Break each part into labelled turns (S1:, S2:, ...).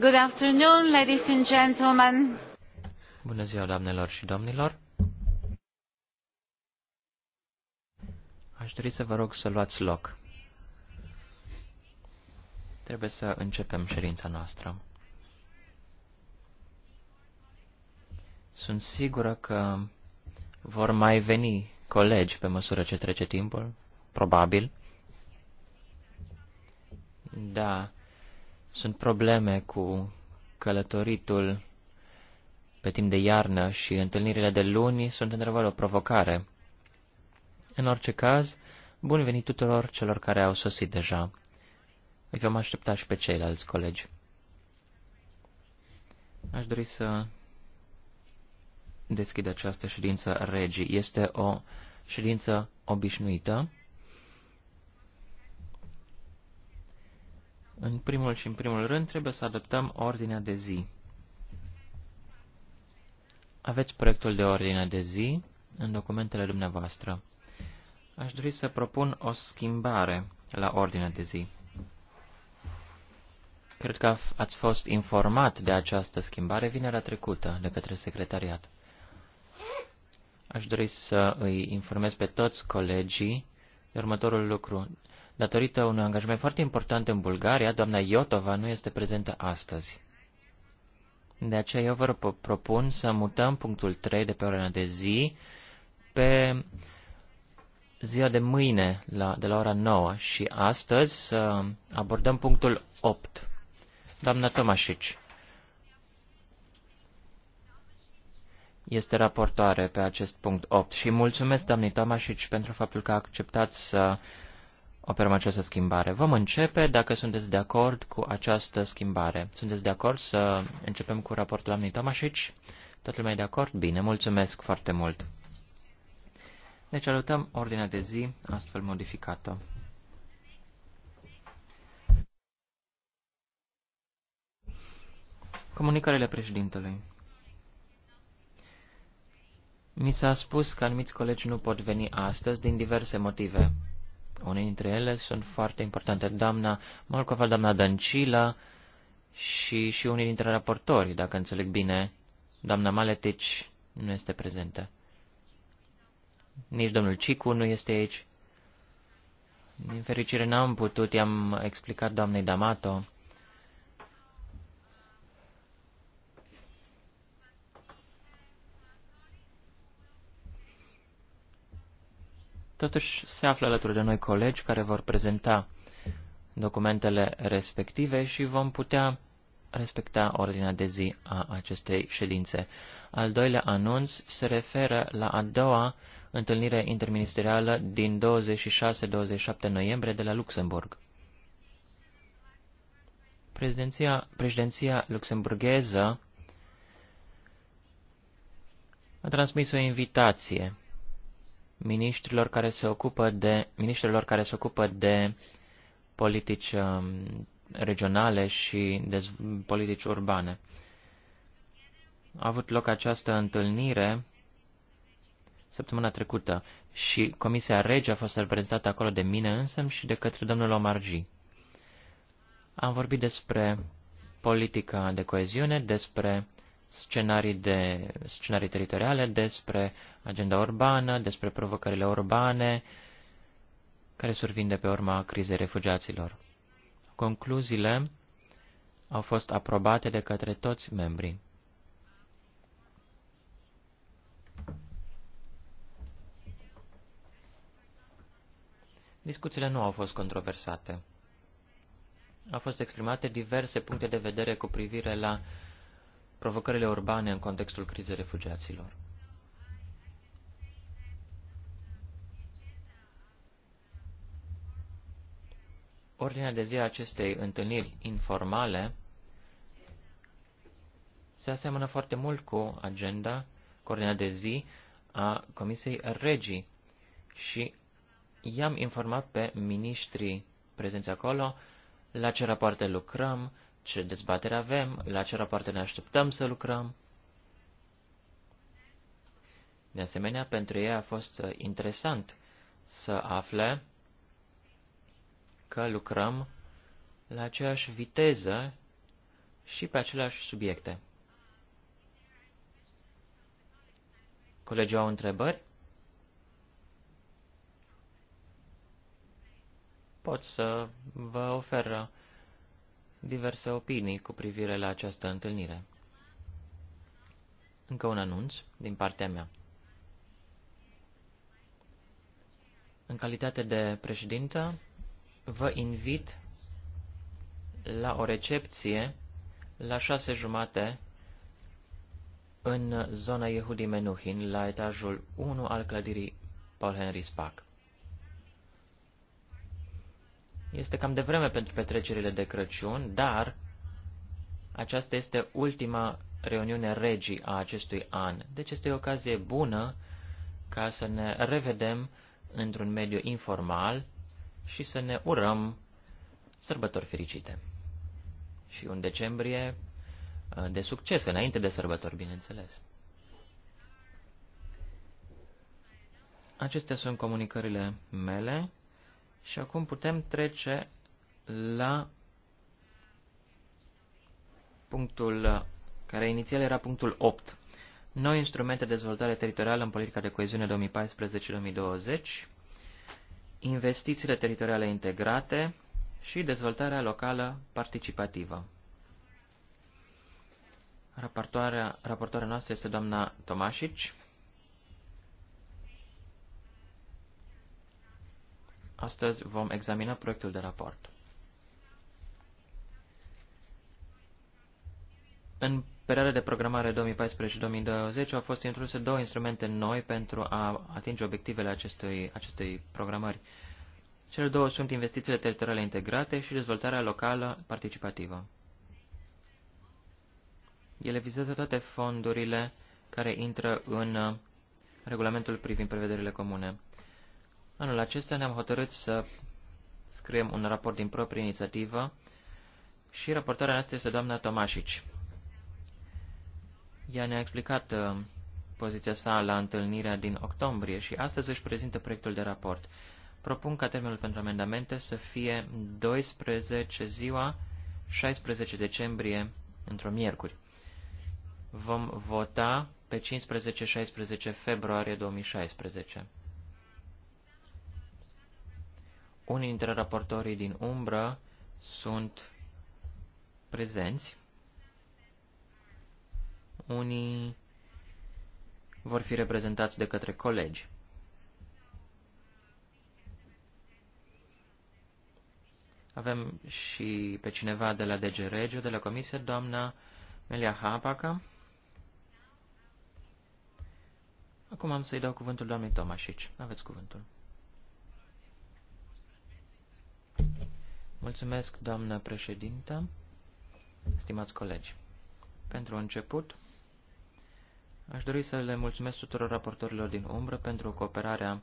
S1: Good afternoon, ladies and gentlemen.
S2: Bună ziua, doamnelor și domnilor. Aș dori să vă rog să luați loc. Trebuie să începem ședința noastră. Sunt sigură că vor mai veni colegi pe măsură ce trece timpul, probabil. Da, sunt probleme cu călătoritul pe timp de iarnă și întâlnirile de luni sunt într-adevăr o provocare. În orice caz, bun venit tuturor celor care au sosit deja. Îi vom aștepta și pe ceilalți colegi. Aș dori să deschid această ședință regii. Este o ședință obișnuită În primul și în primul rând trebuie să adoptăm ordinea de zi. Aveți proiectul de ordine de zi în documentele dumneavoastră. Aș dori să propun o schimbare la ordinea de zi. Cred că ați fost informat de această schimbare vinerea trecută de către secretariat. Aș dori să îi informez pe toți colegii de următorul lucru. Datorită unui angajament foarte important în Bulgaria, doamna Iotova nu este prezentă astăzi. De aceea eu vă propun să mutăm punctul 3 de pe ora de zi pe ziua de mâine la, de la ora 9 și astăzi să abordăm punctul 8. Doamna Tomașici este raportoare pe acest punct 8 și mulțumesc doamnei Tomașici pentru faptul că a acceptat să operăm această schimbare. Vom începe dacă sunteți de acord cu această schimbare. Sunteți de acord să începem cu raportul doamnei Tomașici? Toată lumea e de acord? Bine, mulțumesc foarte mult. Deci alătăm ordinea de zi astfel modificată. Comunicările președintelui. Mi s-a spus că anumiți colegi nu pot veni astăzi din diverse motive. Unii dintre ele sunt foarte importante. Doamna Morcova, doamna Dancila și, și unii dintre raportori, dacă înțeleg bine. Doamna Maletici nu este prezentă. Nici domnul Cicu nu este aici. Din fericire n-am putut, i-am explicat doamnei Damato Totuși se află alături de noi colegi care vor prezenta documentele respective și vom putea respecta ordinea de zi a acestei ședințe. Al doilea anunț se referă la a doua întâlnire interministerială din 26-27 noiembrie de la Luxemburg. Prezidenția, președinția luxemburgheză a transmis o invitație ministrilor care se ocupă de, ministrilor care se ocupă de politici um, regionale și de politici urbane. A avut loc această întâlnire săptămâna trecută și Comisia Rege a fost reprezentată acolo de mine însă și de către domnul Omarji. Am vorbit despre politica de coeziune, despre scenarii, de, scenarii teritoriale, despre agenda urbană, despre provocările urbane care survin de pe urma crizei refugiaților. Concluziile au fost aprobate de către toți membrii. Discuțiile nu au fost controversate. Au fost exprimate diverse puncte de vedere cu privire la uh, provocările urbane în contextul crizei refugiaților. Ordinea de zi a acestei întâlniri informale se aseamănă foarte mult cu agenda, cu ordinea de zi a Comisiei Regii și i-am informat pe miniștrii prezenți acolo la ce rapoarte lucrăm, ce dezbatere avem, la ce rapoarte ne așteptăm să lucrăm. De asemenea, pentru ei a fost uh, interesant să afle că lucrăm la aceeași viteză și pe aceleași subiecte. Colegii au întrebări? Pot să vă ofer uh, diverse opinii cu privire la această întâlnire. Încă un anunț din partea mea. În calitate de președintă, vă invit la o recepție la șase jumate în zona Yehudi Menuhin, la etajul 1 al clădirii Paul Henry Spack. Este cam devreme pentru petrecerile de Crăciun, dar aceasta este ultima reuniune regii a acestui an. Deci este o ocazie bună ca să ne revedem într-un mediu informal și să ne urăm sărbători fericite. Și un decembrie uh, de succes, înainte de sărbători, bineînțeles. Acestea sunt comunicările mele. Și acum putem trece la punctul care inițial era punctul 8. Noi instrumente de dezvoltare teritorială în politica de coeziune 2014-2020, investițiile teritoriale integrate și dezvoltarea locală participativă. Raportoarea, raportoarea noastră este doamna Tomașici. Astăzi vom examina proiectul de raport. În perioada de programare 2014-2020 au fost introduse două instrumente noi pentru a atinge obiectivele acestui, acestei programări. Cele două sunt investițiile teritoriale integrate și dezvoltarea locală participativă. Ele vizează toate fondurile care intră în regulamentul privind prevederile comune. Anul acesta ne-am hotărât să scriem un raport din proprie inițiativă și raportarea noastră este doamna Tomașici. Ea ne-a explicat uh, poziția sa la întâlnirea din octombrie și astăzi își prezintă proiectul de raport. Propun ca termenul pentru amendamente să fie 12 ziua 16 decembrie într-o miercuri. Vom vota pe 15-16 februarie 2016. Unii dintre raportorii din umbră sunt prezenți. Unii vor fi reprezentați de către colegi. Avem și pe cineva de la DG Regio, de la Comisie, doamna Melia Hapaca. Acum am să-i dau cuvântul doamnei Tomașici. Aveți cuvântul. Mulțumesc, doamnă președintă, stimați colegi. Pentru început, aș dori să le mulțumesc tuturor raportorilor din umbră pentru cooperarea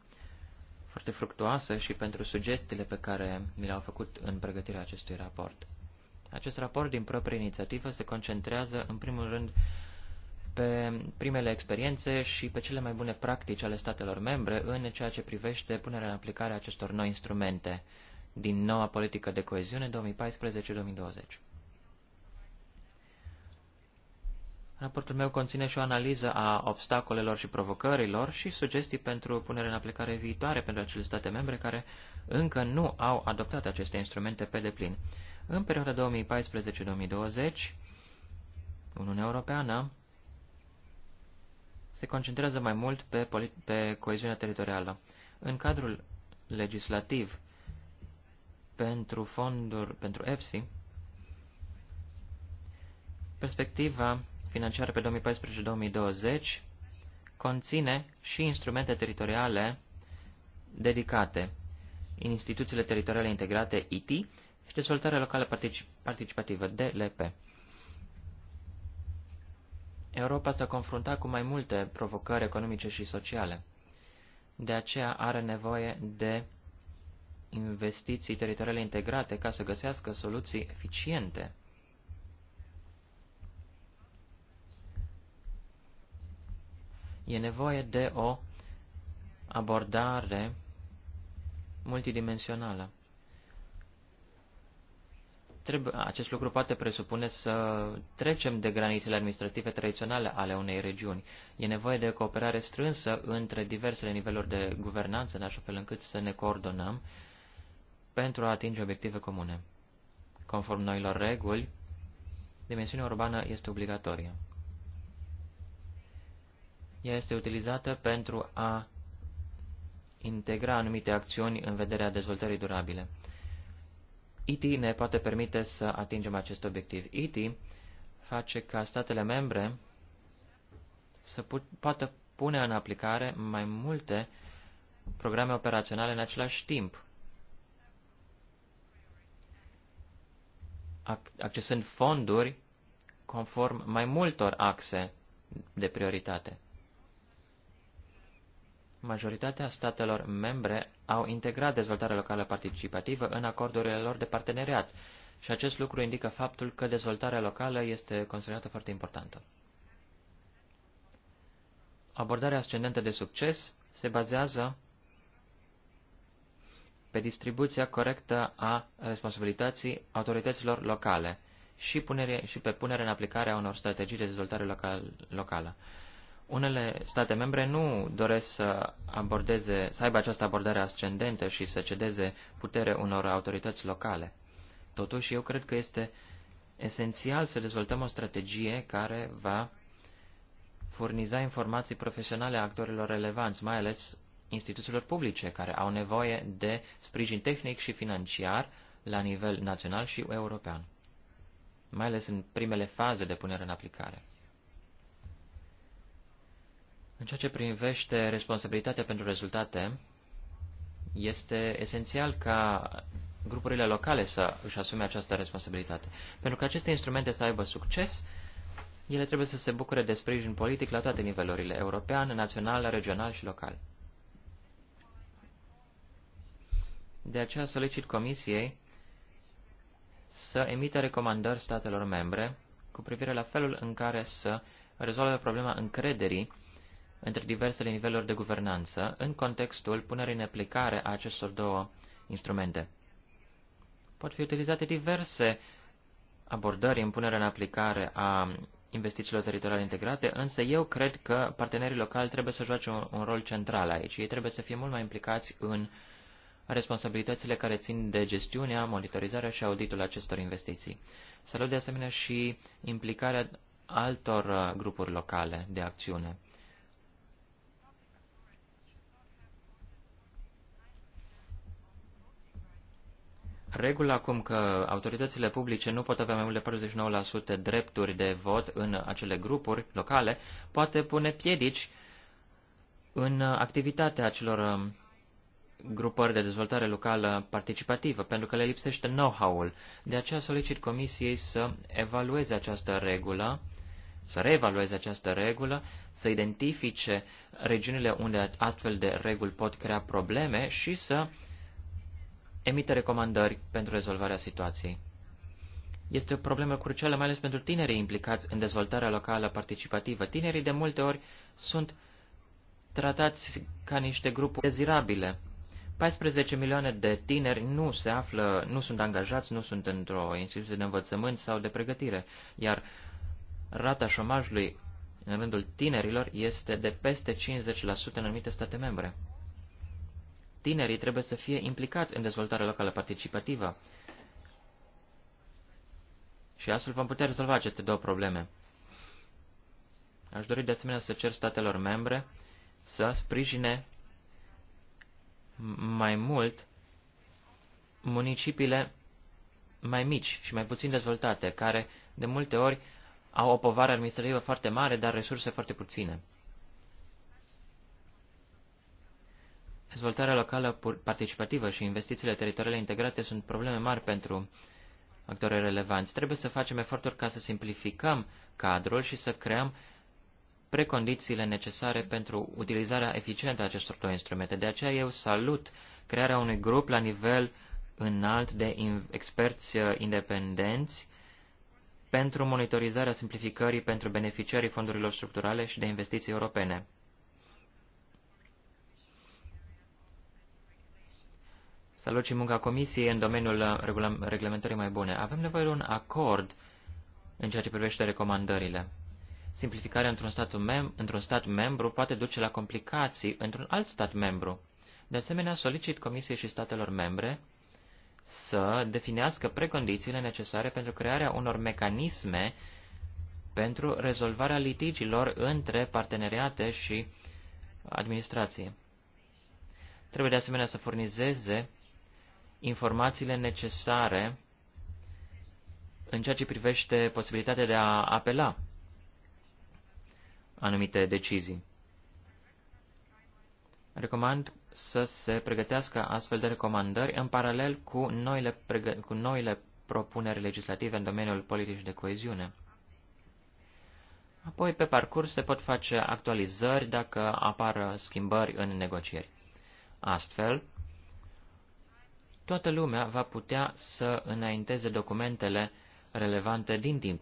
S2: foarte fructuoasă și pentru sugestiile pe care mi le-au făcut în pregătirea acestui raport. Acest raport din proprie inițiativă se concentrează, în primul rând, pe primele experiențe și pe cele mai bune practici ale statelor membre în ceea ce privește punerea în aplicare a acestor noi instrumente din noua politică de coeziune 2014-2020. Raportul meu conține și o analiză a obstacolelor și provocărilor și sugestii pentru punere în aplicare viitoare pentru acele state membre care încă nu au adoptat aceste instrumente pe deplin. În perioada 2014-2020, Uniunea Europeană se concentrează mai mult pe, pe coeziunea teritorială. În cadrul legislativ pentru fonduri, pentru EFSI, perspectiva financiară pe 2014-2020 conține și instrumente teritoriale dedicate, instituțiile teritoriale integrate IT și dezvoltarea locală participativă DLP. Europa s-a confruntat cu mai multe provocări economice și sociale. De aceea are nevoie de investiții teritoriale integrate ca să găsească soluții eficiente. E nevoie de o abordare multidimensională. Trebuie, acest lucru poate presupune să trecem de granițele administrative tradiționale ale unei regiuni. E nevoie de cooperare strânsă între diversele niveluri de guvernanță, în așa fel încât să ne coordonăm uh, pentru a atinge obiective comune. Conform noilor reguli, dimensiunea urbană este obligatorie. Ea este utilizată pentru a integra anumite acțiuni în vederea dezvoltării durabile. IT ne poate permite să atingem acest obiectiv. IT face ca statele membre să put, poată pune în aplicare mai multe programe operaționale în același timp. accesând fonduri conform mai multor axe de prioritate. Majoritatea statelor membre au integrat dezvoltarea locală participativă în acordurile lor de parteneriat și acest lucru indică faptul că dezvoltarea locală este considerată foarte importantă. Abordarea ascendentă de succes se bazează pe distribuția corectă a responsabilității autorităților locale și, punere, și pe punerea în aplicare a unor strategii de dezvoltare local, locală. Unele state membre nu doresc să, abordeze, să aibă această abordare ascendentă și să cedeze putere unor autorități locale. Totuși, eu cred că este esențial să dezvoltăm o strategie care va furniza informații profesionale a actorilor relevanți, mai ales instituțiilor publice care au nevoie de sprijin tehnic și financiar la nivel național și european, mai ales în primele faze de punere în aplicare. În ceea ce privește responsabilitatea pentru rezultate, este esențial ca grupurile locale să își asume această responsabilitate. Pentru că aceste instrumente să aibă succes, ele trebuie să se bucure de sprijin politic la toate nivelurile, european, național, regional și local. De aceea solicit Comisiei să emită recomandări statelor membre cu privire la felul în care să rezolve problema încrederii între diversele niveluri de guvernanță în contextul punerii în aplicare a acestor două instrumente. Pot fi utilizate diverse abordări în punerea în aplicare a investițiilor teritoriale integrate, însă eu cred că partenerii locali trebuie să joace un, un rol central aici. Ei trebuie să fie mult mai implicați în uh, responsabilitățile care țin de gestiunea, monitorizarea și auditul acestor investiții. Salut de asemenea și implicarea altor uh, grupuri locale de acțiune. Regula acum că autoritățile publice nu pot avea mai mult de 49% drepturi de vot în acele grupuri locale poate pune piedici în uh, activitatea acelor um, grupări de dezvoltare locală participativă, pentru că le lipsește know-how-ul. De aceea solicit comisiei să evalueze această regulă, să reevalueze această regulă, să identifice regiunile unde astfel de reguli pot crea probleme și să emite recomandări pentru rezolvarea situației. Este o problemă crucială mai ales pentru tinerii implicați în dezvoltarea locală participativă. Tinerii de multe ori sunt tratați ca niște grupuri dezirabile. 14 milioane de tineri nu se află, nu sunt angajați, nu sunt într-o instituție de învățământ sau de pregătire, iar rata șomajului în rândul tinerilor este de peste 50% în anumite state membre. Tinerii trebuie să fie implicați în dezvoltarea locală participativă și astfel vom putea rezolva aceste două probleme. Aș dori de asemenea să cer statelor membre să sprijine mai mult, municipiile mai mici și mai puțin dezvoltate, care de multe ori au o povară administrativă foarte mare, dar resurse foarte puține. Dezvoltarea locală participativă și investițiile teritoriale integrate sunt probleme mari pentru actorii relevanți. Trebuie să facem eforturi ca să simplificăm cadrul și să creăm uh, precondițiile necesare pentru utilizarea eficientă a acestor două instrumente. De aceea eu salut crearea unui grup la nivel înalt de experți uh, independenți pentru monitorizarea simplificării pentru beneficiarii fondurilor structurale și de investiții europene. Salut și munca Comisiei în domeniul uh, reglementării mai bune. Avem nevoie de un acord în ceea ce privește recomandările. Simplificarea într-un stat, mem- într stat membru poate duce la complicații într-un alt stat membru. De asemenea, solicit Comisiei și statelor membre să definească precondițiile necesare pentru crearea unor mecanisme pentru rezolvarea litigilor între parteneriate și administrație. Trebuie de asemenea să furnizeze informațiile necesare în ceea ce privește posibilitatea de a apela anumite decizii. Recomand să se pregătească astfel de recomandări în paralel cu noile, cu noile propuneri legislative în domeniul politic de coeziune. Apoi, pe parcurs, se pot face actualizări dacă apar schimbări în negocieri. Astfel, toată lumea va putea să înainteze documentele relevante din timp.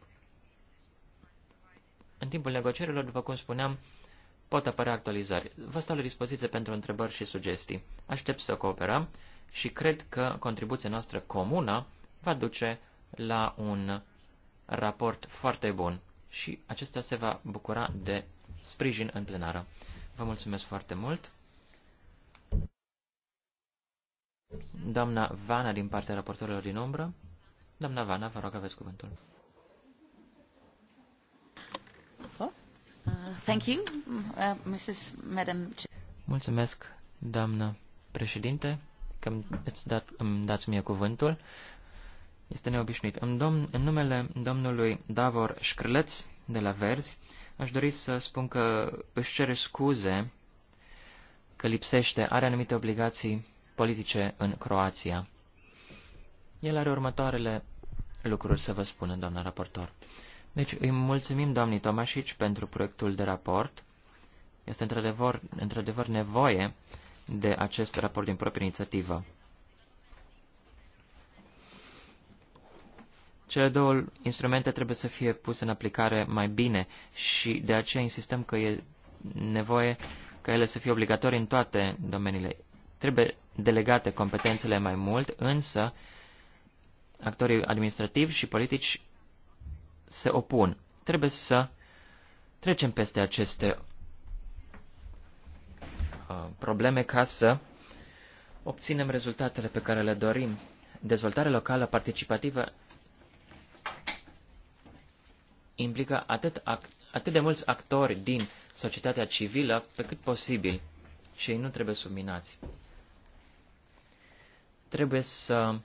S2: În timpul negocierilor, după cum spuneam, pot apărea actualizări. Vă stau la dispoziție pentru întrebări și sugestii. Aștept să cooperăm și cred că contribuția noastră comună va duce la un raport foarte bun și acesta se va bucura de sprijin în plenară. Vă mulțumesc foarte mult. Doamna Vana din partea raportorilor din umbră. Doamna Vana, vă rog, aveți cuvântul.
S3: Uh, thank you, uh, Mrs.
S2: Mulțumesc, doamnă președinte, că îți dat, îmi dați mie cuvântul. Este neobișnuit. În, domn, în numele domnului Davor Șcrleț de la Verzi, aș dori să spun că își cere scuze că lipsește, are anumite obligații politice în Croația. El are următoarele lucruri să vă spună, doamna raportor. Deci îi mulțumim doamnei Tomașici pentru proiectul de raport. Este într-adevăr, într-adevăr nevoie de acest raport din proprie inițiativă. Cele două instrumente trebuie să fie puse în aplicare mai bine și de aceea insistăm că e nevoie ca ele să fie obligatorii în toate domeniile. Trebuie delegate competențele mai mult, însă actorii administrativi și politici se opun. Trebuie să trecem peste aceste uh, probleme ca să obținem rezultatele pe care le dorim. Dezvoltarea locală participativă implică atât, atât de mulți actori din societatea civilă pe cât posibil și ei nu trebuie subminați. Trebuie să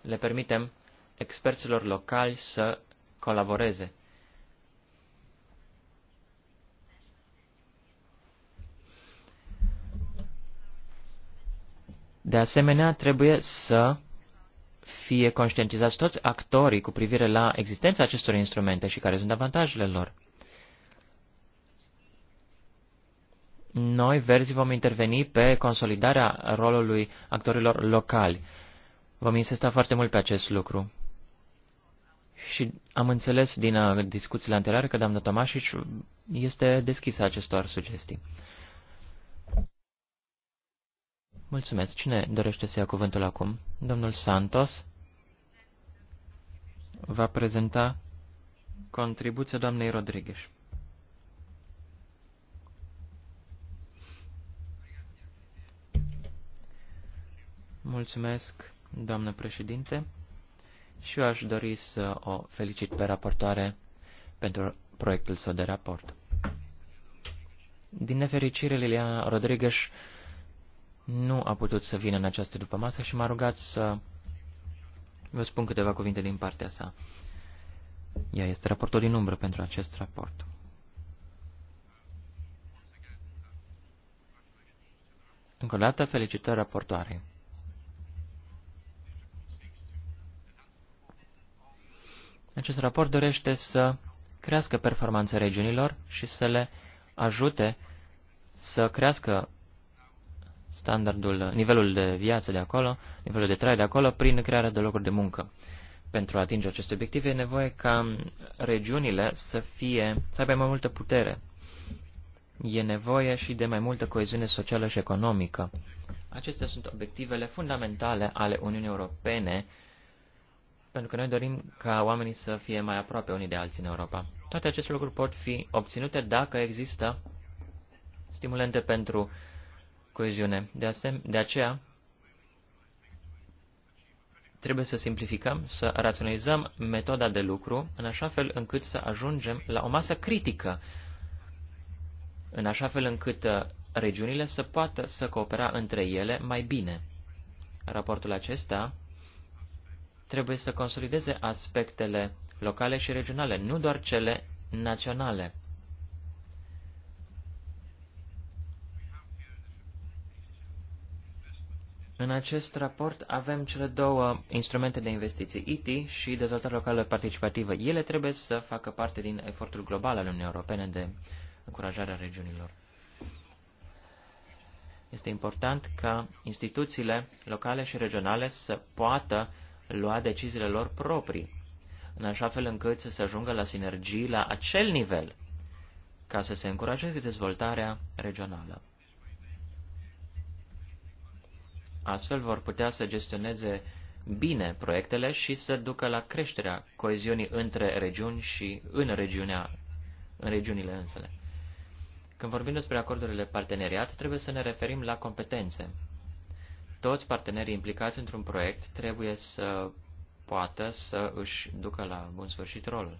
S2: le permitem experților locali să colaboreze. De asemenea, trebuie să fie conștientizați toți actorii cu privire la existența acestor instrumente și care sunt avantajele lor. Noi, verzi, vom interveni pe consolidarea rolului actorilor locali. Vom insista foarte mult pe acest lucru. Și am înțeles din uh, discuțiile anterioare că doamna Tomașici este deschisă acestor sugestii. Mulțumesc. Cine dorește să ia cuvântul acum? Domnul Santos va prezenta contribuția doamnei Rodriguez. Mulțumesc, doamnă președinte și eu aș dori să o felicit pe raportoare pentru proiectul său de raport. Din nefericire, Liliana Rodriguez nu a putut să vină în această dupămasă și m-a rugat să vă spun câteva cuvinte din partea sa. Ea este raportor din umbră pentru acest raport. Încă o dată, felicitări raportoarei. Acest raport dorește să crească performanța regiunilor și să le ajute să crească standardul, nivelul de viață de acolo, nivelul de trai de acolo, prin crearea de locuri de muncă. Pentru a atinge aceste obiective e nevoie ca regiunile să, fie, să aibă mai multă putere. E nevoie și de mai multă coeziune socială și economică. Acestea sunt obiectivele fundamentale ale Uniunii Europene pentru că noi dorim ca oamenii să fie mai aproape unii de alții în Europa. Toate aceste lucruri pot fi obținute dacă există stimulente pentru coeziune. De, asem- de aceea, trebuie să simplificăm, să raționalizăm metoda de lucru în așa fel încât să ajungem la o masă critică, în așa fel încât uh, regiunile să poată să coopera între ele mai bine. Raportul acesta trebuie să consolideze aspectele locale și regionale, nu doar cele naționale. În acest raport avem cele două instrumente de investiții, IT și dezvoltare locală participativă. Ele trebuie să facă parte din efortul global al Uniunii Europene de încurajare a regiunilor. Este important ca instituțiile locale și regionale să poată lua deciziile lor proprii, în așa fel încât să se ajungă la sinergii la acel nivel, ca să se încurajeze dezvoltarea regională. Astfel vor putea să gestioneze bine proiectele și să ducă la creșterea coeziunii între regiuni și în, regiunea, în regiunile însele. Când vorbim despre acordurile parteneriat, trebuie să ne referim la competențe toți partenerii implicați într-un proiect trebuie să poată să își ducă la bun sfârșit rolul.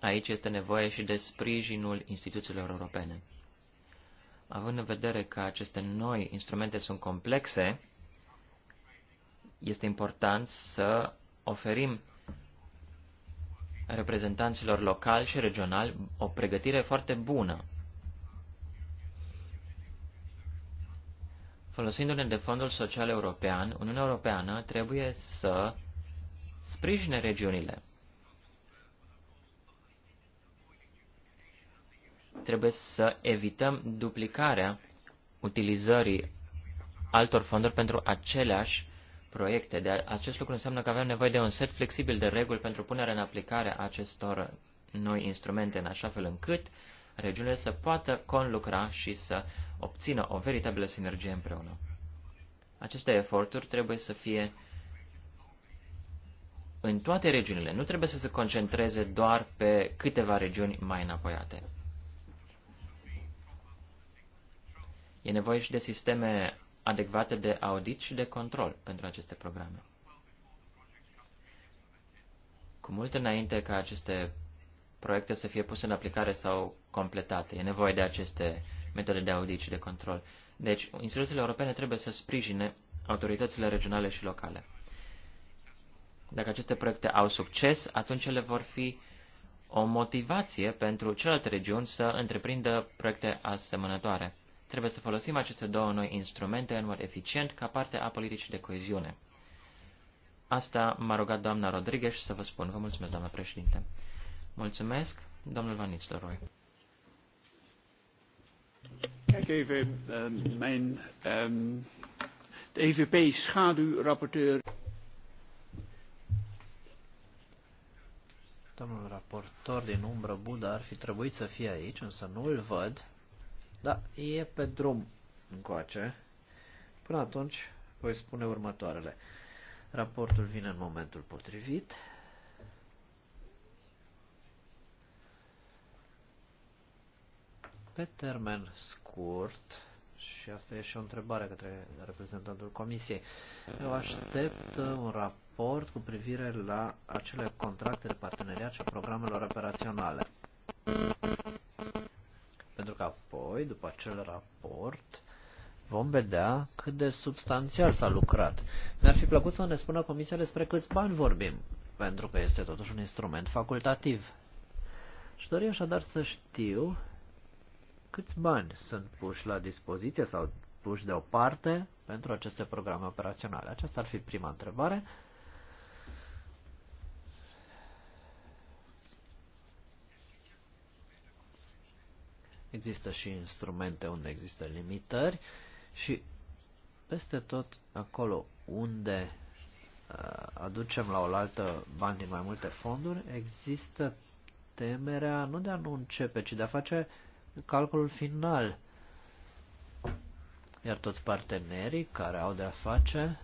S2: Aici este nevoie și de sprijinul instituțiilor europene. Având în vedere că aceste noi instrumente sunt complexe, este important să oferim reprezentanților locali și regionali o pregătire foarte bună Folosindu-ne de Fondul Social European, Uniunea Europeană trebuie să sprijine regiunile. Trebuie să evităm duplicarea utilizării altor fonduri pentru aceleași proiecte. De acest lucru înseamnă că avem nevoie de un set flexibil de reguli pentru punerea în aplicare a acestor noi instrumente, în așa fel încât uh, regiunile să poată conlucra și să obțină o veritabilă sinergie împreună. Aceste eforturi trebuie să fie în toate regiunile, nu trebuie să se concentreze doar pe câteva regiuni mai înapoiate. E nevoie și de sisteme adecvate de audit și de control pentru aceste programe. Cu mult înainte ca aceste proiecte să fie puse în aplicare sau completate. E nevoie de aceste metode de audit și de control. Deci, instituțiile europene trebuie să sprijine autoritățile regionale și locale. Dacă aceste proiecte au succes, atunci ele vor fi o motivație pentru celelalte regiuni să întreprindă proiecte asemănătoare. Trebuie să folosim aceste două noi instrumente în mod eficient ca parte a politicii de coeziune. Asta m-a rugat doamna Rodriguez să vă spun. Vă mulțumesc, doamna președinte. Mulțumesc, domnul Van Nistelrooy. Kijk even, uh, mijn, um, de EVP-schaduwrapporteur.
S4: Domnul raportor din umbră Buda ar fi trebuit să fie aici, însă nu îl văd. Da, e pe drum încoace. Până atunci voi spune următoarele. Raportul vine în momentul potrivit. Pe termen scurt, și asta e și o întrebare către reprezentantul Comisiei, eu aștept uh, un raport cu privire la acele contracte de parteneriat și programelor operaționale. Pentru că apoi, după acel raport, vom vedea cât de substanțial s-a lucrat. Mi-ar fi plăcut să ne spună Comisia despre câți bani vorbim, pentru că este totuși un instrument facultativ. Și dori așadar să știu câți bani sunt puși la dispoziție sau puși deoparte pentru aceste programe operaționale? Aceasta ar fi prima întrebare. Există și instrumente unde există limitări și peste tot acolo unde uh, aducem la oaltă bani din mai multe fonduri, există temerea nu de a nu începe, ci de a face uh, calculul final. Iar toți partenerii care au de-a face,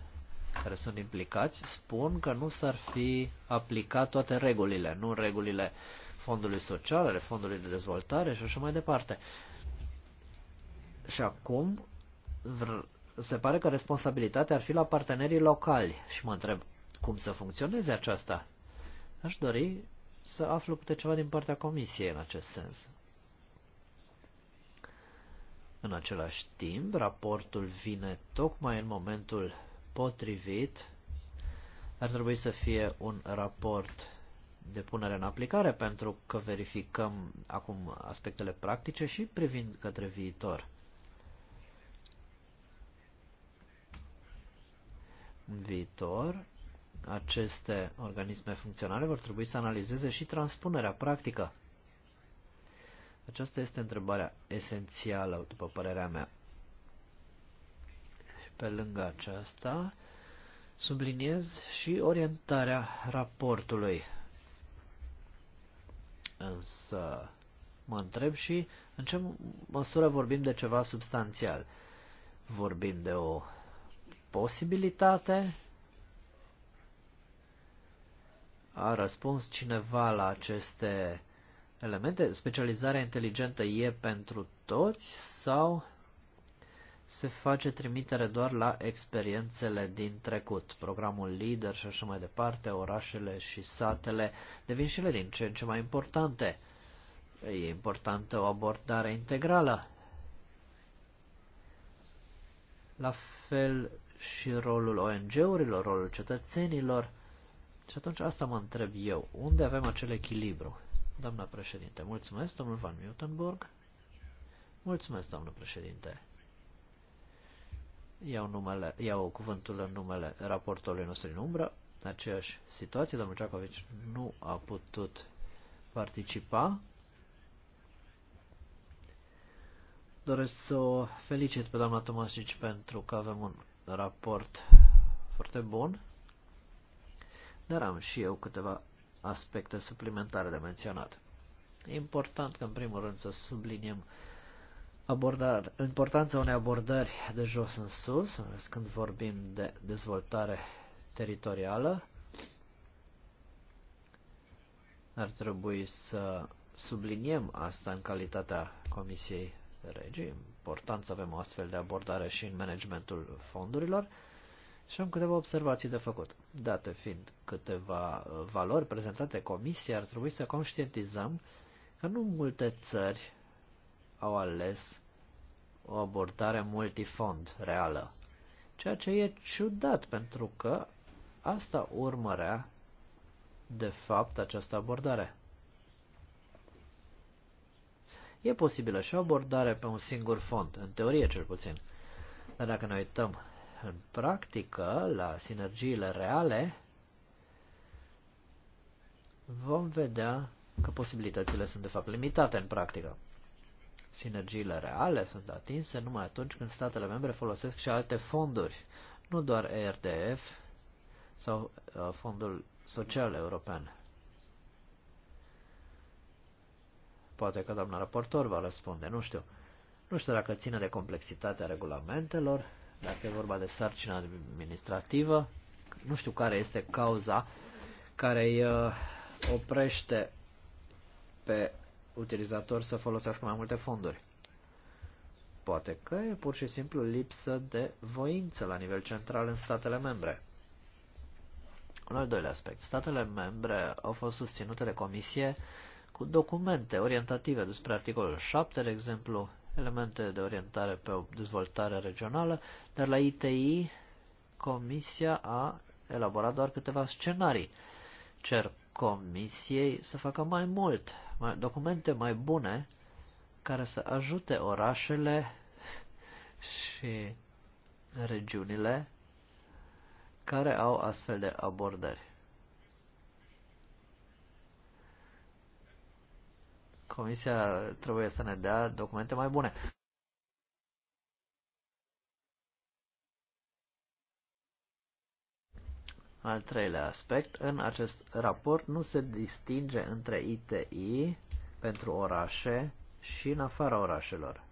S4: care sunt implicați, spun că nu s-ar fi aplicat toate regulile, nu regulile fondului social, ale fondului de dezvoltare și așa mai departe. Și acum se pare că responsabilitatea ar fi la partenerii locali și mă întreb cum să funcționeze aceasta. Aș dori să aflu câte ceva din partea comisiei în acest sens. În același timp, raportul vine tocmai în momentul potrivit. Ar trebui să fie un raport de punere în aplicare pentru că verificăm acum aspectele practice și privind către viitor. În viitor, aceste organisme funcționale vor trebui să analizeze și transpunerea practică. Aceasta este întrebarea esențială, după părerea mea. Și pe lângă aceasta, subliniez și orientarea raportului. Însă, mă întreb și în ce măsură vorbim de ceva substanțial. Vorbim de o posibilitate? A răspuns cineva la aceste elemente. Specializarea inteligentă e pentru toți sau se face trimitere doar la experiențele din trecut. Programul LIDER și așa mai departe, orașele și satele devin și ele din ce în ce mai importante. E importantă o abordare integrală. La fel și rolul ONG-urilor, rolul cetățenilor. Și atunci asta mă întreb eu. Unde avem acel echilibru? Doamna președinte, mulțumesc, domnul Van Miltenburg. Mulțumesc, doamnă președinte. Iau, numele, iau cuvântul în numele raportorului nostru în umbră. În aceeași situație, domnul Ceacovici nu a putut participa. Doresc să o felicit pe doamna Tomasici pentru că avem un raport foarte bun, dar am și eu câteva aspecte suplimentare de menționat. E important că, în primul rând, să subliniem abordare, importanța unei abordări de jos în sus, când vorbim de dezvoltare teritorială. Ar trebui să subliniem asta în calitatea Comisiei Regii. Important să avem o astfel de abordare și în managementul fondurilor. Și am câteva observații de făcut. Date fiind câteva uh, valori prezentate comisiei, ar trebui să conștientizăm că nu multe țări au ales o abordare multifond reală, ceea ce e ciudat pentru că asta urmărea de fapt această abordare. E posibilă și o abordare pe un singur fond, în teorie cel puțin. Dar dacă ne uităm în practică la sinergiile reale, vom vedea că posibilitățile sunt de fapt limitate în practică. Sinergiile reale sunt atinse numai atunci când statele membre folosesc și alte fonduri, nu doar ERDF sau uh, Fondul Social European. Poate că doamna raportor va răspunde, nu știu. Nu știu dacă ține de complexitatea regulamentelor dacă e vorba de sarcină administrativă, nu știu care este cauza care îi uh, oprește pe utilizator să folosească mai multe fonduri. Poate că e pur și simplu lipsă de voință la nivel central în statele membre. Un al doilea aspect. Statele membre au fost susținute de comisie cu documente orientative despre articolul 7, de exemplu, elemente de orientare pe o dezvoltare regională, dar la ITI Comisia a elaborat doar câteva scenarii. Cer Comisiei să facă mai mult, mai, documente mai bune care să ajute orașele și regiunile care au astfel de abordări. Comisia trebuie să ne dea documente mai bune. Al treilea aspect, în acest raport nu se distinge între ITI pentru orașe și în afara orașelor.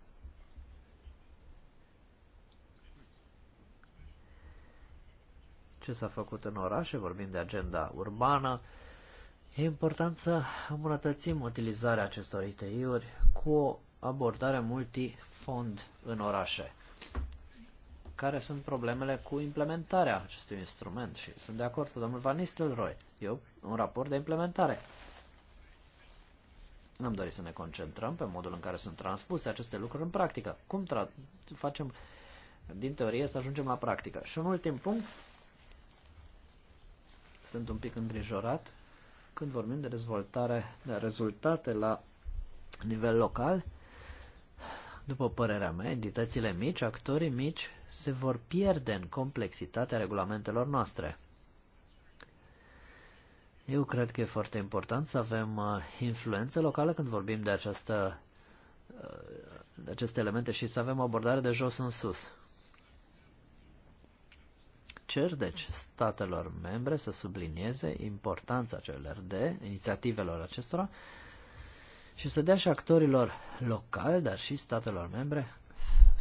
S4: Ce s-a făcut în orașe? Vorbim de agenda urbană, E important să îmbunătățim utilizarea acestor ITI-uri cu o abordare multifond în orașe. Care sunt problemele cu implementarea acestui instrument? Și sunt de acord cu domnul Van Nistelrooy. Eu, un raport de implementare. Nu Am dorit să ne concentrăm pe modul în care sunt transpuse aceste lucruri în practică. Cum facem din teorie să ajungem la practică? Și un ultim punct. Sunt un pic îngrijorat când vorbim de dezvoltare de rezultate la nivel local, după părerea mea, entitățile mici, actorii mici, se vor pierde în complexitatea regulamentelor noastre. Eu cred că e foarte important să avem uh, influență locală când vorbim de, această, uh, de aceste elemente și să avem o abordare de jos în sus. Cer deci statelor membre să sublinieze importanța celor de inițiativelor acestora și să dea și actorilor locali, dar și statelor membre,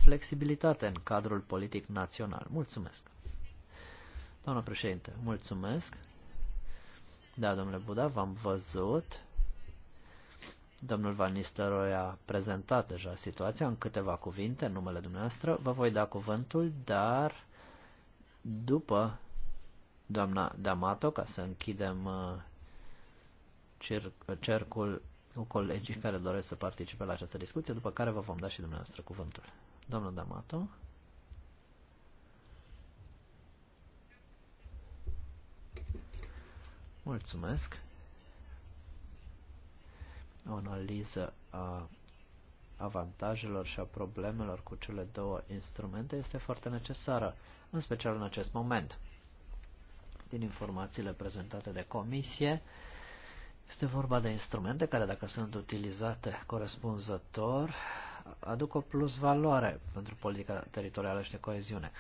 S4: flexibilitate în cadrul politic național. Mulțumesc! Doamna președinte, mulțumesc! Da, domnule Buda, v-am văzut. Domnul Van Nistelrooy a prezentat deja situația în câteva cuvinte, în numele dumneavoastră. Vă voi da cuvântul, dar după doamna D'Amato, ca să închidem uh, cercul cu colegii care doresc să participe la această discuție, după care vă vom da și dumneavoastră cuvântul. Doamna D'Amato. Mulțumesc. O analiză a avantajelor și a problemelor cu cele două instrumente este foarte necesară, în special în acest moment. Din informațiile prezentate de comisie, este vorba de instrumente care, dacă sunt utilizate corespunzător, aduc o plus valoare pentru politica teritorială și de coeziune.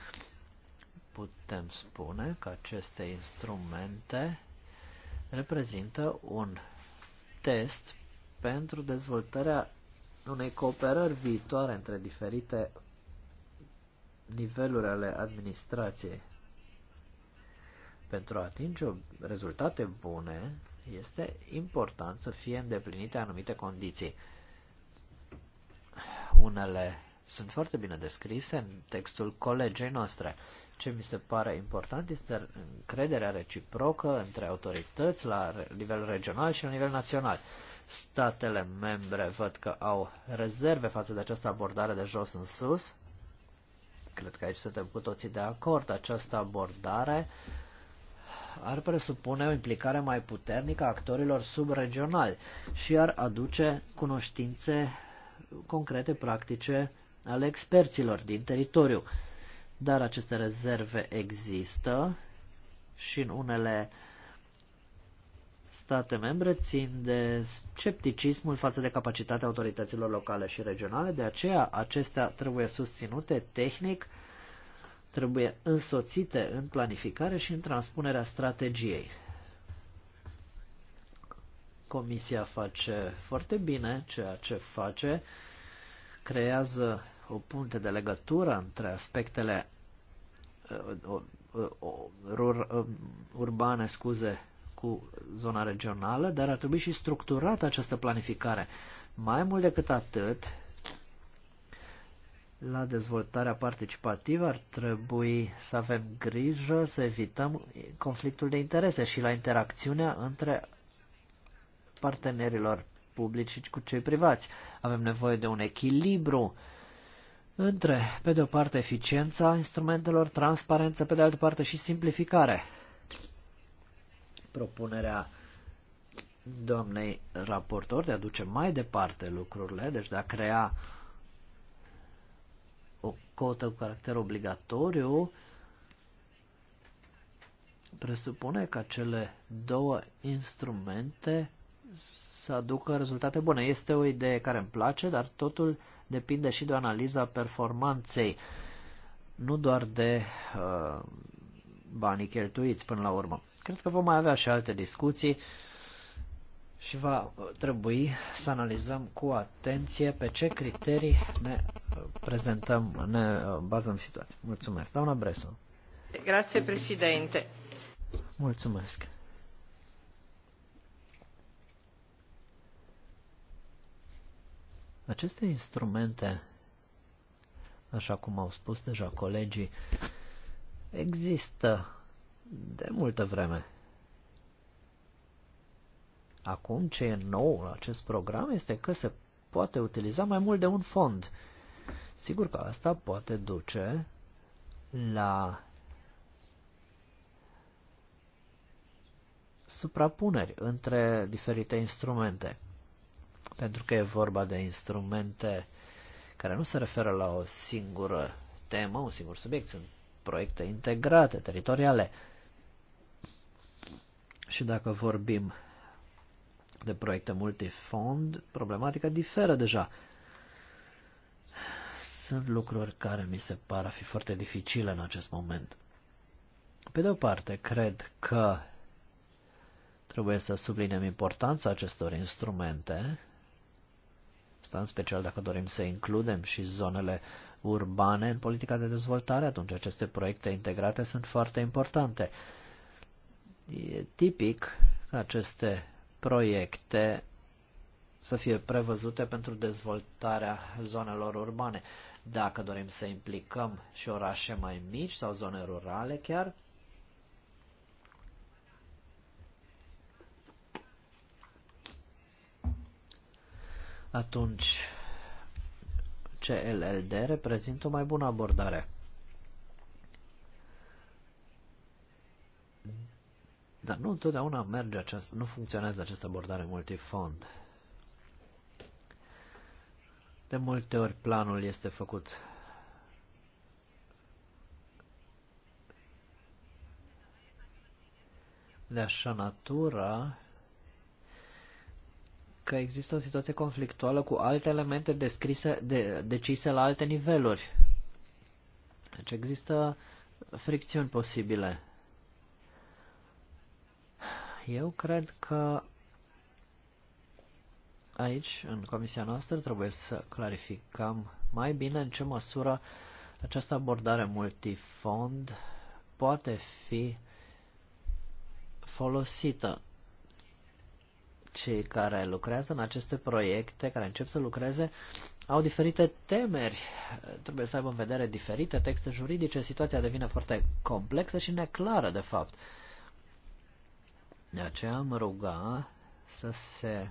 S4: Putem spune că aceste instrumente reprezintă un test pentru dezvoltarea unei cooperări viitoare între diferite niveluri ale administrației. Pentru a atinge rezultate bune, este important să fie îndeplinite anumite condiții. Unele sunt foarte bine descrise în textul colegei noastre. Ce mi se pare important este încrederea reciprocă între autorități la nivel regional și la nivel național. Statele membre văd că au rezerve față de această abordare de jos în sus. Cred că aici suntem cu toții de acord. Această abordare ar presupune o implicare mai puternică a actorilor subregionali și ar aduce cunoștințe concrete, practice ale experților din teritoriu. Dar aceste rezerve există și în unele uh, state membre țin de scepticismul față de capacitatea autorităților locale și regionale, de aceea acestea trebuie susținute tehnic, trebuie însoțite în planificare și în transpunerea strategiei. Comisia face foarte bine ceea ce face, creează o punte de legătură între aspectele uh, uh, uh, urbane, scuze, cu zona regională, dar ar trebui și structurată această planificare. Mai mult decât atât, la dezvoltarea participativă ar trebui să avem grijă să evităm conflictul de interese și la interacțiunea între partenerilor publici și cu cei privați. Avem nevoie de un echilibru între, pe de o parte, eficiența instrumentelor, transparență, pe de altă parte și simplificare propunerea doamnei raportor de a duce mai departe lucrurile, deci de a crea o cotă cu caracter obligatoriu, presupune că cele două instrumente să aducă rezultate bune. Este o idee care îmi place, dar totul depinde și de o analiza performanței, nu doar de uh, banii cheltuiți până la urmă. Cred că vom mai avea și alte discuții și va trebui să analizăm cu atenție pe ce criterii ne uh, prezentăm, ne uh, bazăm situația. Mulțumesc. Doamna Bresu.
S1: Grazie, președinte.
S4: Mulțumesc. Aceste instrumente, așa cum au spus deja colegii, există de multă vreme. Acum, ce e nou la acest program este că se poate utiliza mai mult de un fond. Sigur că asta poate duce la suprapuneri între diferite instrumente. Pentru că e vorba de instrumente care nu se referă la o singură temă, un singur subiect, sunt proiecte integrate, teritoriale. Și dacă vorbim de proiecte multifond, problematica diferă deja. Sunt lucruri care mi se par a fi foarte dificile în acest moment. Pe de o parte, cred că trebuie să subliniem importanța acestor instrumente, asta în special dacă dorim să includem și zonele urbane în politica de dezvoltare, atunci aceste proiecte integrate sunt foarte importante. E tipic ca aceste proiecte să fie prevăzute pentru dezvoltarea zonelor urbane. Dacă dorim să implicăm și orașe mai mici sau zone rurale chiar, atunci CLLD reprezintă o mai bună abordare. Dar nu întotdeauna merge această, nu funcționează această abordare multifond. De multe ori planul este făcut de așa natură că există o situație conflictuală cu alte elemente descrise, de, decise la alte niveluri. Deci există fricțiuni posibile. Eu cred că aici, în comisia noastră, trebuie să clarificăm mai bine în ce măsură această abordare multifond poate fi folosită. Cei care lucrează în aceste proiecte, care încep să lucreze, au diferite temeri, trebuie să aibă în vedere diferite texte juridice, situația devine foarte complexă și neclară, de fapt. De aceea am ruga să se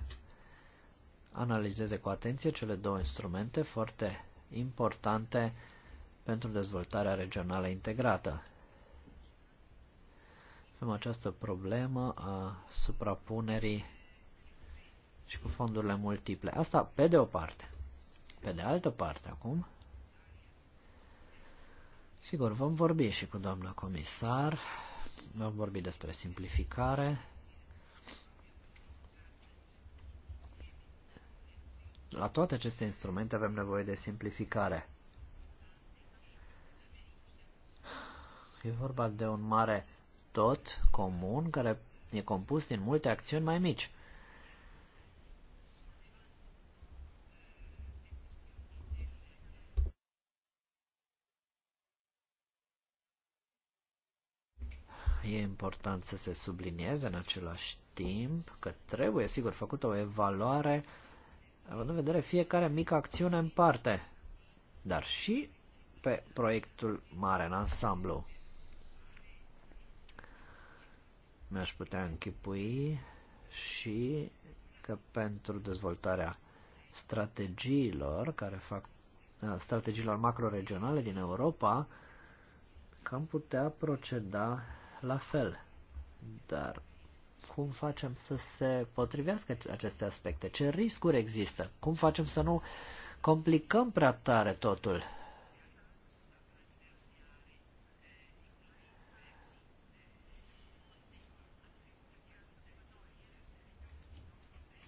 S4: analizeze cu atenție cele două instrumente foarte importante pentru dezvoltarea regională integrată. Avem această problemă a suprapunerii și cu fondurile multiple. Asta pe de o parte. Pe de altă parte acum, sigur, vom vorbi și cu doamna comisar, vom vorbi despre simplificare, La toate aceste instrumente avem nevoie de simplificare. E vorba de un mare tot comun care e compus din multe acțiuni mai mici. E important să se sublinieze în același timp că trebuie, sigur, făcută o evaluare uh, având în vedere fiecare mică acțiune în parte, dar și pe proiectul mare în ansamblu. Mi-aș putea închipui și că pentru dezvoltarea strategiilor care fac strategiilor macro-regionale din Europa, că am putea proceda la fel. Dar cum facem să se potrivească aceste aspecte, ce riscuri există, cum facem să nu complicăm prea tare totul.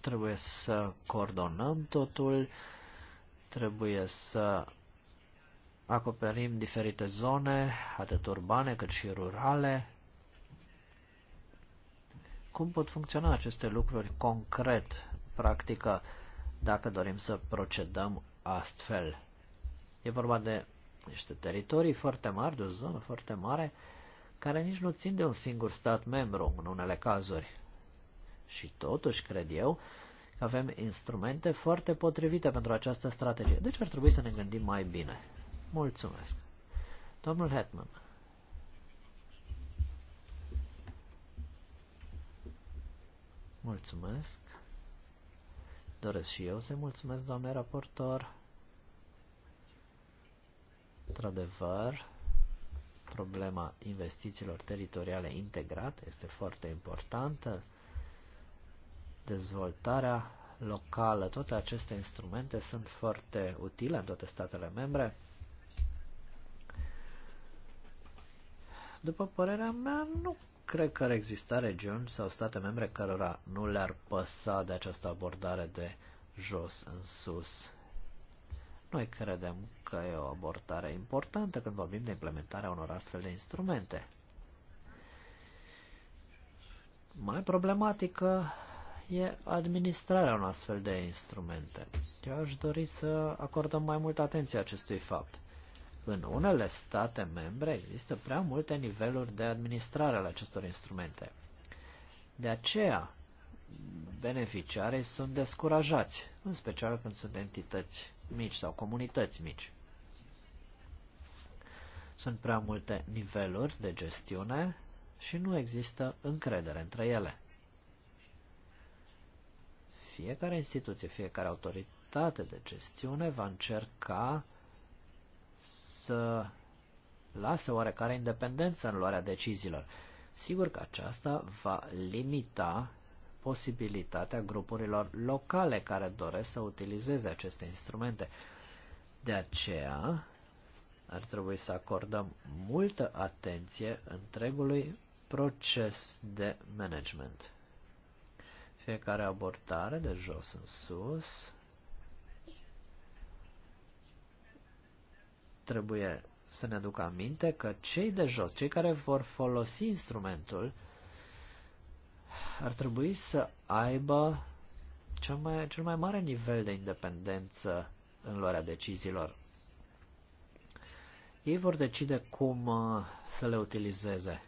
S4: Trebuie să coordonăm totul, trebuie să acoperim diferite zone, atât urbane cât și rurale, cum pot funcționa aceste lucruri concret, practică, dacă dorim să procedăm astfel? E vorba de niște teritorii foarte mari, de o zonă foarte mare, care nici nu țin de un singur stat membru în unele cazuri. Și totuși, cred eu, că avem instrumente foarte potrivite pentru această strategie. Deci ar trebui să ne gândim mai bine. Mulțumesc. Domnul Hetman. Mulțumesc. Doresc și eu să mulțumesc, doamne raportor. Într-adevăr, problema investițiilor teritoriale integrate este foarte importantă. Dezvoltarea locală, toate aceste instrumente sunt foarte utile în toate statele membre. După părerea mea, nu cred că ar exista regiuni sau state membre cărora nu le-ar păsa de această abordare de jos în sus. Noi credem că e o abordare importantă când vorbim de implementarea unor astfel de instrumente. Mai problematică e administrarea unor astfel de instrumente. Eu aș dori să acordăm mai multă atenție acestui fapt. În unele state membre există prea multe niveluri de administrare ale acestor instrumente. De aceea, beneficiarii sunt descurajați, în special când sunt entități mici sau comunități mici. Sunt prea multe niveluri de gestiune și nu există încredere între ele. Fiecare instituție, fiecare autoritate de gestiune va încerca să lasă oarecare independență în luarea deciziilor. Sigur că aceasta va limita posibilitatea grupurilor locale care doresc să utilizeze aceste instrumente. De aceea ar trebui să acordăm multă atenție întregului proces de management. Fiecare abordare de jos în sus Trebuie să ne aducă aminte că cei de jos, cei care vor folosi instrumentul, ar trebui să aibă cel mai, cel mai mare nivel de independență în luarea deciziilor. Ei vor decide cum uh, să le utilizeze.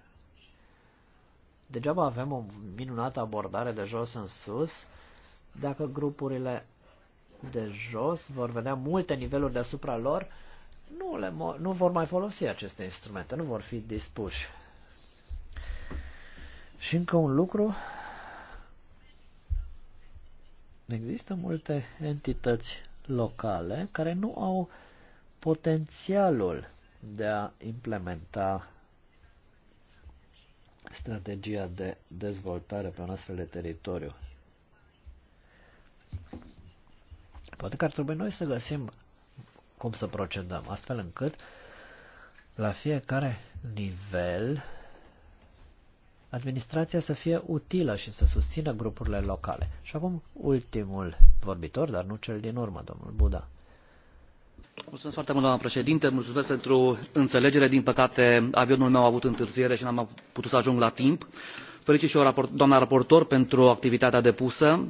S4: Degeaba avem o minunată abordare de jos în sus, dacă grupurile de jos vor vedea multe niveluri deasupra lor nu, le, nu vor mai folosi aceste instrumente, nu vor fi dispuși. Și încă un lucru, există multe entități locale care nu au potențialul de a implementa strategia de dezvoltare pe un astfel de teritoriu. Poate că ar trebui noi să găsim cum să procedăm, astfel încât la fiecare nivel administrația să fie utilă și să susțină grupurile locale. Și acum ultimul vorbitor, dar nu cel din urmă, domnul Buda.
S3: Mulțumesc foarte mult, doamna președinte, mulțumesc pentru înțelegere. Din păcate, avionul meu a avut întârziere și n-am putut să ajung la timp. Felicit și eu doamna raportor pentru activitatea depusă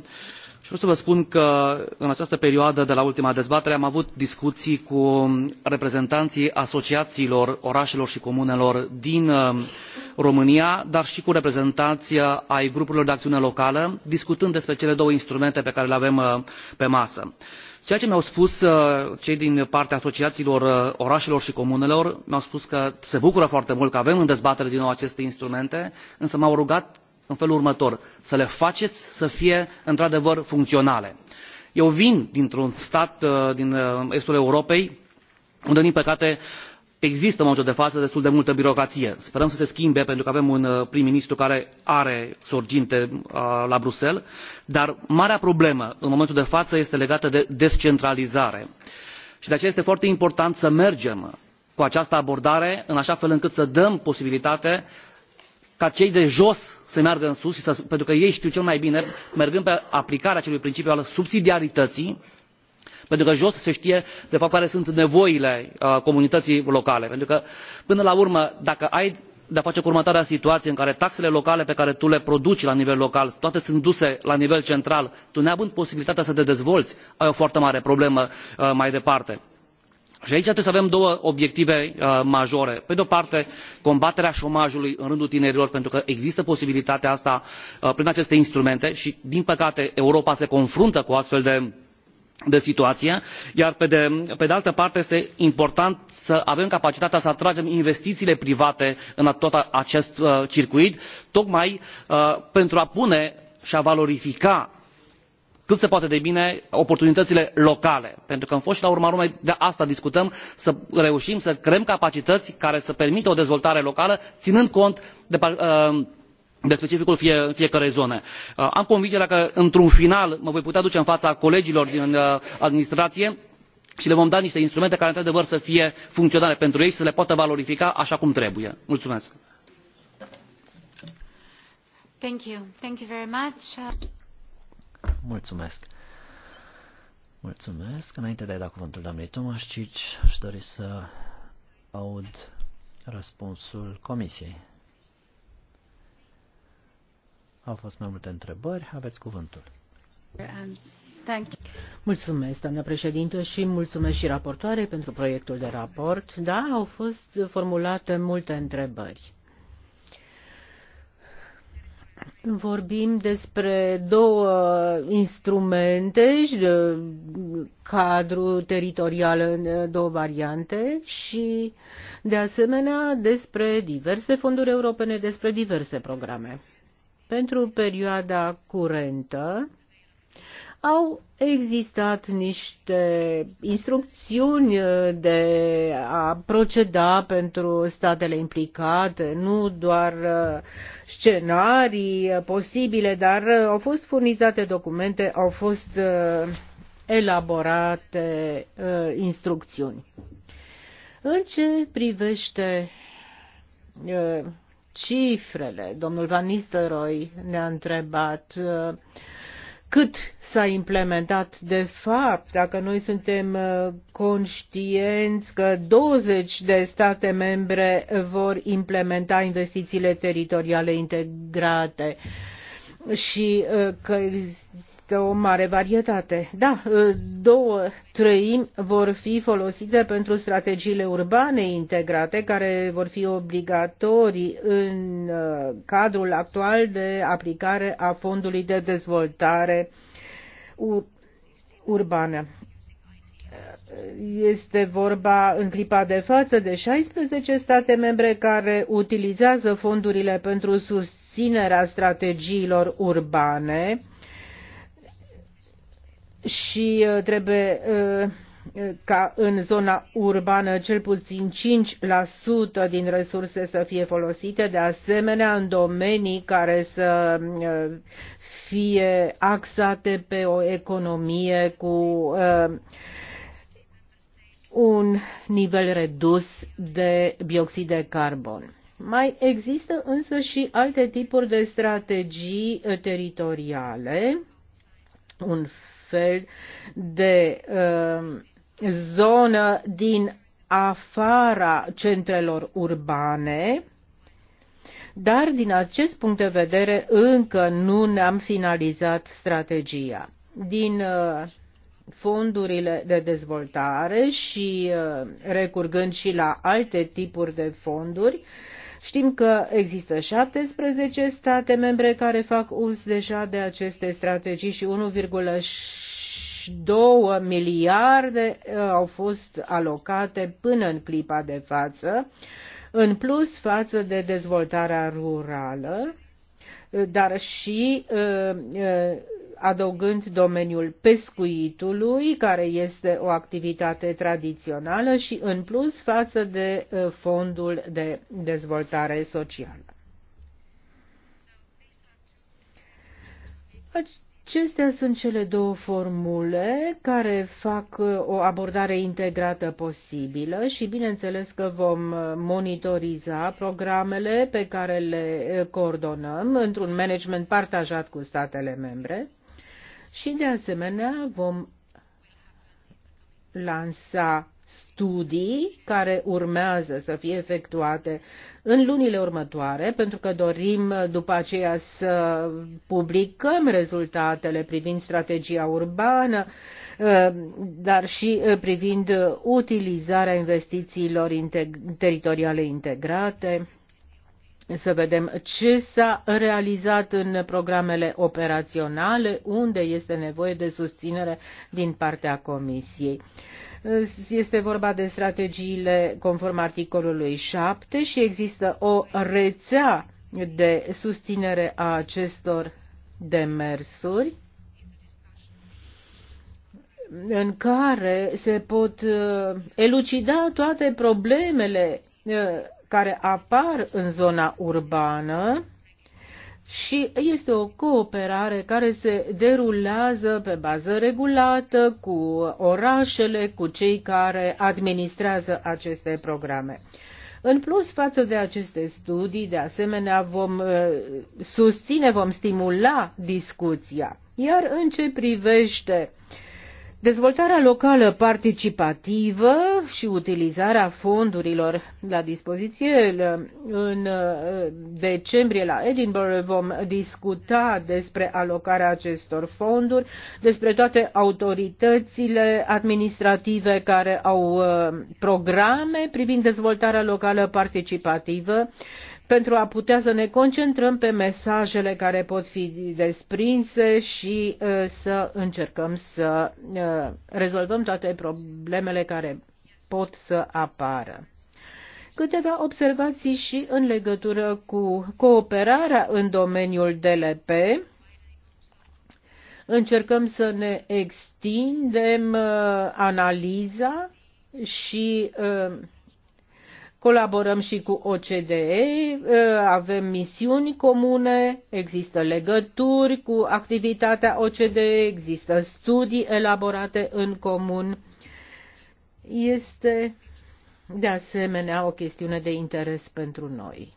S3: și vreau să vă spun că în această perioadă de la ultima dezbatere am avut discuții cu reprezentanții asociațiilor orașelor și comunelor din uh, românia dar și cu reprezentanți uh, ai grupurilor de acțiune locală discutând despre cele două instrumente pe care le avem uh, pe masă ceea ce mi au spus cei din partea asociațiilor orașelor și comunelor mi au spus că se bucură foarte mult că avem în dezbatere din nou aceste instrumente însă m au rugat în felul următor să le faceți să fie într adevăr funcționale. eu vin dintr un stat uh, din uh, estul europei unde din păcate există în momentul de față destul de multă birocrație. sperăm să se schimbe pentru că avem un uh, prim ministru care are sorginte la bruxelles dar marea problemă în momentul de față este legată de descentralizare și de aceea este foarte important să mergem cu această abordare în așa fel încât să dăm posibilitate ca cei de jos să meargă în sus pentru că ei știu cel mai bine mergând pe aplicarea acelui principiu al subsidiarității pentru că jos se știe de fapt care sunt nevoile uh, comunității locale pentru că până la urmă dacă ai de a face cu următoarea situație în care taxele locale pe care tu le produci la nivel local toate sunt duse la nivel central tu neavând posibilitatea să te dezvolți ai o foarte mare problemă uh, mai departe și aici trebuie să avem două obiective uh, majore pe de o parte combaterea șomajului în rândul tinerilor pentru că există posibilitatea asta uh, prin aceste instrumente și din păcate europa se confruntă cu o astfel de situație iar pe de altă parte este important să avem capacitatea să atragem investițiile private în tot acest uh, circuit tocmai pentru a pune și a valorifica cât se poate de bine oportunitățile locale pentru că în fond și la urma urmei de asta discutăm să reușim să creăm capacități care să permită o dezvoltare locală ținând cont de uh, specificul fiecărei zone. Uh, am convingerea că într un final mă voi putea duce în fața colegilor din uh, administrație și le vom da niște instrumente care într adevăr să fie funcționale pentru ei și să le poată valorifica așa cum trebuie. mulțumesc. Mulțumesc.
S4: Mulțumesc. Înainte de a da cuvântul doamnei Tomașcici, aș dori să aud răspunsul comisiei.
S1: Au fost mai multe întrebări, aveți cuvântul. Mulțumesc, doamnă președintă, și mulțumesc și raportoare pentru proiectul de raport. Da, au fost formulate multe întrebări. Vorbim despre două instrumente, cadru teritorial în două variante și, de asemenea, despre diverse fonduri europene, despre diverse programe. Pentru perioada curentă, au existat niște instrucțiuni de a proceda pentru statele implicate, nu doar uh, scenarii posibile, dar uh, au fost furnizate documente, au fost uh, elaborate instrucțiuni. În ce privește cifrele, domnul Van Nistelrooy ne-a întrebat cât s-a implementat de fapt, dacă noi suntem uh, conștienți că 20 de state membre vor implementa investițiile teritoriale integrate și uh, că este o mare varietate. Da, ă, două treimi vor fi folosite pentru strategiile urbane integrate, care vor fi obligatorii în ă, cadrul actual de aplicare a Fondului de Dezvoltare Ur Urbană. Este vorba în clipa de față de 16 state membre care utilizează fondurile pentru susținerea strategiilor urbane și uh, trebuie uh, ca în zona urbană cel puțin 5% din resurse să fie folosite, de asemenea în domenii care să uh, fie axate pe o economie cu un nivel redus de bioxid de carbon. Mai există însă și alte tipuri de strategii teritoriale, un fel de uh, zonă din afara centrelor urbane, dar din acest punct de vedere încă nu ne-am finalizat strategia. Din uh, fondurile de dezvoltare și uh, recurgând și la alte tipuri de fonduri, Știm că există 17 state membre care fac uz deja de aceste strategii și 1,2 miliarde uh, au fost alocate până în clipa de față, în plus față de dezvoltarea rurală uh, dar și uh, adăugând domeniul pescuitului, care este o activitate tradițională și în plus față de uh, fondul de dezvoltare socială. Acestea sunt cele două formule care fac uh, o abordare integrată posibilă și bineînțeles că vom uh, monitoriza programele pe care le coordonăm într-un management partajat cu statele membre și de asemenea vom lansa studii care urmează să fie efectuate în lunile următoare, pentru că dorim după aceea să publicăm rezultatele privind strategia urbană, eh, dar și eh, privind utilizarea investițiilor teritoriale integrate să vedem ce s-a realizat în programele operaționale, unde este nevoie de susținere din partea Comisiei. Este vorba de strategiile conform articolului 7 și există o rețea de susținere a acestor demersuri în care se pot uh, elucida toate problemele uh, care apar în zona urbană și este o cooperare care se derulează pe bază regulată cu orașele, cu cei care administrează aceste programe. În plus față de aceste studii, de asemenea, vom uh, susține, vom stimula discuția. Iar în ce privește uh, Dezvoltarea locală participativă și utilizarea fondurilor la dispoziție. În uh, decembrie la Edinburgh vom discuta despre alocarea acestor fonduri, despre toate autoritățile administrative care au uh, programe privind dezvoltarea locală participativă pentru a putea să ne concentrăm pe mesajele care pot fi desprinse și uh, să încercăm să uh, rezolvăm toate problemele care pot să apară. Câteva observații și în legătură cu cooperarea în domeniul DLP. Încercăm să ne extindem uh, analiza și uh, Colaborăm și cu OCDE, ă, avem misiuni comune, există legături cu activitatea OCDE, există studii elaborate în comun. Este de asemenea o chestiune de interes pentru noi.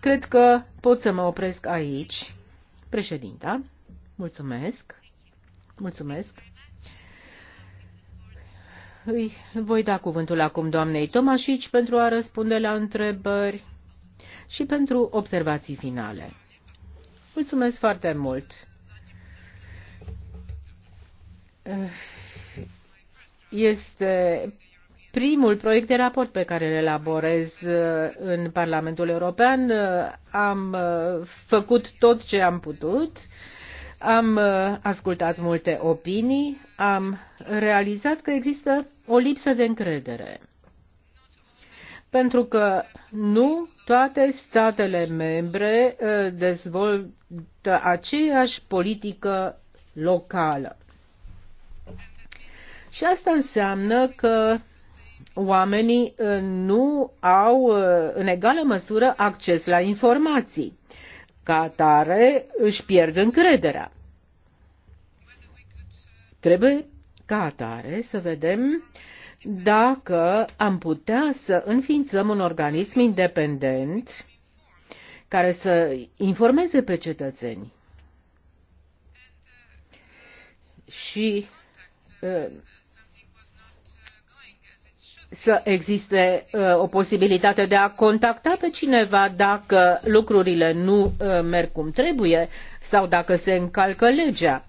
S1: Cred că pot să mă opresc aici Președinta, mulțumesc. Mulțumesc. Îi voi da cuvântul acum doamnei Tomașici pentru a răspunde la întrebări și pentru observații finale. Mulțumesc foarte mult. Este primul proiect de raport pe care îl elaborez uh, în Parlamentul European. Uh, am uh, făcut tot ce am putut, am ascultat multe opinii, am realizat că există o lipsă de încredere. Pentru că nu toate statele membre dezvoltă aceeași politică locală. Și asta înseamnă că oamenii uh, nu au uh, în egală măsură acces la informații. Ca atare își pierd încrederea. Trebuie ca atare să vedem dacă am putea să înființăm un organism independent care să informeze pe cetățeni și uh, să existe uh, o posibilitate de a contacta pe cineva dacă lucrurile nu uh, merg cum trebuie sau dacă se încalcă legea.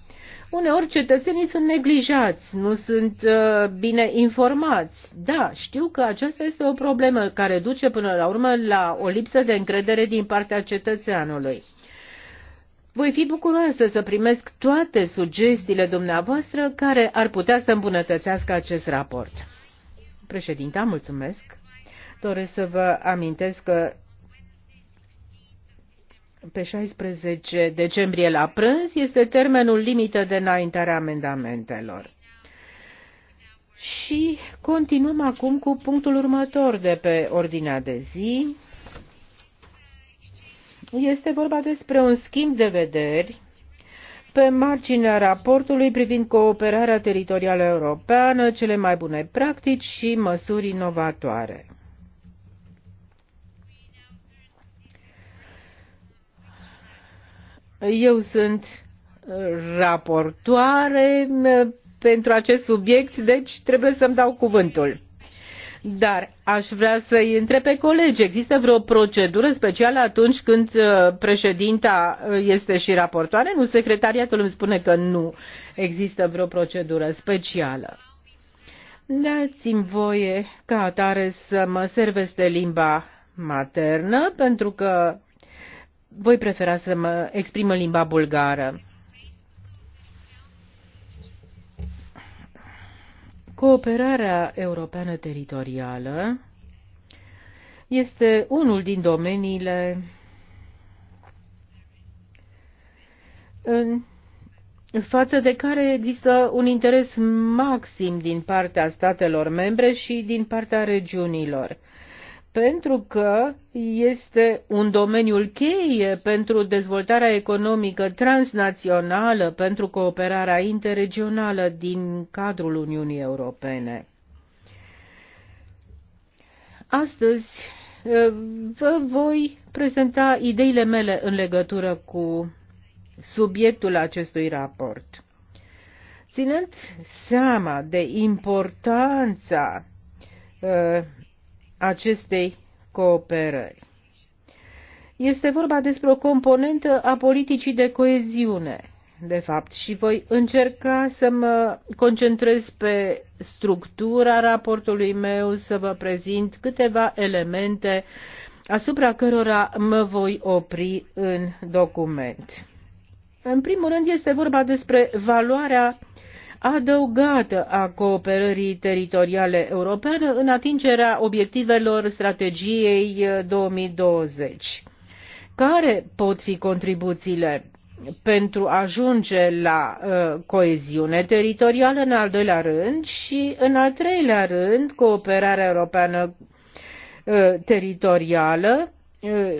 S1: Uneori cetățenii sunt neglijați, nu sunt uh, bine informați. Da, știu că aceasta este o problemă care duce până la urmă la o lipsă de încredere din partea cetățeanului. Voi fi bucuroasă să primesc toate sugestiile dumneavoastră care ar putea să îmbunătățească acest raport. Președinte, mulțumesc. Doresc să vă amintesc că pe 16 decembrie la prânz este termenul limită de înaintare a amendamentelor. Și continuăm acum cu punctul următor de pe ordinea de zi. Este vorba despre un schimb de vederi pe marginea raportului privind cooperarea teritorială europeană, cele mai bune practici și măsuri inovatoare. Eu sunt raportoare pentru acest subiect, deci trebuie să-mi dau cuvântul. Dar aș vrea să-i întreb pe colegi, există vreo procedură specială atunci când uh, președinta uh, este și raportoare? Nu, secretariatul îmi spune că nu există vreo procedură specială. Dați-mi voie ca atare să mă servesc de limba maternă, pentru că voi prefera să mă exprim în limba bulgară. Cooperarea europeană teritorială este unul din domeniile în față de care există un interes maxim din partea statelor membre și din partea regiunilor pentru că este un domeniul cheie pentru dezvoltarea economică transnațională, pentru cooperarea interregională din cadrul Uniunii Europene. Astăzi eh, vă voi prezenta ideile mele în legătură cu subiectul acestui raport. Ținând seama de importanța eh, acestei cooperări. Este vorba despre o componentă a politicii de coeziune, de fapt, și voi încerca să mă concentrez pe structura raportului meu, să vă prezint câteva elemente asupra cărora mă voi opri în document. În primul rând este vorba despre valoarea adăugată a cooperării teritoriale europene în atingerea obiectivelor strategiei 2020. Eh, Care pot fi contribuțiile pentru a ajunge la uh, coeziune teritorială în al doilea rând și în al treilea rând cooperarea europeană uh, teritorială uh,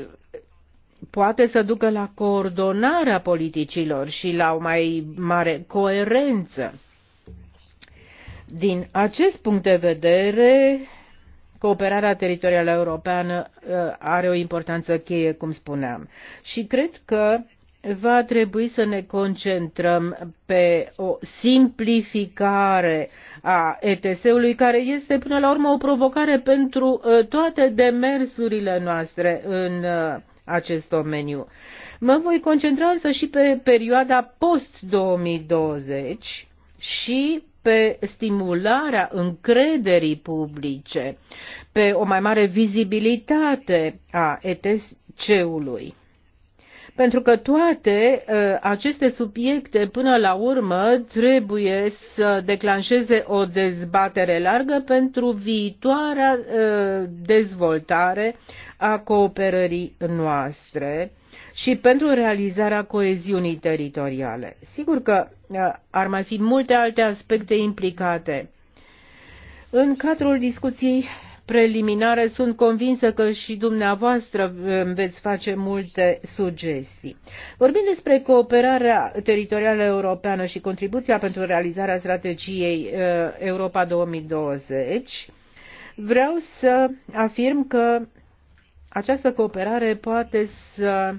S1: poate să ducă la coordonarea politicilor și la o mai mare coerență. Din acest punct de vedere, cooperarea teritorială europeană uh, are o importanță cheie, cum spuneam. Și cred că va trebui să ne concentrăm pe o simplificare a ETS-ului, care este până la urmă o provocare pentru uh, toate demersurile noastre în uh, acest domeniu. Mă voi concentra însă și pe perioada post-2020 și pe stimularea încrederii publice, pe o mai mare vizibilitate a etc ului Pentru că toate uh, aceste subiecte, până la urmă, trebuie să declanșeze o dezbatere largă pentru viitoarea uh, dezvoltare a cooperării noastre și pentru realizarea coeziunii teritoriale. Sigur că uh, ar mai fi multe alte aspecte implicate. În cadrul discuției preliminare sunt convinsă că și dumneavoastră uh, veți face multe sugestii. Vorbind despre cooperarea teritorială europeană și contribuția pentru realizarea strategiei uh, Europa 2020, vreau să afirm că această cooperare poate să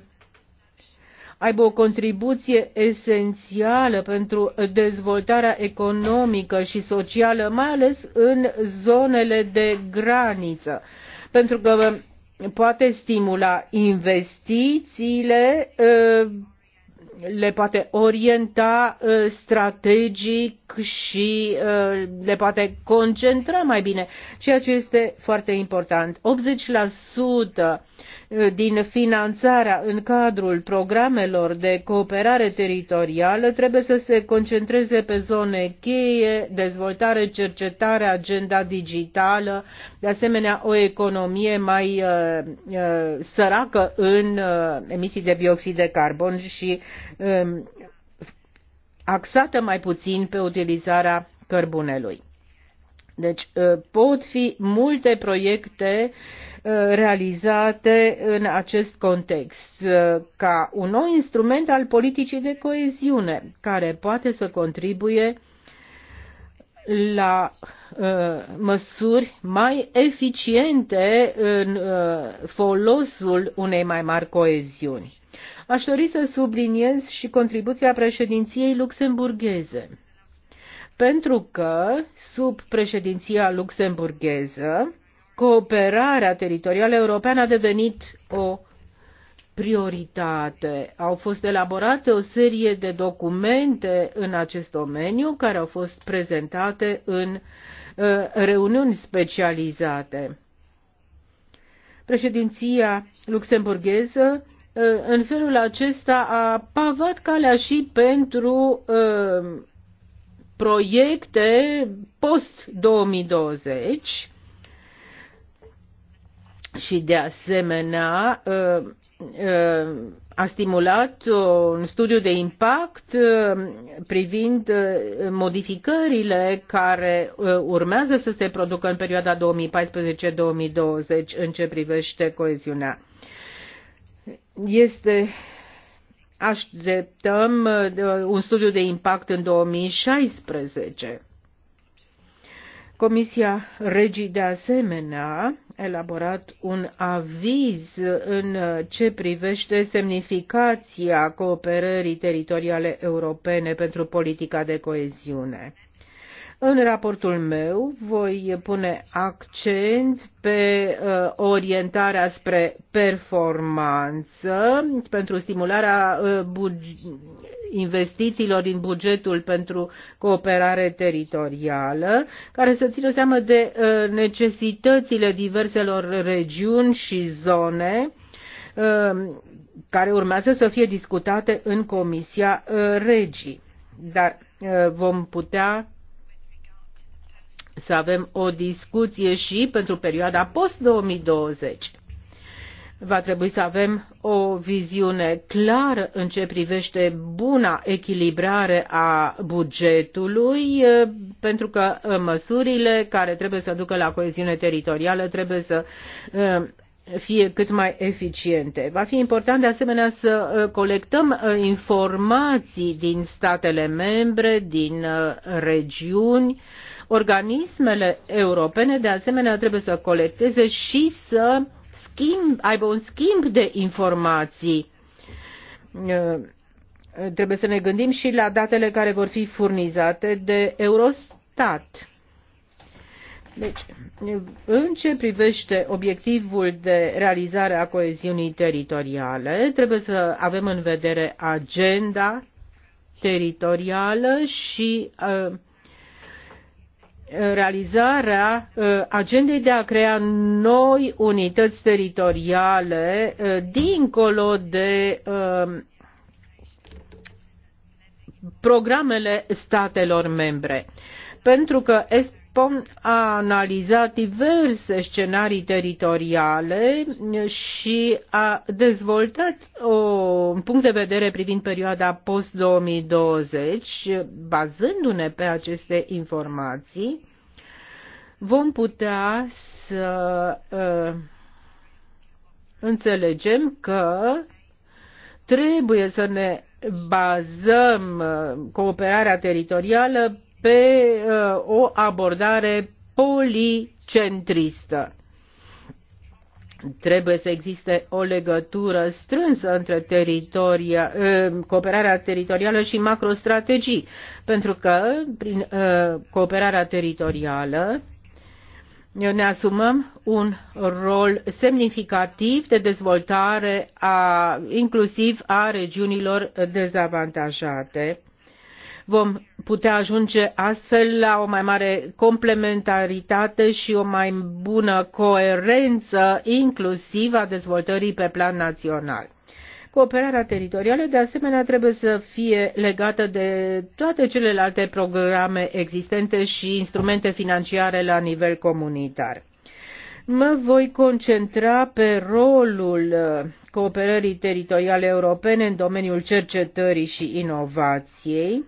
S1: aibă o contribuție esențială pentru dezvoltarea economică și socială, mai ales în zonele de graniță, pentru că poate stimula investițiile uh, le poate orienta uh, strategic și uh, le poate concentra mai bine, ceea ce este foarte important. 80% din finanțarea în cadrul programelor de cooperare teritorială trebuie să se concentreze pe zone cheie, dezvoltare, cercetare, agenda digitală, de asemenea o economie mai uh, uh, săracă în uh, emisii de bioxid de carbon și um, axată mai puțin pe utilizarea cărbunelui. Deci uh, pot fi multe proiecte uh, realizate în acest context uh, ca un nou instrument al politicii de coeziune care poate să contribuie la măsuri mai eficiente în folosul unei mai mari coeziuni. Aș dori să subliniez și contribuția președinției luxemburgheze pentru că, sub președinția luxemburgheză, cooperarea teritorială europeană a devenit o prioritate. Au fost elaborate o serie de documente în acest domeniu care au fost prezentate în uh, reuniuni specializate. Președinția luxemburgheză uh, în felul acesta a pavat calea și pentru uh, proiecte post-2020 și de asemenea ă, ă, a stimulat un studiu de impact ă, privind modificările care urmează să se producă în perioada 2014-2020 în ce privește coeziunea. Este așteptăm uh, uh, un studiu de impact în 2016. Comisia Regii de asemenea a elaborat un aviz în uh, ce privește semnificația cooperării teritoriale europene pentru politica de coeziune. În raportul meu voi pune accent pe uh, orientarea spre performanță, pentru stimularea uh, investițiilor din bugetul pentru cooperare teritorială, care să țină seama de uh, necesitățile diverselor regiuni și zone uh, care urmează să fie discutate în Comisia uh, Regii. Dar uh, vom putea să avem o discuție și pentru perioada post-2020. Va trebui să avem o viziune clară în ce privește buna echilibrare a bugetului, eh, pentru că eh, măsurile care trebuie să ducă la coeziune teritorială trebuie să eh, fie cât mai eficiente. Va fi important de asemenea să colectăm informații din statele membre, din regiuni, Organismele europene, de asemenea, trebuie să colecteze și să schimb, aibă un schimb de informații. Uh, trebuie să ne gândim și la datele care vor fi furnizate de Eurostat. Deci, în ce privește obiectivul de realizare a coeziunii teritoriale, trebuie să avem în vedere agenda teritorială și uh, realizarea uh, agendei de a crea noi unități teritoriale uh, dincolo de um, programele statelor membre. Pentru că EPSPO a analizat diverse scenarii teritoriale și a dezvoltat o, un punct de vedere privind perioada post-2020, bazându-ne pe aceste informații, vom putea să uh, înțelegem că trebuie să ne bazăm ă, cooperarea teritorială pe uh, o abordare policentristă. Trebuie să existe o legătură strânsă între teritoria, uh, cooperarea teritorială și macrostrategii, pentru că prin uh, cooperarea teritorială ne asumăm un rol semnificativ de dezvoltare a, inclusiv a regiunilor dezavantajate Vom putea ajunge astfel la o mai mare complementaritate și o mai bună coerență, inclusiv a dezvoltării pe plan național. Cooperarea teritorială, de asemenea, trebuie să fie legată de toate celelalte programe existente și instrumente financiare la nivel comunitar. Mă voi concentra pe rolul uh, cooperării teritoriale europene în domeniul cercetării și inovației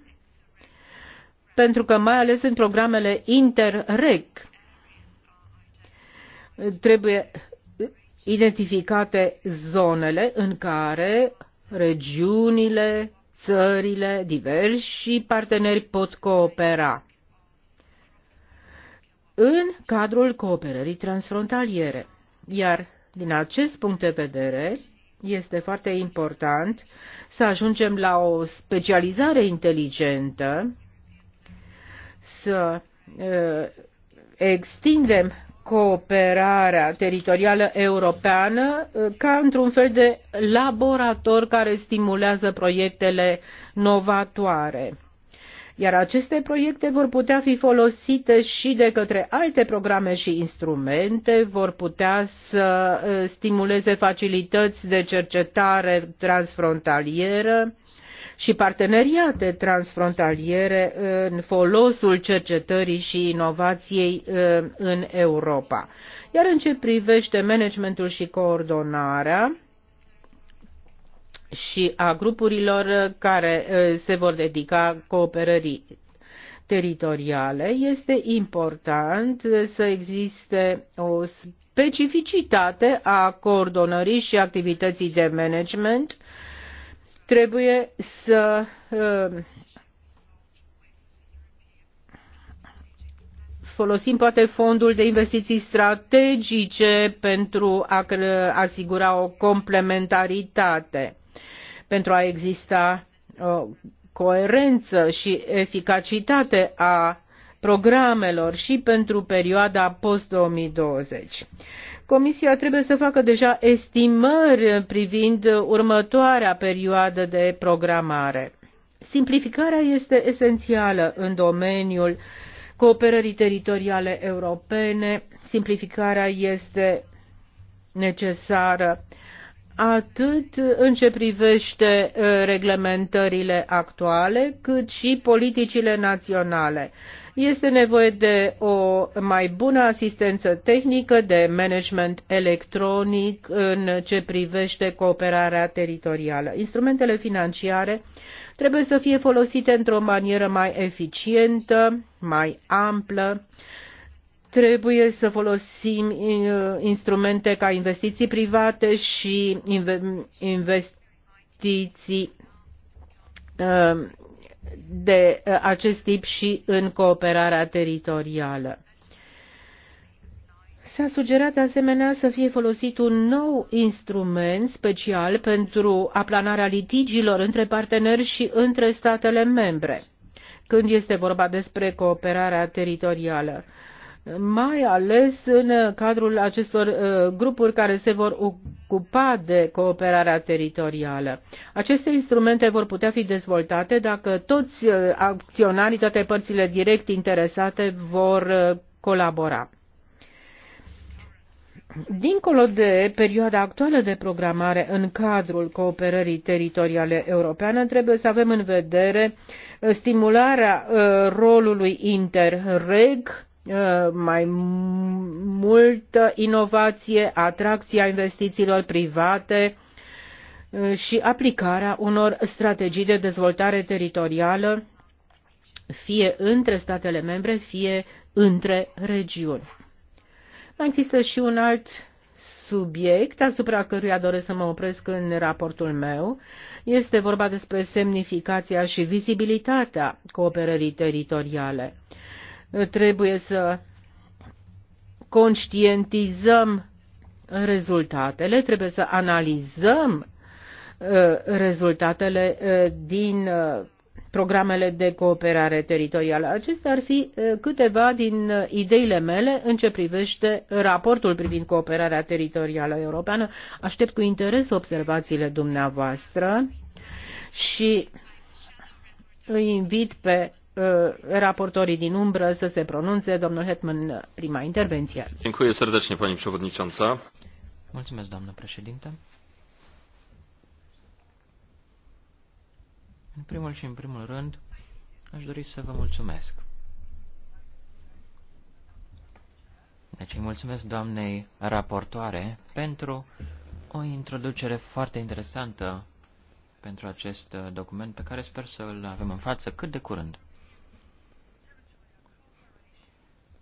S1: pentru că mai ales în programele Interreg trebuie identificate zonele în care regiunile, țările, diversi parteneri pot coopera în cadrul cooperării transfrontaliere. Iar din acest punct de vedere, este foarte important să ajungem la o specializare inteligentă să extindem cooperarea teritorială europeană ca într-un fel de laborator care stimulează proiectele novatoare. Iar aceste proiecte vor putea fi folosite și de către alte programe și instrumente, vor putea să stimuleze facilități de cercetare transfrontalieră, și parteneriate transfrontaliere în folosul cercetării și inovației uh, în Europa. Iar în ce privește managementul și coordonarea, și a grupurilor care uh, se vor dedica cooperării teritoriale, este important să existe o specificitate a coordonării și activității de management Trebuie să uh, folosim poate fondul de investiții strategice pentru a asigura o complementaritate, pentru a exista o uh, coerență și eficacitate a programelor și pentru perioada post-2020. Comisia trebuie să facă deja estimări privind următoarea perioadă de programare. Simplificarea este esențială în domeniul cooperării teritoriale europene. Simplificarea este necesară atât în ce privește eh, reglementările actuale, cât și politicile naționale. Este nevoie de o mai bună asistență tehnică, de management electronic în ce privește cooperarea teritorială. Instrumentele financiare trebuie să fie folosite într-o manieră mai eficientă, mai amplă, trebuie să folosim uh, instrumente ca investiții private și investiții uh, de uh, acest tip și în cooperarea teritorială. S-a sugerat de asemenea să fie folosit un nou instrument special pentru aplanarea litigiilor între parteneri și între statele membre, când este vorba despre cooperarea teritorială mai ales în cadrul acestor uh, grupuri care se vor ocupa de cooperarea teritorială. Aceste instrumente vor putea fi dezvoltate dacă toți uh, acționarii, toate părțile direct interesate vor uh, colabora. Dincolo de perioada actuală de programare în cadrul cooperării teritoriale europene, trebuie să avem în vedere stimularea rolului Interreg Uh, mai multă inovație, atracția investițiilor private uh, și aplicarea unor strategii de dezvoltare teritorială, fie între statele membre, fie între regiuni. Mai există și un alt subiect asupra căruia doresc să mă opresc în raportul meu. Este vorba despre semnificația și vizibilitatea cooperării teritoriale. Uh, Trebuie să conștientizăm rezultatele, trebuie să analizăm uh, rezultatele uh, din uh, programele de cooperare teritorială. Acestea ar fi câteva din ideile mele în ce privește raportul privind cooperarea teritorială europeană. Aștept cu interes observațiile dumneavoastră și îi invit pe Uh, raportorii din umbră să se pronunțe. Domnul Hetman, prima intervenție.
S2: Dziękuję serdecznie, pani przewodnicząca. Mulțumesc, doamnă președinte. În primul și în primul rând, aș dori să vă mulțumesc. Deci îi mulțumesc doamnei raportoare pentru o introducere foarte interesantă pentru acest document pe care sper să îl avem în față cât de curând.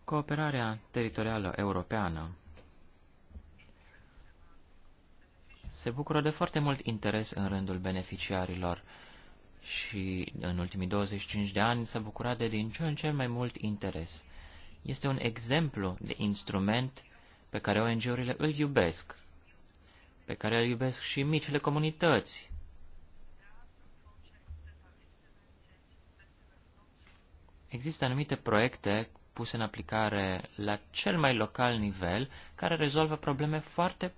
S2: Cooperarea teritorială europeană se bucură de foarte mult interes în rândul beneficiarilor și în ultimii 25 de ani s-a bucurat de din ce în ce mai mult interes. Este un exemplu de instrument pe care ONG-urile îl iubesc, pe care îl iubesc și micile comunități. Există anumite proiecte puse în aplicare la cel mai local nivel, care rezolvă probleme foarte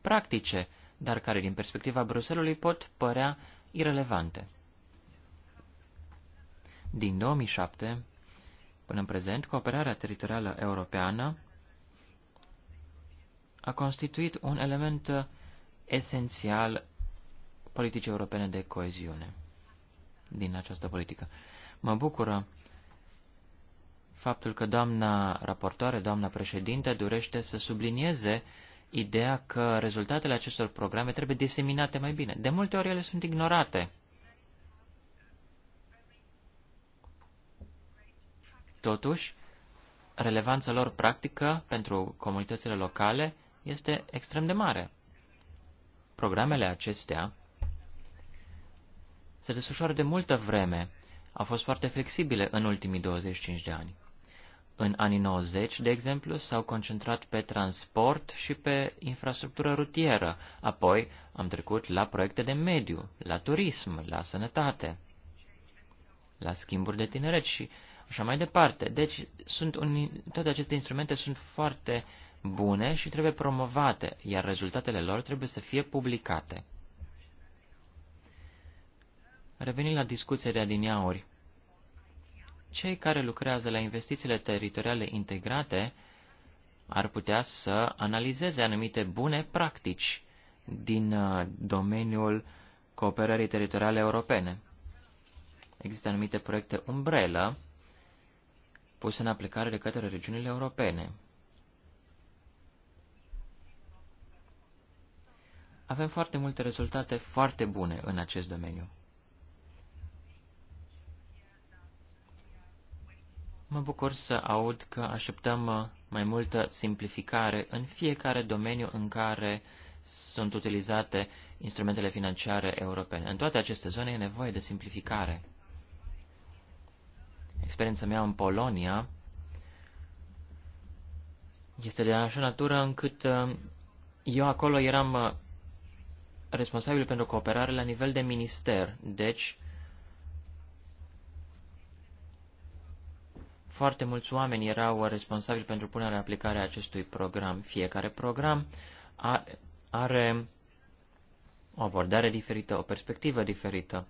S2: practice, dar care din perspectiva Bruselului pot părea irelevante. Din 2007 până în prezent, cooperarea teritorială europeană a constituit un element uh, esențial politicii europene de coeziune din această politică. Mă bucură faptul că doamna raportoare, doamna președinte, dorește să sublinieze ideea că rezultatele acestor programe trebuie diseminate mai bine. De multe ori ele sunt ignorate. Totuși, relevanța lor practică pentru comunitățile locale este extrem de mare. Programele acestea se desfășoară de multă vreme, au fost foarte flexibile în ultimii 25 de ani. În anii 90, de exemplu, s-au concentrat pe transport și pe infrastructură rutieră. Apoi am trecut la proiecte de mediu, la turism, la sănătate, la schimburi de tineret și așa mai departe. Deci sunt un, toate aceste instrumente sunt foarte bune și trebuie promovate, iar rezultatele lor trebuie să fie publicate. Revenind la discuția de adineauri, cei care lucrează la investițiile teritoriale integrate ar putea să analizeze anumite bune practici din uh, domeniul cooperării teritoriale europene. Există anumite proiecte umbrelă puse în aplicare de către regiunile europene. Avem foarte multe rezultate foarte bune în acest domeniu. Mă bucur să aud că așteptăm uh, mai multă simplificare în fiecare domeniu în care sunt utilizate instrumentele financiare europene. În toate aceste zone e nevoie de simplificare. Experiența mea în Polonia este de așa natură încât uh, eu acolo eram uh, responsabil pentru cooperare la nivel de minister. Deci, Foarte mulți oameni erau responsabili pentru punerea aplicare a acestui program. Fiecare program are, are o abordare diferită, o perspectivă diferită.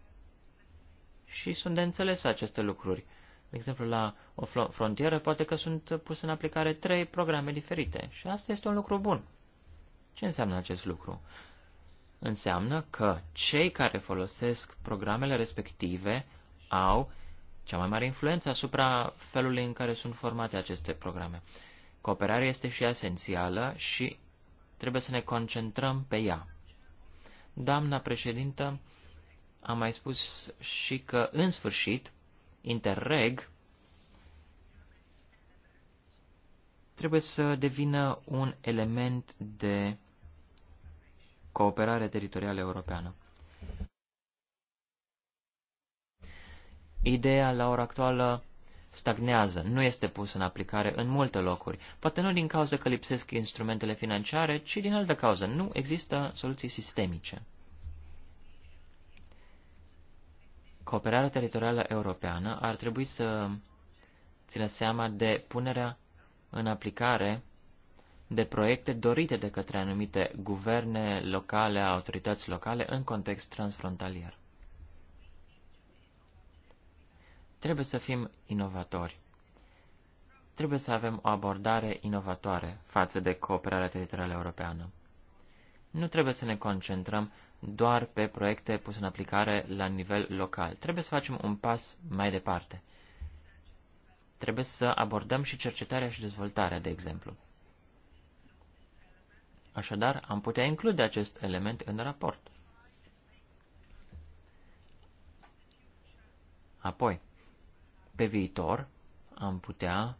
S2: Și sunt de înțeles aceste lucruri. De exemplu, la o frontieră poate că sunt puse în aplicare trei programe diferite și asta este un lucru bun. Ce înseamnă acest lucru? Înseamnă că cei care folosesc programele respective au cea mai mare influență asupra felului în care sunt formate aceste programe. Cooperarea este și esențială și trebuie să ne concentrăm pe ea. Doamna președintă a mai spus și că, în sfârșit, Interreg trebuie să devină un element de cooperare teritorială europeană. Ideea la ora actuală stagnează, nu este pusă în aplicare în multe locuri, poate nu din cauza că lipsesc instrumentele financiare, ci din altă cauză, nu există soluții sistemice. Cooperarea teritorială europeană ar trebui să țină seama de punerea în aplicare de proiecte dorite de către anumite guverne locale, autorități locale, în context transfrontalier. Trebuie să fim inovatori. Trebuie să avem o abordare inovatoare față de cooperarea teritorială europeană. Nu trebuie să ne concentrăm doar pe proiecte puse în aplicare la nivel local. Trebuie să facem un pas mai departe. Trebuie să abordăm și cercetarea și dezvoltarea, de exemplu. Așadar, am putea include acest element în raport. Apoi, pe viitor am putea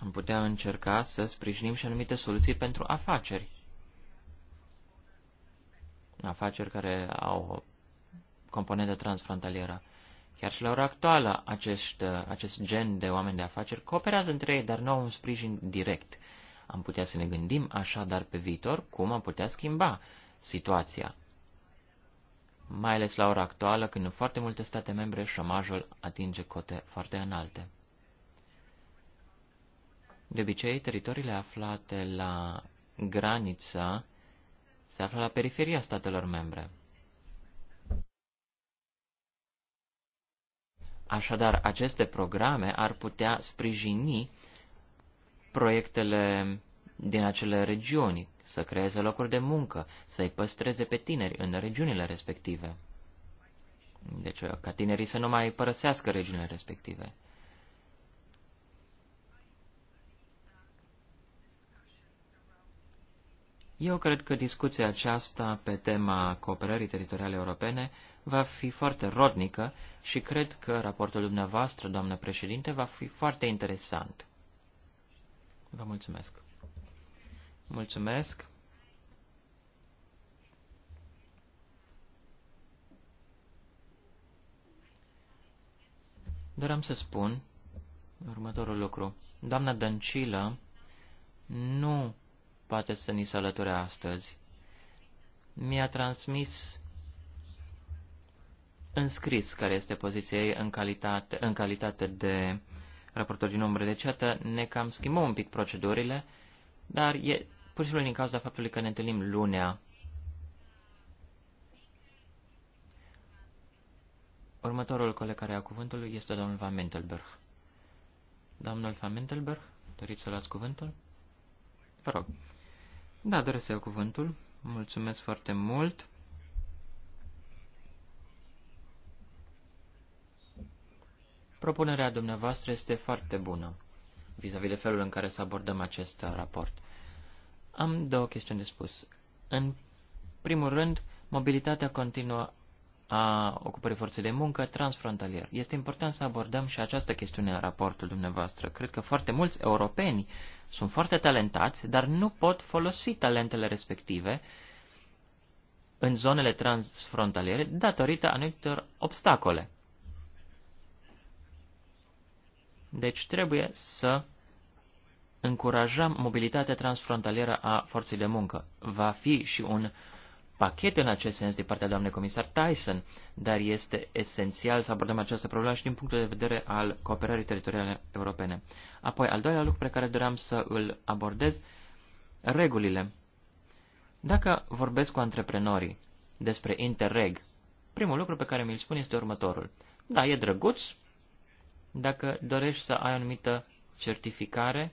S2: am putea încerca să sprijinim și anumite soluții pentru afaceri. Afaceri care au o componentă transfrontalieră. Chiar și la ora actuală, acest, acest gen de oameni de afaceri cooperează între ei, dar nu au un sprijin direct. Am putea să ne gândim așa dar pe viitor cum am putea schimba situația mai ales la ora actuală, când în foarte multe state membre șomajul atinge cote foarte înalte. De obicei, teritoriile aflate la graniță se află la periferia statelor membre. Așadar, aceste programe ar putea sprijini proiectele din acele regiuni, să creeze locuri de muncă, să-i păstreze pe tineri în regiunile respective. Deci, ca tinerii să nu mai părăsească regiunile respective. Eu cred că discuția aceasta pe tema cooperării teritoriale europene va fi foarte rodnică și cred că raportul dumneavoastră, doamnă președinte, va fi foarte interesant. Vă mulțumesc. Mulțumesc. am să spun următorul lucru. Doamna Dăncilă nu poate să ni se alăture astăzi. Mi-a transmis în scris care este poziția ei în calitate, în calitate de raportor din umbră. Deci, iată, ne cam schimbăm un pic procedurile, dar e pur și simplu din cauza faptului că ne întâlnim lunea. Următorul coleg care a cuvântul este domnul Van Mentelberg. Domnul Van Mentelberg, doriți să luați cuvântul? Vă rog. Da, doresc să iau cuvântul. Mulțumesc foarte mult. Propunerea dumneavoastră este foarte bună vis-a-vis -vis de felul în care să abordăm acest raport. Am două chestiuni de spus. În primul rând, mobilitatea continuă a ocupării forței de muncă transfrontalier. Este important să abordăm și această chestiune în raportul dumneavoastră. Cred că foarte mulți europeni sunt foarte talentați, dar nu pot folosi talentele respective în zonele transfrontaliere datorită anumitor obstacole. Deci trebuie să încurajăm mobilitatea transfrontalieră a forței de muncă. Va fi și un pachet în acest sens de partea doamnei comisar Tyson, dar este esențial să abordăm această problemă și din punctul de vedere al cooperării teritoriale europene. Apoi, al doilea lucru pe care doream să îl abordez, regulile. Dacă vorbesc cu antreprenorii despre Interreg, primul lucru pe care mi-l spun este următorul. Da, e drăguț dacă dorești să ai o anumită certificare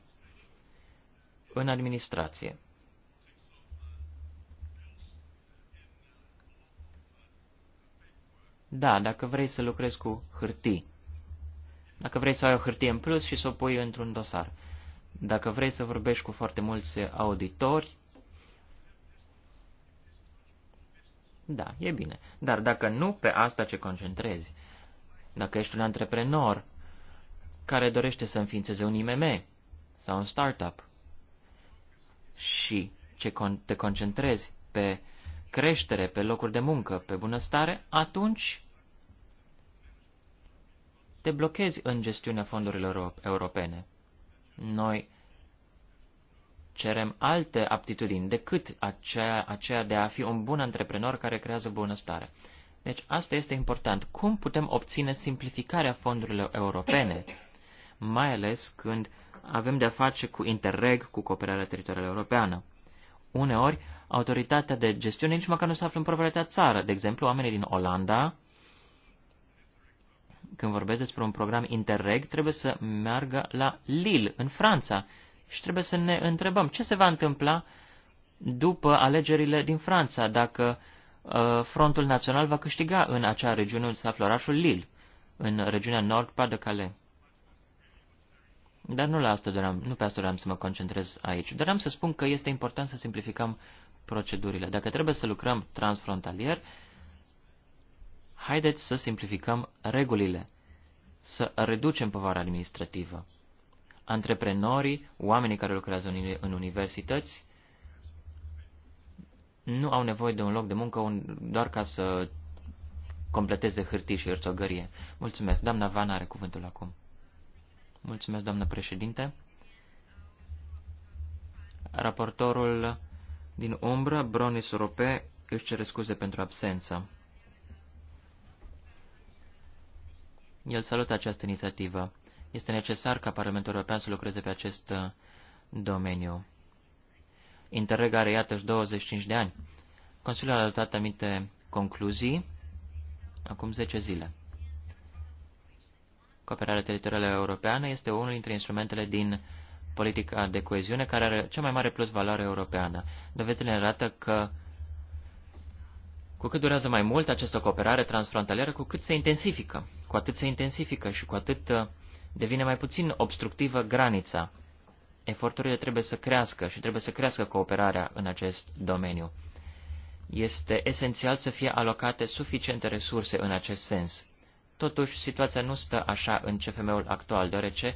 S2: în administrație. Da, dacă vrei să lucrezi cu hârtii. Dacă vrei să ai o hârtie în plus și să o pui într-un dosar. Dacă vrei să vorbești cu foarte mulți auditori, da, e bine. Dar dacă nu pe asta ce concentrezi, dacă ești un antreprenor care dorește să înființeze un IMM sau un startup, și ce con- te concentrezi pe creștere, pe locuri de muncă, pe bunăstare, atunci te blochezi în gestiunea fondurilor europene. Noi cerem alte aptitudini decât aceea, aceea de a fi un bun antreprenor care creează bunăstare. Deci asta este important. Cum putem obține simplificarea fondurilor europene mai ales când avem de-a face cu Interreg, cu cooperarea teritorială europeană. Uneori, autoritatea de gestiune nici măcar nu se află în propria țară. De exemplu, oamenii din Olanda, când vorbesc despre un program Interreg, trebuie să meargă la Lille, în Franța. Și trebuie să ne întrebăm ce se va întâmpla după alegerile din Franța, dacă uh, Frontul Național va câștiga în acea regiune unde se află orașul Lille, în regiunea nord pas de calais dar nu, la asta doream, nu pe asta doream să mă concentrez aici. Doream să spun că este important să simplificăm procedurile. Dacă trebuie să lucrăm transfrontalier, haideți să simplificăm regulile, să reducem povara administrativă. Antreprenorii, oamenii care lucrează în universități, nu au nevoie de un loc de muncă doar ca să completeze hârtii și hârtogărie. Mulțumesc. Doamna Vana are cuvântul acum. Mulțumesc, doamnă președinte. Raportorul din umbră, Bronis Rope, își cere scuze pentru absență. El salută această inițiativă. Este necesar ca Parlamentul European să lucreze pe acest uh, domeniu. Interreg are, iată, 25 de ani. Consiliul a adoptat aminte concluzii acum 10 zile. Cooperarea teritorială europeană este unul dintre instrumentele din politica de coeziune care are cea mai mare plus valoare europeană. Dovezile arată că cu cât durează mai mult această cooperare transfrontalieră, cu cât se intensifică, cu atât se intensifică și cu atât uh, devine mai puțin obstructivă granița. Eforturile trebuie să crească și trebuie să crească cooperarea în acest domeniu. Este esențial să fie alocate suficiente resurse în acest sens. Totuși, situația nu stă așa în CFM-ul actual, deoarece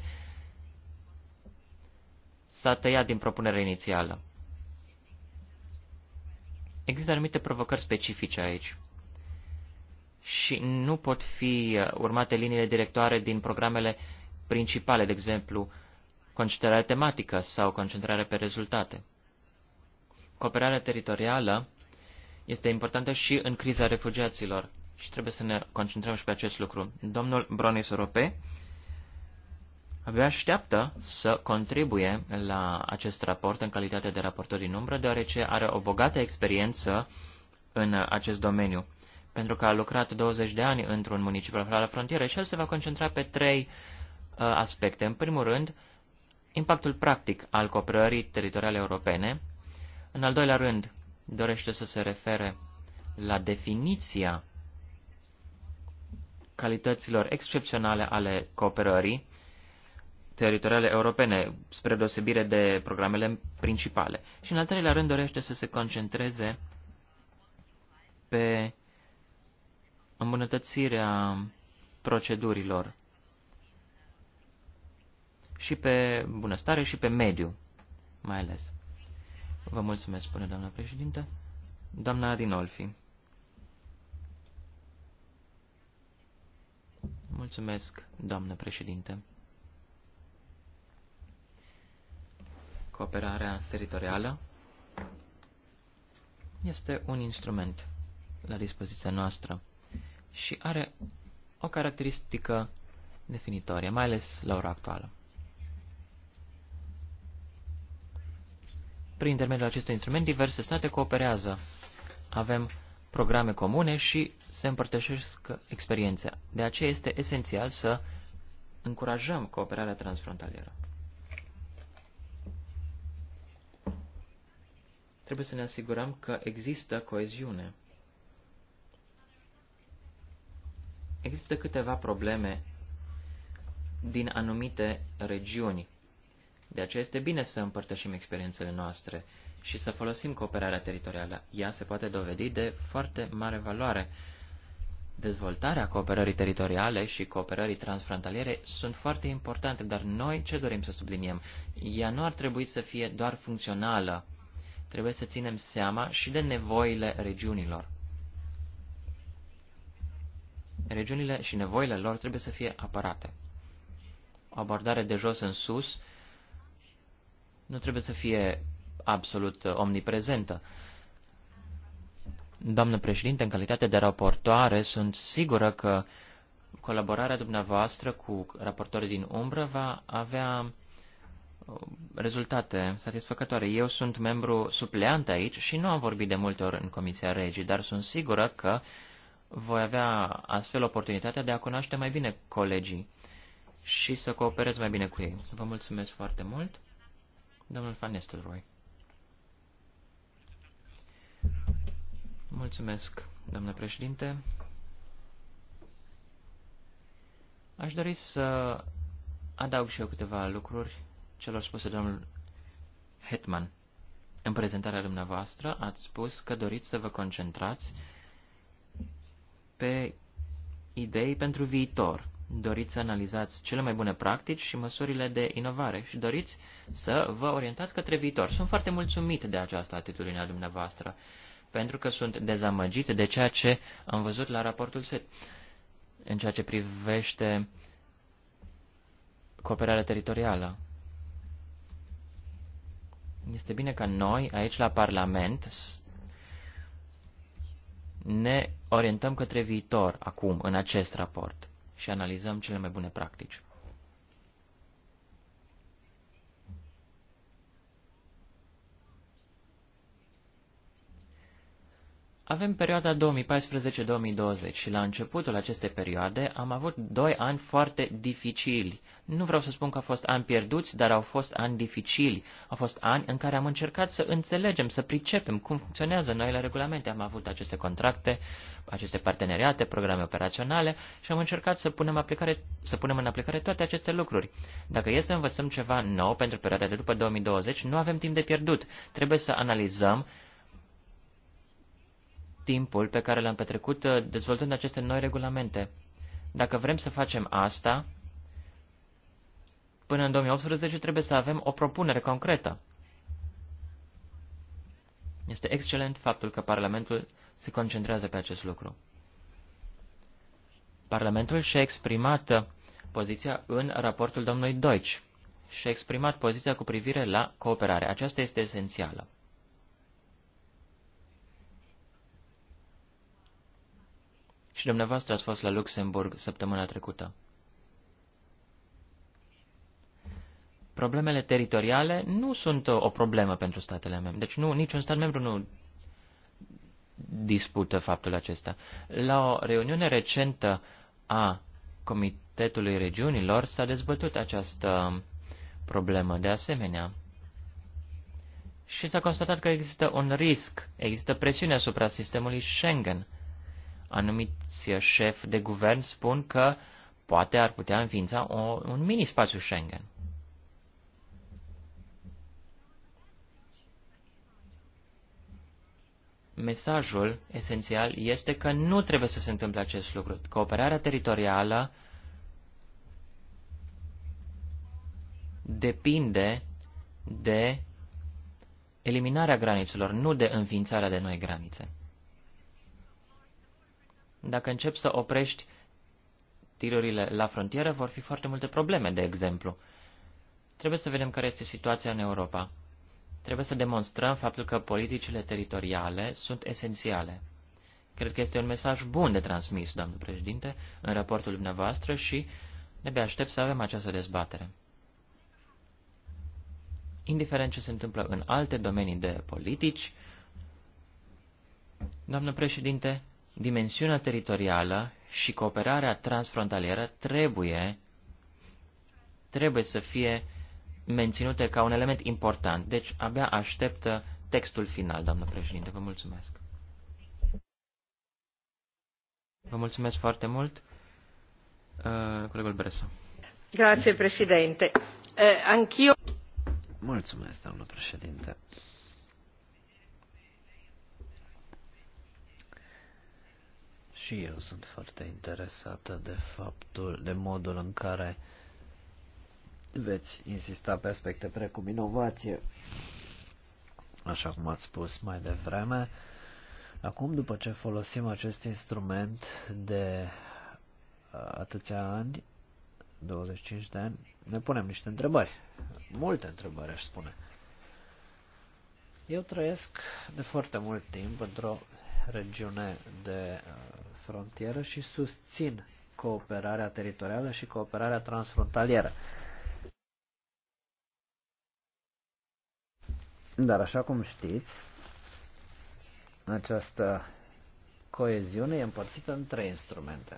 S2: s-a tăiat din propunerea inițială. Există anumite provocări specifice aici și nu pot fi uh, urmate liniile directoare din programele principale, de exemplu, concentrarea tematică sau concentrarea pe rezultate. Cooperarea teritorială este importantă și în criza refugiaților și trebuie să ne concentrăm și pe acest lucru. Domnul Bronis Rope abia așteaptă să contribuie la acest raport în calitate de raportor din umbră, deoarece are o bogată experiență în acest domeniu. Pentru că a lucrat 20 de ani într-un municipiu la frontieră și el se va concentra pe trei uh, aspecte. În primul rând, impactul practic al cooperării teritoriale europene. În al doilea rând, dorește să se refere la definiția calităților excepționale ale cooperării teritoriale europene, spre deosebire de programele principale. Și în al treilea rând dorește să se concentreze pe îmbunătățirea procedurilor și pe bunăstare și pe mediu, mai ales. Vă mulțumesc, spune doamna președinte. Doamna Adinolfi. Mulțumesc, doamnă președinte. Cooperarea teritorială este un instrument la dispoziția noastră și are o caracteristică definitorie, mai ales la ora actuală. Prin intermediul acestui instrument, diverse state cooperează. Avem programe comune și se împărtășesc experiența. De aceea este esențial să încurajăm cooperarea transfrontalieră. Trebuie să ne asigurăm că există coeziune. Există câteva probleme din anumite regiuni. De aceea este bine să împărtășim experiențele noastre și să folosim cooperarea teritorială. Ea se poate dovedi de foarte mare valoare. Dezvoltarea cooperării teritoriale și cooperării transfrontaliere sunt foarte importante, dar noi ce dorim să subliniem? Ea nu ar trebui să fie doar funcțională. Trebuie să ținem seama și de nevoile regiunilor. Regiunile și nevoile lor trebuie să fie aparate. O abordare de jos în sus nu trebuie să fie absolut uh, omniprezentă. Doamnă președinte, în calitate de raportoare, sunt sigură că colaborarea dumneavoastră cu raportorii din umbră va avea uh, rezultate satisfăcătoare. Eu sunt membru supleant aici și nu am vorbit de multe ori în Comisia Regii, dar sunt sigură că voi avea astfel oportunitatea de a cunoaște mai bine colegii și să cooperez mai bine cu ei. Vă mulțumesc foarte mult, domnul Van Nistelrooy. Mulțumesc, domnule președinte. Aș dori să adaug și eu câteva lucruri celor spuse domnul Hetman. În prezentarea dumneavoastră ați spus că doriți să vă concentrați pe idei pentru viitor. Doriți să analizați cele mai bune practici și măsurile de inovare și doriți să vă orientați către viitor. Sunt foarte mulțumit de această atitudine a dumneavoastră pentru că sunt dezamăgiți de ceea ce am văzut la raportul SET. În ceea ce privește cooperarea teritorială. Este bine ca noi, aici la Parlament, ne orientăm către viitor acum, în acest raport, și analizăm cele mai bune practici. Avem perioada 2014-2020 și la începutul acestei perioade am avut doi ani foarte dificili. Nu vreau să spun că au fost ani pierduți, dar au fost ani dificili. Au fost ani în care am încercat să înțelegem, să pricepem cum funcționează noile regulamente. Am avut aceste contracte, aceste parteneriate, programe operaționale și am încercat să punem, aplicare, să punem în aplicare toate aceste lucruri. Dacă e să învățăm ceva nou pentru perioada de după 2020, nu avem timp de pierdut. Trebuie să analizăm timpul pe care l-am petrecut uh, dezvoltând aceste noi regulamente. Dacă vrem să facem asta, până în 2018 trebuie să avem o propunere concretă. Este excelent faptul că Parlamentul se concentrează pe acest lucru. Parlamentul și-a exprimat uh, poziția în raportul domnului Deutsch și-a exprimat poziția cu privire la cooperare. Aceasta este esențială. și dumneavoastră ați fost la Luxemburg săptămâna trecută. Problemele teritoriale nu sunt o problemă pentru statele membre. Deci nu, niciun stat membru nu dispută faptul acesta. La o reuniune recentă a Comitetului Regiunilor s-a dezbătut această problemă de asemenea. Și s-a constatat că există un risc, există presiune asupra sistemului Schengen – anumiți șefi de guvern spun că poate ar putea înființa o, un mini-spațiu Schengen. Mesajul esențial este că nu trebuie să se întâmple acest lucru. Cooperarea teritorială depinde de eliminarea granițelor, nu de înființarea de noi granițe. Dacă începi să oprești tirurile la frontieră, vor fi foarte multe probleme, de exemplu. Trebuie să vedem care este situația în Europa. Trebuie să demonstrăm faptul că politicile teritoriale sunt esențiale. Cred că este un mesaj bun de transmis, doamnă președinte, în raportul dumneavoastră și ne aștept să avem această dezbatere. Indiferent ce se întâmplă în alte domenii de politici, doamnă președinte, dimensiunea teritorială și cooperarea transfrontalieră trebuie, trebuie să fie menținute ca un element important. Deci abia așteptă textul final, doamnă președinte. Vă mulțumesc. Vă mulțumesc foarte mult. Uh, colegul Bresa.
S1: Grazie, președinte. Uh, anch'io...
S2: Mulțumesc, doamnă președinte.
S4: și eu sunt foarte interesată de faptul, de modul în care veți insista pe aspecte precum inovație. Așa cum ați spus mai devreme, acum după ce folosim acest instrument de atâția ani, 25 de ani, ne punem niște întrebări. Multe întrebări, aș spune. Eu trăiesc de foarte mult timp într-o regiune de frontieră și susțin cooperarea teritorială și cooperarea transfrontalieră. Dar așa cum știți, această coeziune e împărțită în trei instrumente.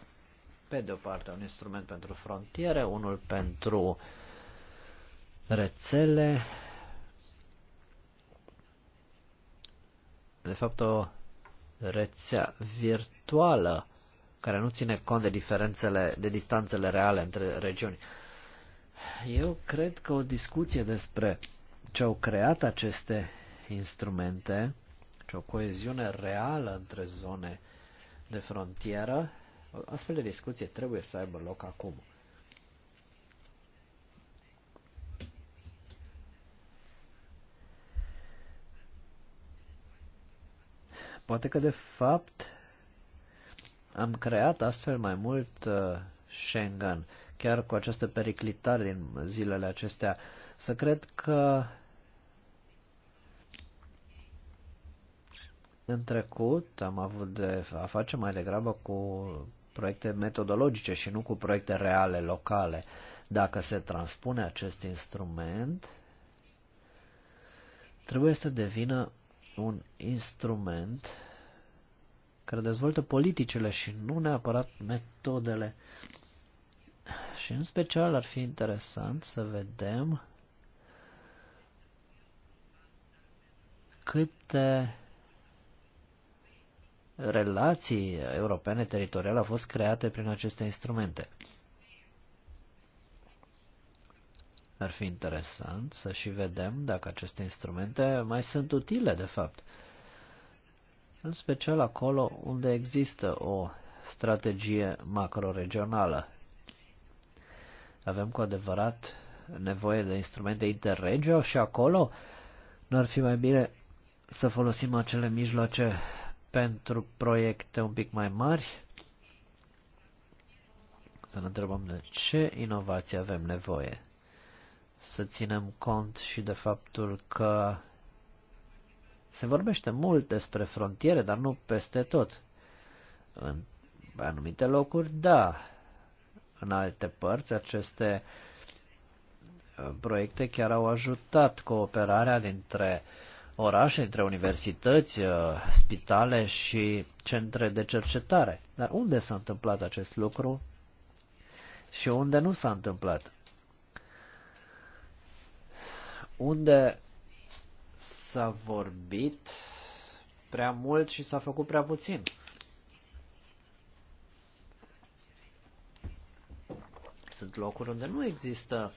S4: Pe de o parte un instrument pentru frontiere, unul pentru rețele, de fapt o rețea virtuală care nu ține cont de diferențele, de distanțele reale între regiuni. Eu cred că o discuție despre ce au creat aceste instrumente, ce o coeziune reală între zone de frontieră, o astfel de discuție trebuie să aibă loc acum. Poate că, de fapt, am creat astfel mai mult uh, Schengen, chiar cu această periclitare din zilele acestea. Să cred că în trecut am avut de a face mai degrabă cu proiecte metodologice și nu cu proiecte reale, locale. Dacă se transpune acest instrument, trebuie să devină un instrument care dezvoltă politicile și nu neapărat metodele. Și în special ar fi interesant să vedem câte relații europene teritoriale au fost create prin aceste instrumente. Ar fi interesant să și vedem dacă aceste instrumente mai sunt utile, de fapt. În special acolo unde există o strategie macroregională. Avem cu adevărat nevoie de instrumente interregio și acolo nu ar fi mai bine să folosim acele mijloace pentru proiecte un pic mai mari? Să ne întrebăm de ce inovații avem nevoie să ținem cont și de faptul că se vorbește mult despre frontiere, dar nu peste tot. În anumite locuri, da. În alte părți, aceste uh, proiecte chiar au ajutat cooperarea dintre orașe, dintre universități, uh, spitale și centre de cercetare. Dar unde s-a întâmplat acest lucru și unde nu s-a întâmplat? unde s-a vorbit prea mult și s-a făcut prea puțin. Sunt locuri unde nu există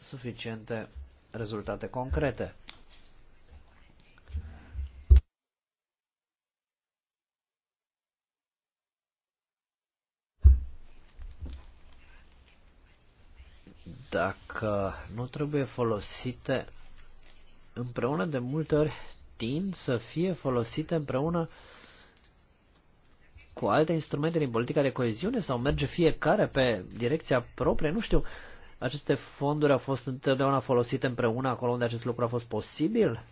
S4: suficiente rezultate concrete. dacă nu trebuie folosite împreună, de multe ori tind să fie folosite împreună cu alte instrumente din politica de coeziune sau merge fiecare pe direcția proprie, nu știu. Aceste fonduri au fost întotdeauna folosite împreună acolo unde acest lucru a fost posibil?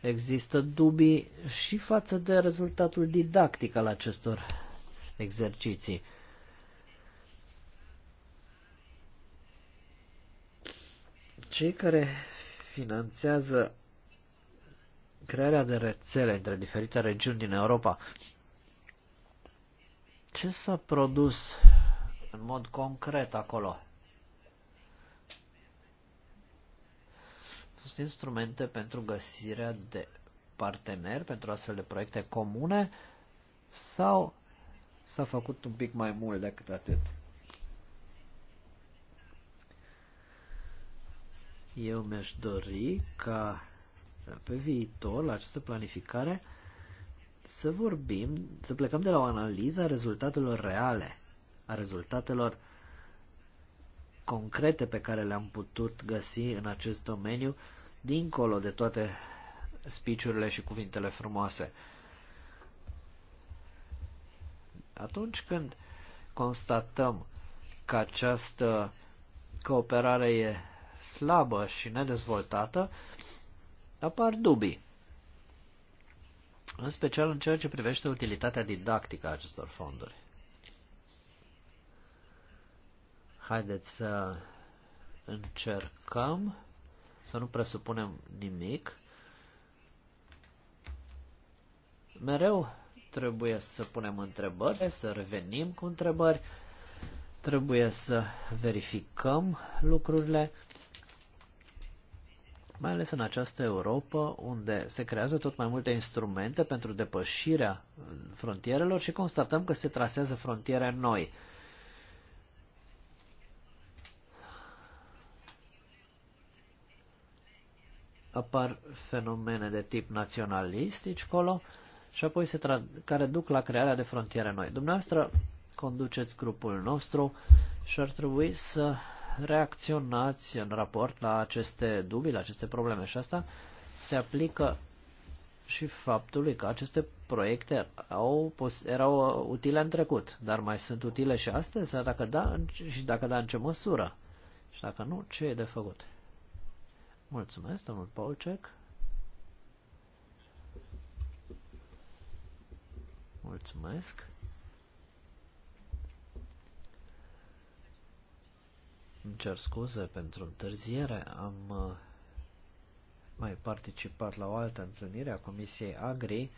S4: Există dubii și față de rezultatul didactic al acestor exerciții. Cei care finanțează crearea de rețele între diferite regiuni din Europa, ce s-a produs în mod concret acolo? Sunt instrumente pentru găsirea de parteneri pentru astfel de proiecte comune sau s-a făcut un pic mai mult decât atât? Eu mi-aș dori ca pe viitor, la această planificare, să vorbim, să plecăm de la o analiză a rezultatelor reale, a rezultatelor concrete pe care le-am putut găsi în acest domeniu, dincolo de toate spiciurile și cuvintele frumoase. Atunci când constatăm că această cooperare e slabă și nedezvoltată, apar dubii, în special în ceea ce privește utilitatea didactică a acestor fonduri. Haideți să încercăm să nu presupunem nimic. Mereu trebuie să punem întrebări, să revenim cu întrebări, trebuie să verificăm lucrurile mai ales în această Europa unde se creează tot mai multe instrumente pentru depășirea frontierelor și constatăm că se trasează frontiere noi. Apar fenomene de tip naționalistici colo și apoi se care duc la crearea de frontiere noi. Dumneavoastră conduceți grupul nostru și ar trebui să reacționați în raport la aceste dubii, la aceste probleme și asta se aplică și faptului că aceste proiecte au, erau utile în trecut, dar mai sunt utile și astăzi? Sau dacă da, și dacă da, în ce măsură? Și dacă nu, ce e de făcut? Mulțumesc, domnul Paulcec. Mulțumesc. Îmi cer scuze pentru întârziere. Am uh, mai participat la o altă întâlnire a Comisiei Agri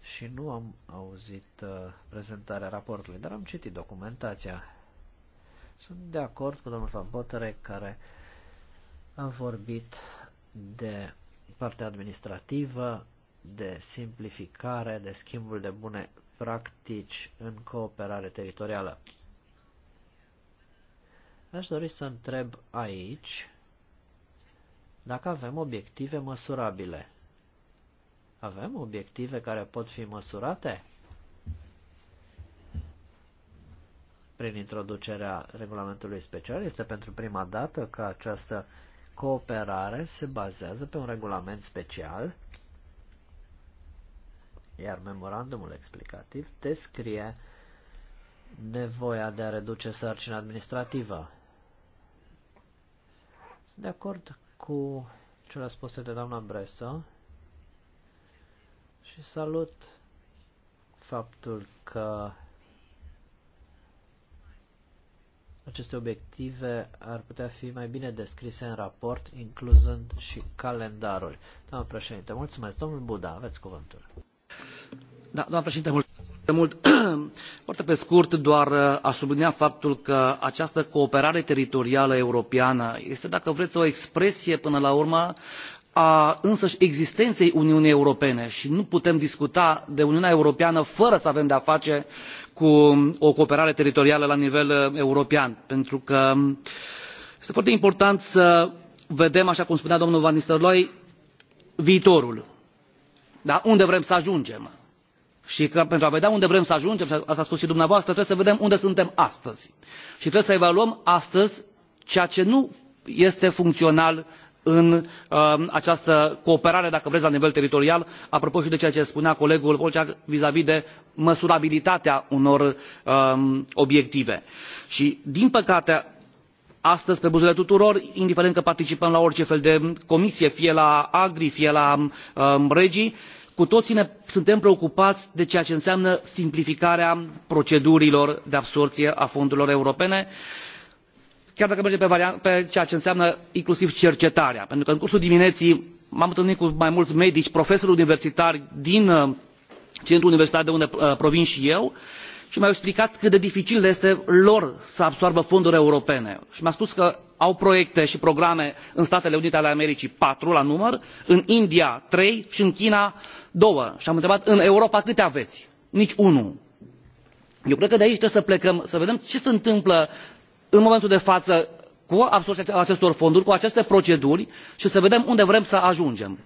S4: și nu am auzit uh, prezentarea raportului, dar am citit documentația. Sunt de acord cu domnul Van Botere care a vorbit de partea administrativă, de simplificare, de schimbul de bune practici în cooperare teritorială. Aș dori să întreb aici dacă avem obiective măsurabile. Avem obiective care pot fi măsurate? Prin introducerea regulamentului special este pentru prima dată că această cooperare se bazează pe un regulament special, iar memorandumul explicativ descrie nevoia de a reduce sarcina administrativă. Sunt de acord cu cele spuse de doamna Bresă și salut faptul că aceste obiective ar putea fi mai bine descrise în raport, incluzând și calendarul. Doamna președinte, mulțumesc. Domnul Buda, aveți cuvântul.
S3: Da, doamna președinte, mulțumesc mult. Foarte pe scurt, doar uh, aș sublinia faptul că această cooperare teritorială europeană este, dacă vreți, o expresie până la urmă a însăși existenței uniunii europene și nu putem discuta de uniunea europeană fără să avem de a face cu o cooperare teritorială la nivel uh, european pentru că este foarte important să vedem așa cum spunea domnul van nistelrooij viitorul da? unde vrem să ajungem și că pentru a vedea unde vrem să ajungem și asta a spus și dumneavoastră trebuie să vedem unde suntem astăzi și trebuie să evaluăm astăzi ceea ce nu este funcțional în uh, această cooperare dacă vreți la nivel teritorial apropo și de ceea ce spunea colegul polk vizavi de măsurabilitatea unor uh, obiective și din păcate astăzi pe buzele tuturor indiferent că participăm la orice fel de comisie fie la agri fie la uh, um, regi cu toții suntem preocupați de ceea ce înseamnă simplificarea procedurilor de absorbție a fondurilor europene chiar dacă mergem pe, pe ceea ce înseamnă inclusiv cercetarea pentru că în cursul dimineții m am întâlnit cu mai mulți medici profesori universitari din uh, centrul universitar de unde uh, provin și eu și mi au explicat cât de dificil le este lor să absoarbă fonduri europene și mi a spus că au proiecte și programe în statele unite ale americii patru la număr în india trei și în china două și am întrebat în europa câte aveți? nici unul. eu cred că de aici trebuie să plecăm să vedem ce se întâmplă în momentul de față cu absorbția acestor fonduri cu aceste proceduri și să vedem unde vrem să ajungem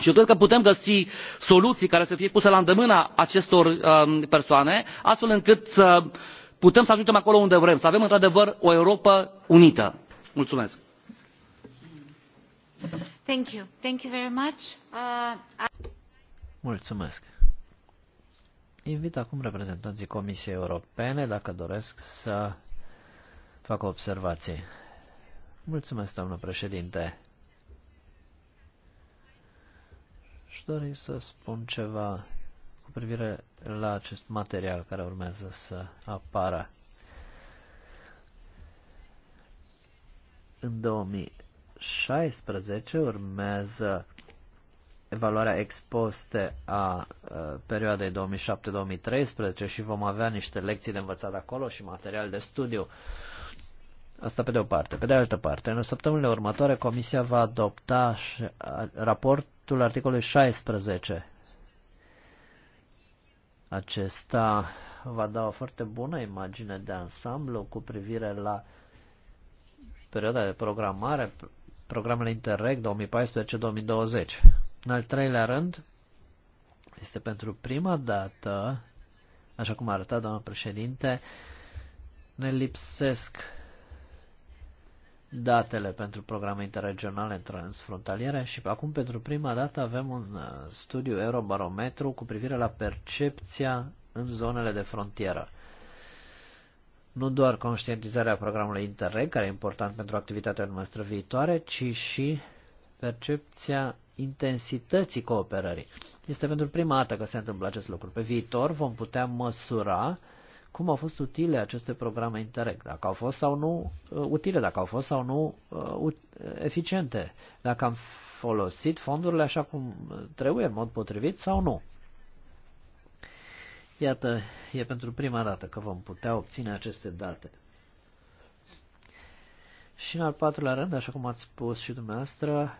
S3: și eu cred că putem găsi soluții care să fie puse la îndemâna acestor um, persoane astfel încât să putem să ajungem acolo unde vrem să avem într adevăr o europă unită mulțumesc.
S1: Thank you. Thank you very much. Uh,
S4: mulțumesc. Invit acum reprezentanții Comisiei Europene dacă doresc să facă observații. Mulțumesc, doamnă președinte. Și dori să spun ceva cu privire la acest material care urmează să apară. În 2016 urmează evaluarea ex a perioadei 2007-2013 și vom avea niște lecții de învățat acolo și material de studiu. Asta pe de o parte. Pe de altă parte, în săptămânile următoare, Comisia va adopta raportul articolului 16. Acesta va da o foarte bună imagine de ansamblu cu privire la uh, perioada de programare, programele Interreg 2014-2020. În al treilea rând, este pentru prima dată, așa cum a arătat doamna președinte, ne lipsesc datele pentru programe interregionale transfrontaliere și acum pentru prima dată avem un uh, studiu Eurobarometru cu privire la percepția în zonele de frontieră nu doar conștientizarea programului Interreg, care e important pentru activitatea noastră viitoare, ci și percepția intensității cooperării. Este pentru prima dată că se întâmplă acest lucru. Pe viitor vom putea măsura cum au fost utile aceste programe Interreg, dacă au fost sau nu uh, utile, dacă au fost sau nu uh, eficiente, dacă am folosit fondurile așa cum trebuie, în mod potrivit sau nu. Iată, e pentru prima dată că vom putea obține aceste date. Și în al patrulea rând, așa cum ați spus și dumneavoastră,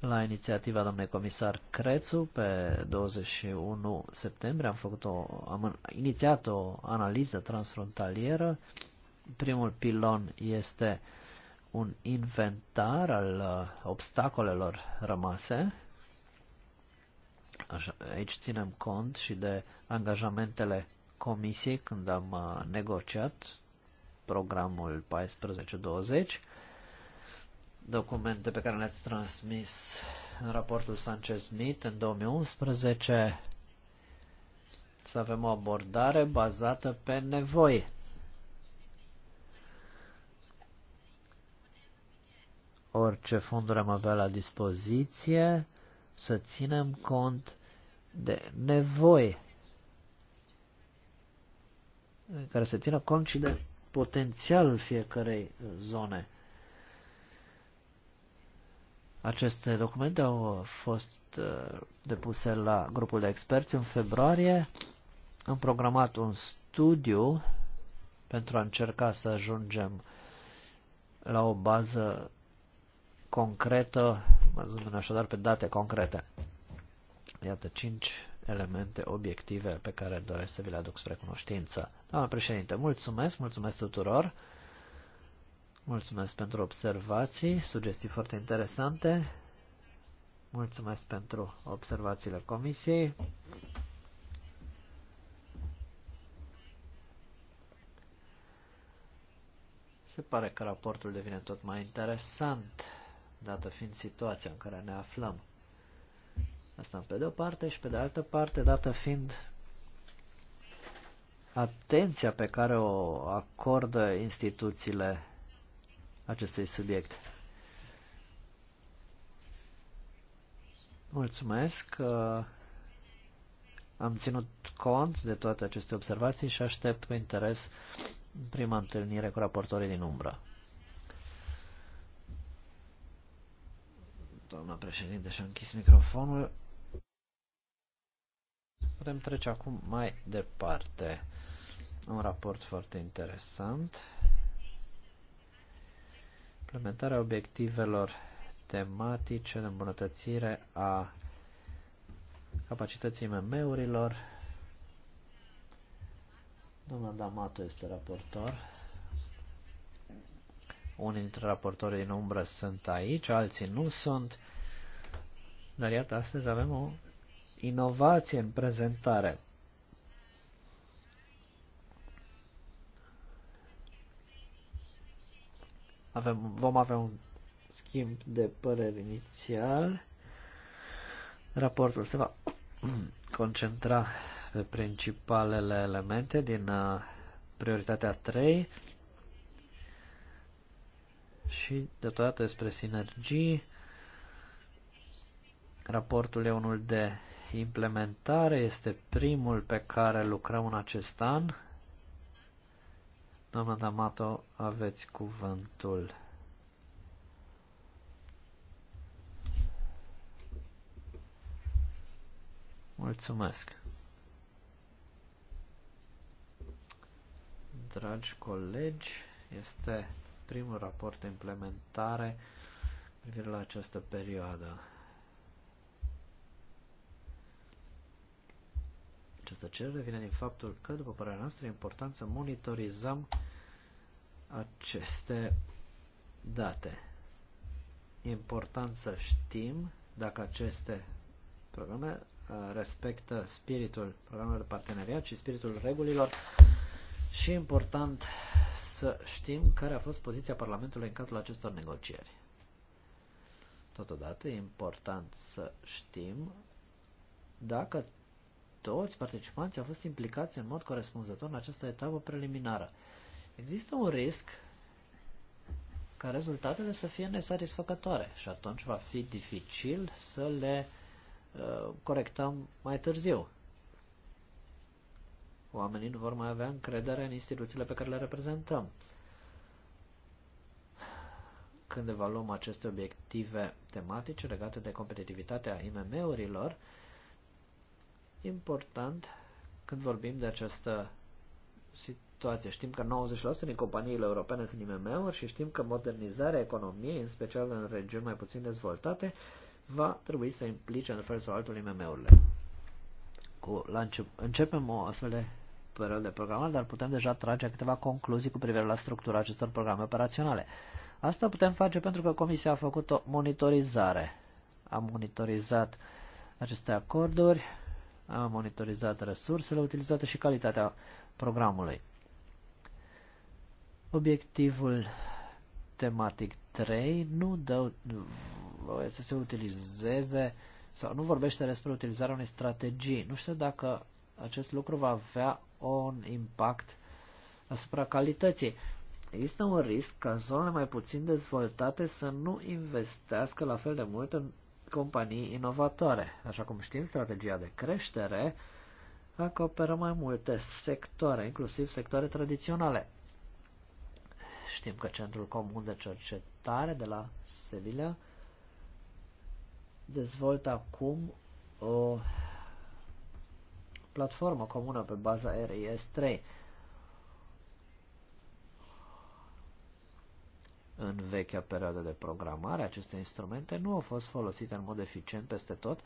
S4: la inițiativa domnului comisar Crețu, pe 21 septembrie am, făcut o, am inițiat o analiză transfrontalieră. Primul pilon este un inventar al uh, obstacolelor rămase Așa, aici ținem cont și de angajamentele comisiei când am uh, negociat programul 1420, documente pe care le-ați transmis în raportul Sanchez-Smith în 2011, să avem o abordare bazată pe nevoi. Orice fonduri am avea la dispoziție, să ținem cont de nevoi care să țină cont și de potențialul fiecarei uh, zone. Aceste documente au uh, fost uh, depuse la grupul de experți în februarie. Am programat un studiu pentru a încerca să ajungem la o bază concretă, mă ne așadar pe date concrete. Iată cinci elemente obiective pe care doresc să vi le aduc spre cunoștință. Doamna președinte, mulțumesc, mulțumesc tuturor, mulțumesc pentru observații, sugestii foarte interesante, mulțumesc pentru observațiile comisiei. Se pare că raportul devine tot mai interesant, dată fiind situația în care ne aflăm. Asta pe de o parte și pe de altă parte, dată fiind atenția pe care o acordă instituțiile acestui subiect. Mulțumesc că am ținut cont de toate aceste observații și aștept cu interes prima întâlnire cu raportorii din umbră. Doamna președinte și-a închis microfonul. Putem trece acum mai departe. Un raport foarte interesant. Implementarea obiectivelor tematice de îmbunătățire a capacității MM-urilor. Domnul D'Amato este raportor. Unii dintre raportorii din umbră sunt aici, alții nu sunt. Dar iată, astăzi avem o inovație în prezentare. Avem, vom avea un schimb de păreri inițial. Raportul se va concentra pe principalele elemente din uh, prioritatea 3 și deodată despre sinergii. Raportul e unul de implementare este primul pe care lucrăm în acest an. Doamna D'Amato, aveți cuvântul. Mulțumesc. Dragi colegi, este primul raport de implementare privire la această perioadă. Această cerere vine din faptul că, după părerea noastră, e important să monitorizăm aceste date. E important să știm dacă aceste programe uh, respectă spiritul programelor de parteneriat și spiritul regulilor și e important să știm care a fost poziția Parlamentului în cadrul acestor negocieri. Totodată e important să știm dacă toți participanții au fost implicați în mod corespunzător în această etapă preliminară. Există un risc ca rezultatele să fie nesatisfăcătoare și atunci va fi dificil să le uh, corectăm mai târziu. Oamenii nu vor mai avea încredere în instituțiile pe care le reprezentăm. Când evaluăm aceste obiective tematice legate de competitivitatea IMM-urilor, uh, important când vorbim de această situație. Știm că 90% din companiile europene sunt IMM-uri și știm că modernizarea economiei, în special în regiuni mai puțin dezvoltate, va trebui să implice în fel sau altul IMM-urile. Cu, la încep, începem o astfel de perioadă de programare, dar putem deja trage câteva concluzii cu privire la structura acestor programe operaționale. Asta putem face pentru că Comisia a făcut o monitorizare. A monitorizat aceste acorduri, am monitorizat resursele utilizate și calitatea programului. Obiectivul tematic 3 nu dă voie să se utilizeze sau nu vorbește despre utilizarea unei strategii. Nu știu dacă acest lucru va avea un impact asupra calității. Există un risc ca zonele mai puțin dezvoltate să nu investească la fel de mult în companii inovatoare. Așa cum știm, strategia de creștere acoperă mai multe sectoare, inclusiv sectoare tradiționale. Știm că Centrul Comun de Cercetare de la Sevilla dezvoltă acum o platformă comună pe baza RIS 3 În vechea perioadă de programare, aceste instrumente nu au fost folosite în mod eficient peste tot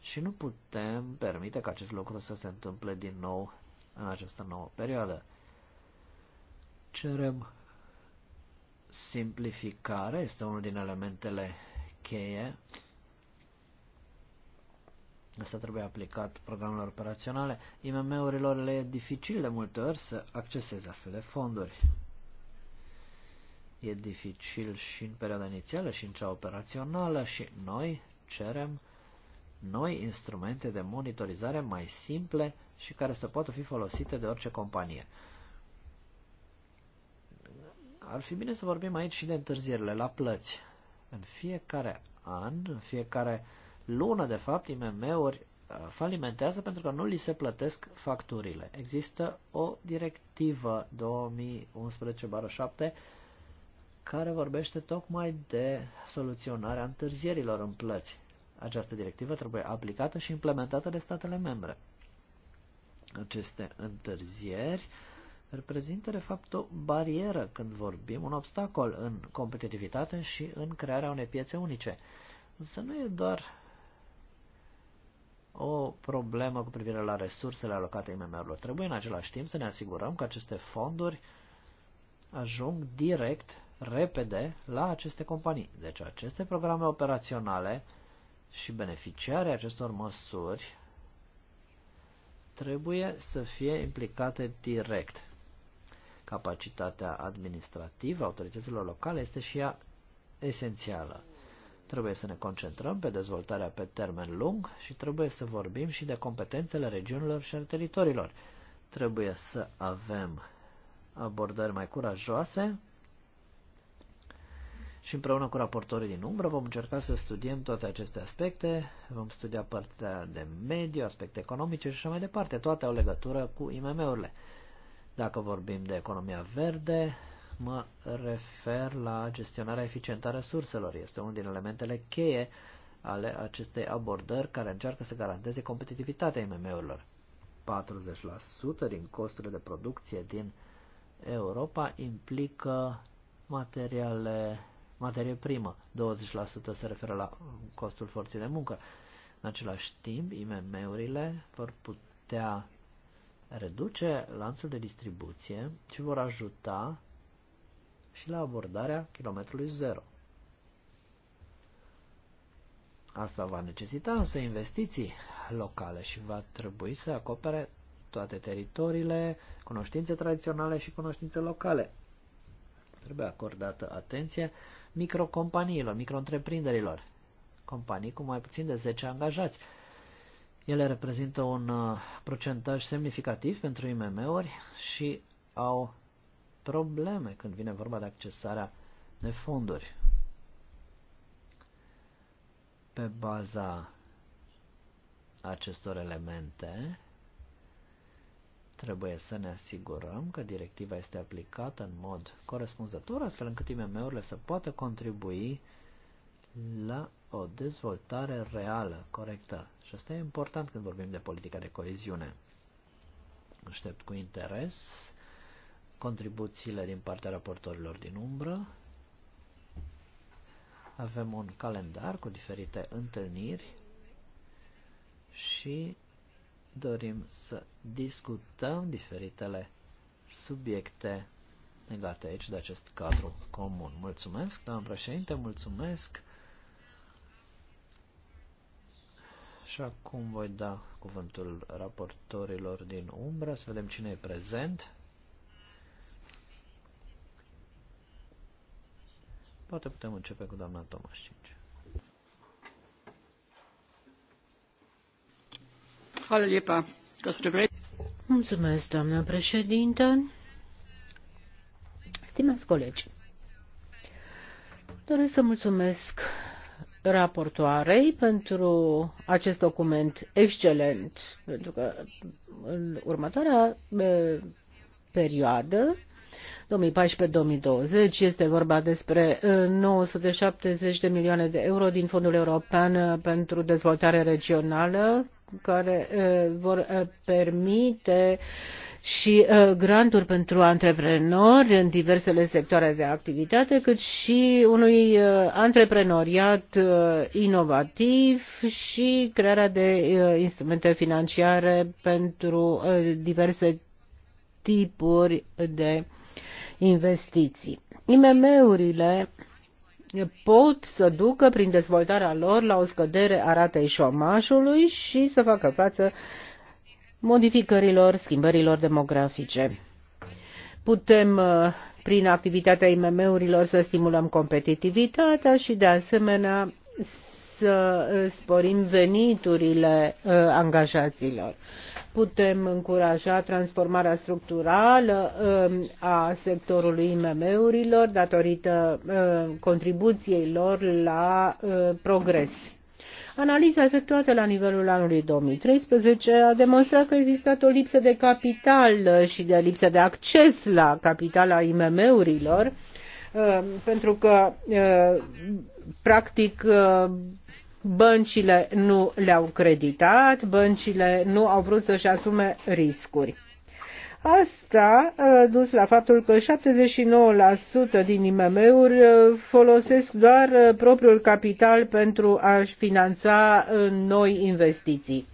S4: și nu putem permite ca acest lucru să se întâmple din nou în această nouă perioadă. Cerem simplificare, este unul din elementele cheie. Asta trebuie aplicat programelor operaționale. IMM-urilor le e dificil de multe ori să acceseze astfel de fonduri. E dificil și în perioada inițială și în cea operațională și noi cerem noi instrumente de monitorizare mai simple și care să poată fi folosite de orice companie. Ar fi bine să vorbim aici și de întârzierile la plăți. În fiecare an, în fiecare lună, de fapt, IMM-uri uh, falimentează pentru că nu li se plătesc facturile. Există o directivă 2011-7 care vorbește tocmai de soluționarea întârzierilor în plăți. Această directivă trebuie aplicată și implementată de statele membre. Aceste întârzieri reprezintă, de fapt, o barieră când vorbim, un obstacol în competitivitate și în crearea unei piețe unice. Însă nu e doar o problemă cu privire la resursele alocate IMM-urilor. Trebuie în același timp să ne asigurăm că aceste fonduri ajung direct repede la aceste companii. Deci aceste programe operaționale și beneficiarii acestor măsuri trebuie să fie implicate direct. Capacitatea administrativă a autorităților locale este și ea esențială. Trebuie să ne concentrăm pe dezvoltarea pe termen lung și trebuie să vorbim și de competențele regiunilor și teritoriilor. Trebuie să avem abordări mai curajoase și împreună cu raportorii din umbră vom încerca să studiem toate aceste aspecte, vom studia partea de mediu, aspecte economice și așa mai departe. Toate au legătură cu IMM-urile. Dacă vorbim de economia verde, mă refer la gestionarea eficientă a resurselor. Este unul din elementele cheie ale acestei abordări care încearcă să garanteze competitivitatea IMM-urilor. 40% din costurile de producție din Europa implică materiale materie primă, 20% se referă la costul forței de muncă. În același timp, IMM-urile vor putea reduce lanțul de distribuție și vor ajuta și la abordarea kilometrului zero. Asta va necesita însă investiții locale și va trebui să acopere toate teritoriile, cunoștințe tradiționale și cunoștințe locale. Trebuie acordată atenție microcompaniilor, micro-întreprinderilor, companii cu mai puțin de 10 angajați. Ele reprezintă un uh, procentaj semnificativ pentru IMM-uri și au probleme când vine vorba de accesarea de fonduri. Pe baza acestor elemente, Trebuie să ne asigurăm că directiva este aplicată în mod corespunzător, astfel încât IMM-urile să poată contribui la o dezvoltare reală, corectă. Și asta e important când vorbim de politica de coeziune. Aștept cu interes contribuțiile din partea raportorilor din umbră. Avem un calendar cu diferite întâlniri și dorim să discutăm diferitele subiecte legate aici de acest cadru comun. Mulțumesc, doamnă președinte, mulțumesc. Și acum voi da cuvântul raportorilor din umbră, să vedem cine e prezent. Poate putem începe cu doamna
S1: Tomașici. Mulțumesc, doamnă președinte. Stimați colegi, doresc să mulțumesc raportoarei pentru acest document excelent, pentru că în următoarea perioadă 2014-2020 este vorba despre 970 de milioane de euro din Fondul European pentru Dezvoltare Regională care uh, vor uh, permite și uh, granturi pentru antreprenori în diversele sectoare de activitate, cât și unui antreprenoriat inovativ și crearea de instrumente financiare pentru diverse tipuri de investiții. IMM-urile pot să ducă prin dezvoltarea lor la o scădere a ratei șomajului și să facă față modificărilor, schimbărilor demografice. Putem uh, prin activitatea IMM-urilor să stimulăm competitivitatea și de asemenea să uh, sporim veniturile uh, angajaților putem încuraja transformarea structurală um, a sectorului IMM-urilor datorită um, contribuției lor la um, progres. Analiza efectuată la nivelul anului 2013 a demonstrat că există existat o lipsă de capital și de lipsă de acces la capital a IMM-urilor, pentru că, practic, băncile nu le-au creditat, băncile nu au vrut să-și asume riscuri. Asta a dus la faptul că 79% din IMM-uri uh, folosesc doar uh, propriul capital pentru a-și finanța uh, noi investiții.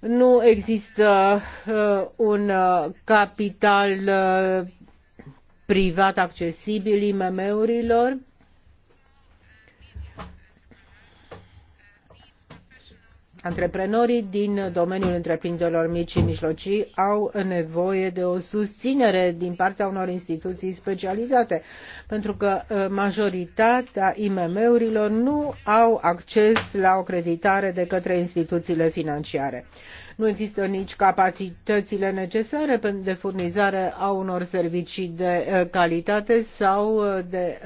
S1: Nu există un capital privat accesibil IMM-urilor Antreprenorii din domeniul întreprinderilor mici și mijlocii au nevoie de o susținere din partea unor instituții specializate, pentru că uh, majoritatea IMM-urilor nu au acces la o creditare de către instituțiile financiare. Nu există nici capacitățile necesare de furnizare a unor servicii de uh, calitate sau uh, de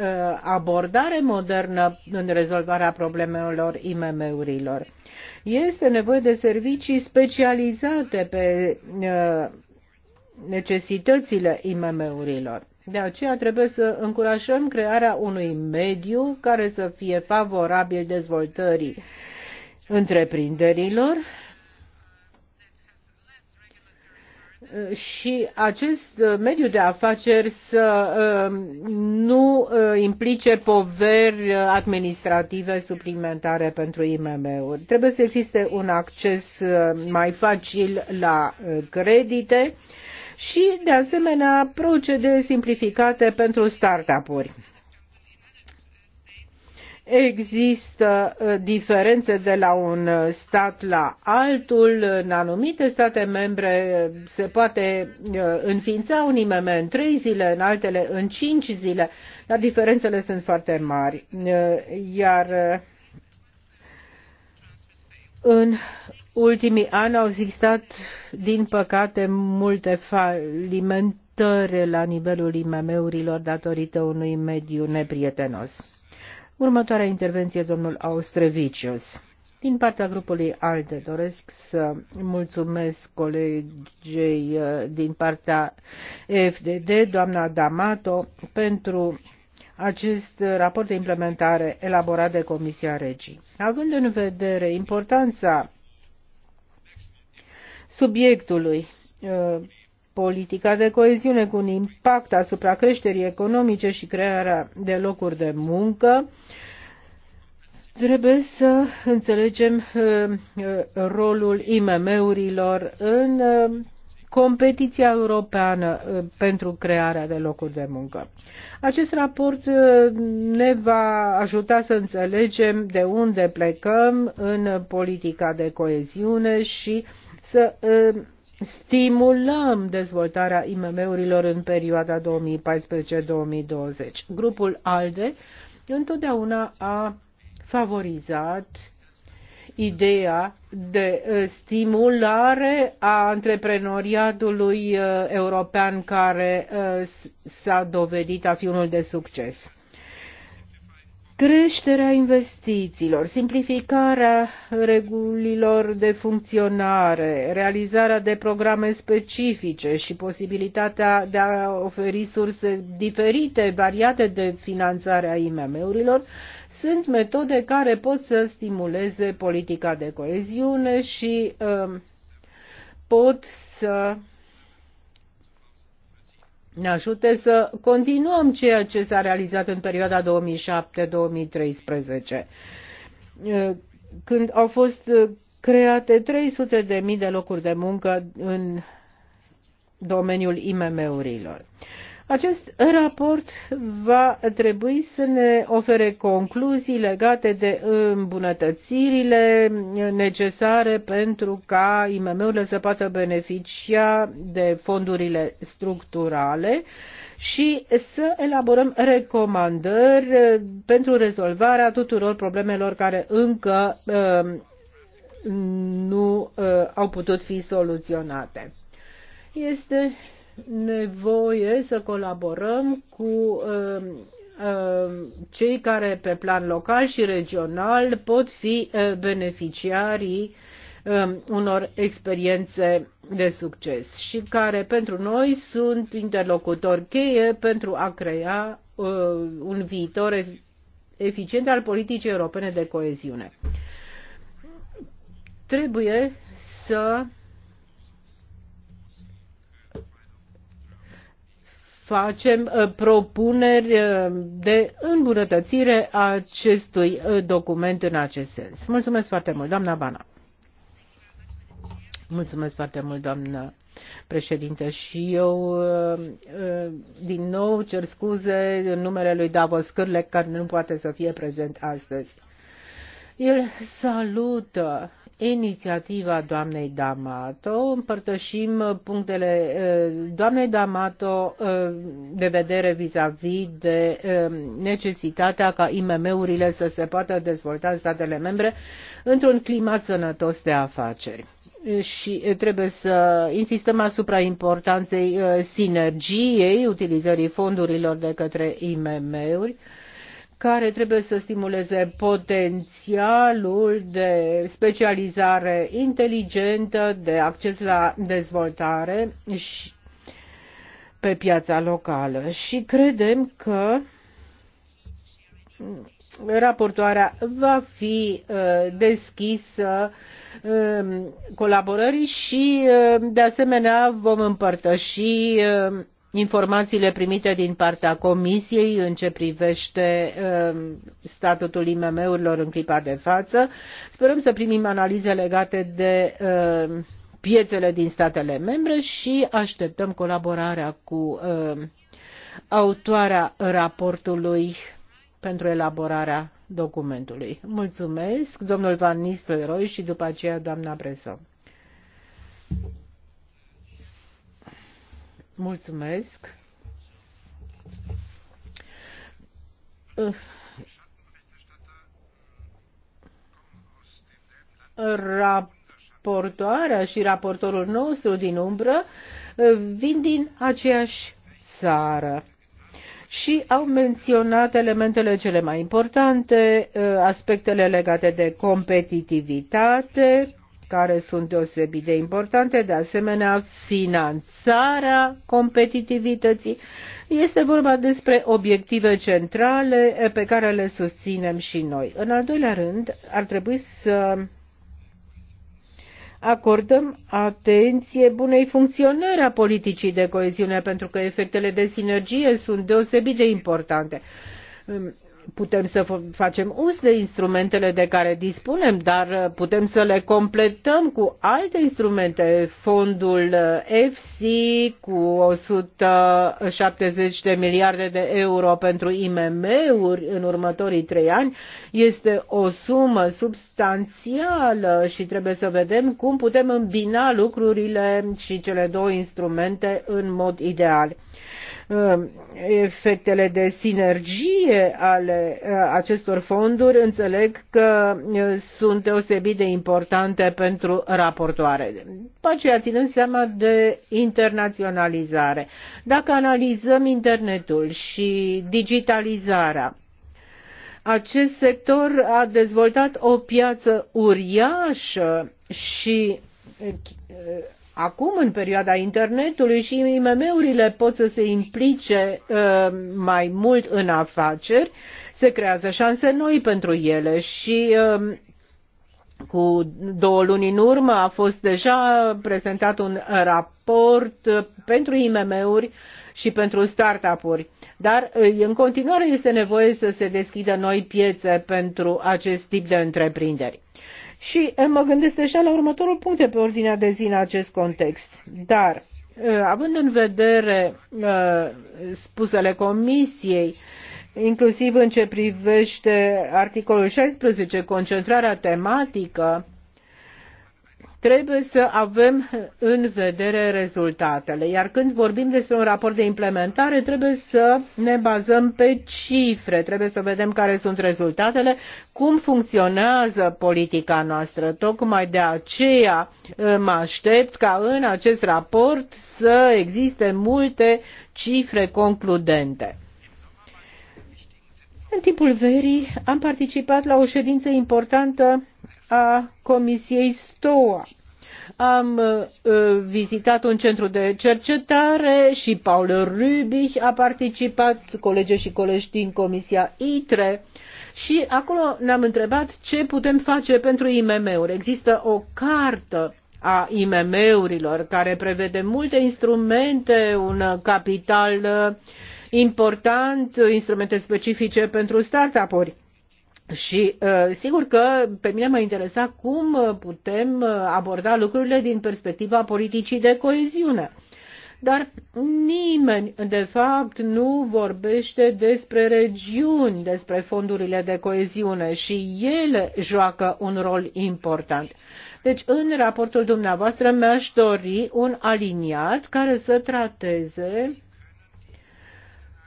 S1: abordare modernă în rezolvarea problemelor IMM-urilor. Este nevoie de servicii specializate pe uh, necesitățile IMM-urilor. De aceea trebuie să încurajăm crearea unui mediu care să fie favorabil dezvoltării întreprinderilor Uh, și acest uh, mediu de afaceri să uh, nu implice poveri administrative suplimentare pentru IMM-uri. Trebuie să existe un acces mai facil la credite și, de asemenea, procedee simplificate pentru startup-uri. Există uh, diferențe de la un uh, stat la altul. În anumite state membre uh, se poate înființa un IMM în trei zile, în altele în cinci zile, dar diferențele sunt foarte mari. Iar în ultimii ani au existat, din păcate, multe falimentări la nivelul IMM-urilor datorită unui mediu neprietenos. Următoarea intervenție, domnul Austrevicius. Din partea grupului ALDE doresc să mulțumesc colegei uh, din partea FDD, doamna Damato, pentru acest raport de implementare elaborat de Comisia Regii. Având în vedere importanța subiectului uh, politica de coeziune cu un impact asupra creșterii economice și crearea de locuri de muncă, trebuie să înțelegem uh, uh, rolul IMM-urilor în uh, competiția europeană pentru crearea de locuri de muncă. Acest raport ne va ajuta să înțelegem de unde plecăm în politica de coeziune și să stimulăm dezvoltarea IMM-urilor în perioada 2014-2020. Grupul ALDE întotdeauna a favorizat ideea de uh, stimulare a antreprenoriatului uh, european care uh, s-a dovedit a fi unul de succes creșterea investițiilor, simplificarea regulilor de funcționare, realizarea de programe specifice și posibilitatea de a oferi surse diferite, variate de finanțare a IMM-urilor, sunt metode care pot să stimuleze politica de coeziune și uh, pot să ne ajute să continuăm ceea ce s-a realizat în perioada 2007-2013, când au fost create 300.000 de, de locuri de muncă în domeniul IMM-urilor. Acest raport va trebui să ne ofere concluzii legate de îmbunătățirile necesare pentru ca IMM-urile să poată beneficia de fondurile structurale și să elaborăm recomandări pentru rezolvarea tuturor problemelor care încă um, nu uh, au putut fi soluționate. Este nevoie să colaborăm cu um, um, cei care pe plan local și regional pot fi uh, beneficiarii um, unor experiențe de succes și care pentru noi sunt interlocutori cheie pentru a crea uh, un viitor eficient al politicii europene de coeziune. Trebuie să facem uh, propuneri uh, de îmbunătățire a acestui uh, document în acest sens. Mulțumesc foarte mult, doamna Bana. Mulțumesc foarte mult, doamnă președinte. Și eu din nou cer scuze în numele lui Davos Cârlec, care nu poate să fie prezent astăzi. El salută inițiativa doamnei Damato, împărtășim uh, punctele uh, doamnei Damato uh, de vedere vis-a-vis -vis de necesitatea ca IMM-urile să se poată dezvolta în statele membre într-un climat sănătos de afaceri și trebuie să insistăm asupra importanței sinergiei utilizării fondurilor de către IMM-uri care trebuie să stimuleze potențialul de specializare inteligentă, de acces la dezvoltare și pe piața locală. Și credem că raportoarea va fi uh, deschisă um, colaborării și uh, de asemenea vom împărtăși uh, informațiile primite din partea Comisiei în ce privește um, statutul IMM-urilor în clipa de față. Sperăm să primim analize legate de um, piețele din statele membre și așteptăm colaborarea cu um, autoarea raportului pentru elaborarea documentului. Mulțumesc, domnul Van Nistelrooy și după aceea doamna Breson. Raportoarea și raportorul nostru din umbră vin din aceeași țară și au menționat elementele cele mai importante, aspectele legate de competitivitate, care sunt deosebit de importante. De asemenea, finanțarea competitivității. Este vorba despre obiective centrale pe care le susținem și noi. În al doilea rând, ar trebui să acordăm atenție bunei funcționări a politicii de coeziune, pentru că efectele de sinergie sunt deosebit de importante putem să facem uz de instrumentele de care dispunem, dar uh, putem să le completăm cu alte instrumente, fondul EFSI uh, cu 170 de miliarde de euro pentru IMM-uri în următorii trei ani, este o sumă substanțială și trebuie să vedem cum putem îmbina lucrurile și cele două instrumente în mod ideal. Um, efectele de sinergie ale uh, acestor fonduri înțeleg că uh, sunt deosebit de importante pentru raportoare. După aceea ținând seama de internaționalizare. Dacă analizăm internetul și digitalizarea, acest sector a dezvoltat o piață uriașă și uh, Acum, în perioada internetului și IMM-urile pot să se implice uh, mai mult în afaceri, se creează șanse noi pentru ele și uh, cu două luni în urmă a fost deja prezentat un raport pentru IMM-uri și pentru startup-uri. Dar uh, în continuare este nevoie să se deschidă noi piețe pentru acest tip de întreprinderi. Și eh, mă gândesc deja la următorul punct de pe ordinea de zi în acest context. Dar, eh, având în vedere eh, spusele comisiei, inclusiv în ce privește articolul 16, concentrarea tematică, Trebuie să avem în vedere rezultatele, iar când vorbim despre un raport de implementare, trebuie să ne bazăm pe cifre, trebuie să vedem care sunt rezultatele, cum funcționează politica noastră. Tocmai de aceea mă aștept ca în acest raport să existe multe cifre concludente. În timpul verii am participat la o ședință importantă a Comisiei STOA. Am uh, vizitat un centru de cercetare și Paul Rübich a participat, colege și colegi din Comisia ITRE și acolo ne-am întrebat ce putem face pentru IMM-uri. Există o cartă a IMM-urilor care prevede multe instrumente, un capital uh, important, instrumente specifice pentru startup-uri și uh, sigur că pe mine mă interesa cum uh, putem uh, aborda lucrurile din perspectiva politicii de coeziune. Dar nimeni, de fapt, nu vorbește despre regiuni, despre fondurile de coeziune și ele joacă un rol important. Deci, în raportul dumneavoastră mi-aș dori un aliniat care să trateze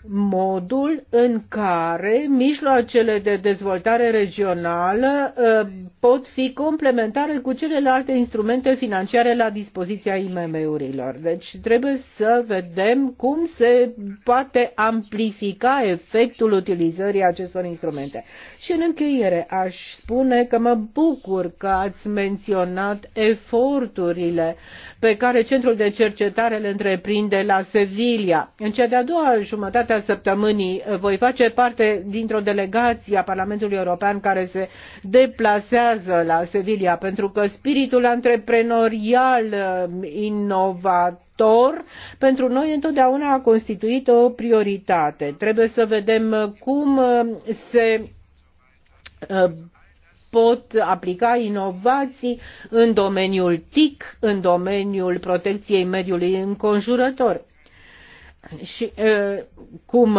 S1: modul în care mijloacele de dezvoltare regională uh, pot fi complementare cu celelalte instrumente financiare la dispoziția IMM-urilor. Deci trebuie să vedem cum se poate amplifica efectul utilizării acestor instrumente. Și în încheiere aș spune că mă bucur că ați menționat eforturile pe care Centrul de Cercetare le întreprinde la Sevilla. În cea de-a doua jumătate al săptămânii voi face parte dintr-o delegație a Parlamentului European care se deplasează la Sevilla, pentru că spiritul antreprenorial eh, inovator, pentru noi întotdeauna a constituit o prioritate. Trebuie să vedem cum eh, se eh, pot aplica inovații în domeniul TIC, în domeniul protecției mediului înconjurător și cum,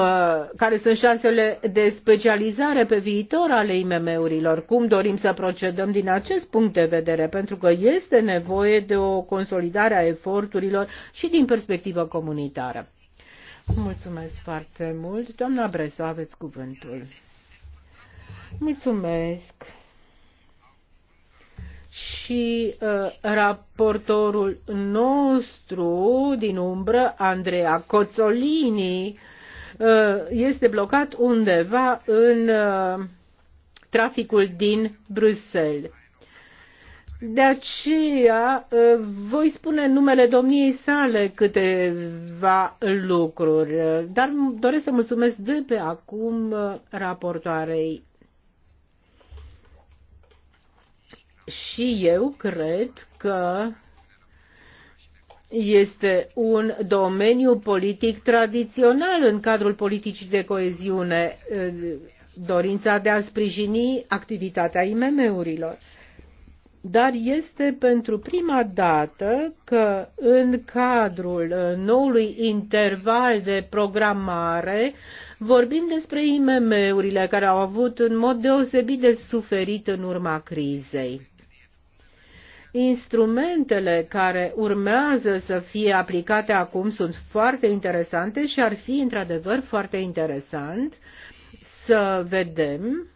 S1: care sunt șansele de specializare pe viitor ale IMM-urilor, cum dorim să procedăm din acest punct de vedere, pentru că este nevoie de o consolidare a eforturilor și din perspectivă comunitară. Mulțumesc foarte mult. Doamna Bresu, aveți cuvântul. Mulțumesc și uh, raportorul nostru din umbră, Andrea Cozzolini, uh, este blocat undeva în uh, traficul din Bruxelles. De aceea uh, voi spune numele domniei sale câteva lucruri, uh, dar doresc să mulțumesc de pe acum uh, raportoarei și eu cred că este un domeniu politic tradițional în cadrul politicii de coeziune, dorința de a sprijini activitatea IMM-urilor. Dar este pentru prima dată că în cadrul uh, noului interval de programare vorbim despre IMM-urile care au avut în mod deosebit de suferit în urma crizei Instrumentele care urmează să fie aplicate acum sunt foarte interesante și ar fi într-adevăr foarte interesant să vedem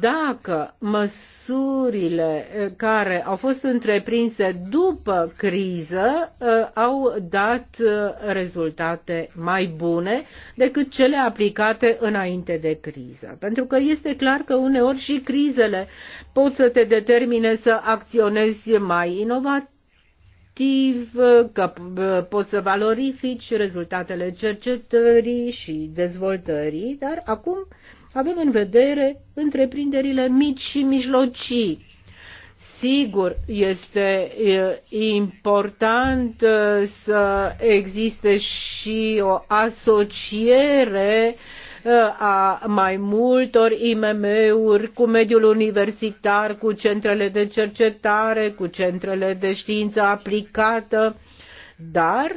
S1: dacă măsurile eh, care au fost întreprinse după criză eh, au dat eh, rezultate mai bune decât cele aplicate înainte de criză. Pentru că este clar că uneori și crizele pot să te determine să acționezi mai inovat că poți să valorifici rezultatele cercetării și dezvoltării, dar acum avem în vedere întreprinderile mici și mijlocii. Sigur, este important să existe și o asociere a mai multor IMM-uri cu mediul universitar, cu centrele de cercetare, cu centrele de știință aplicată, dar,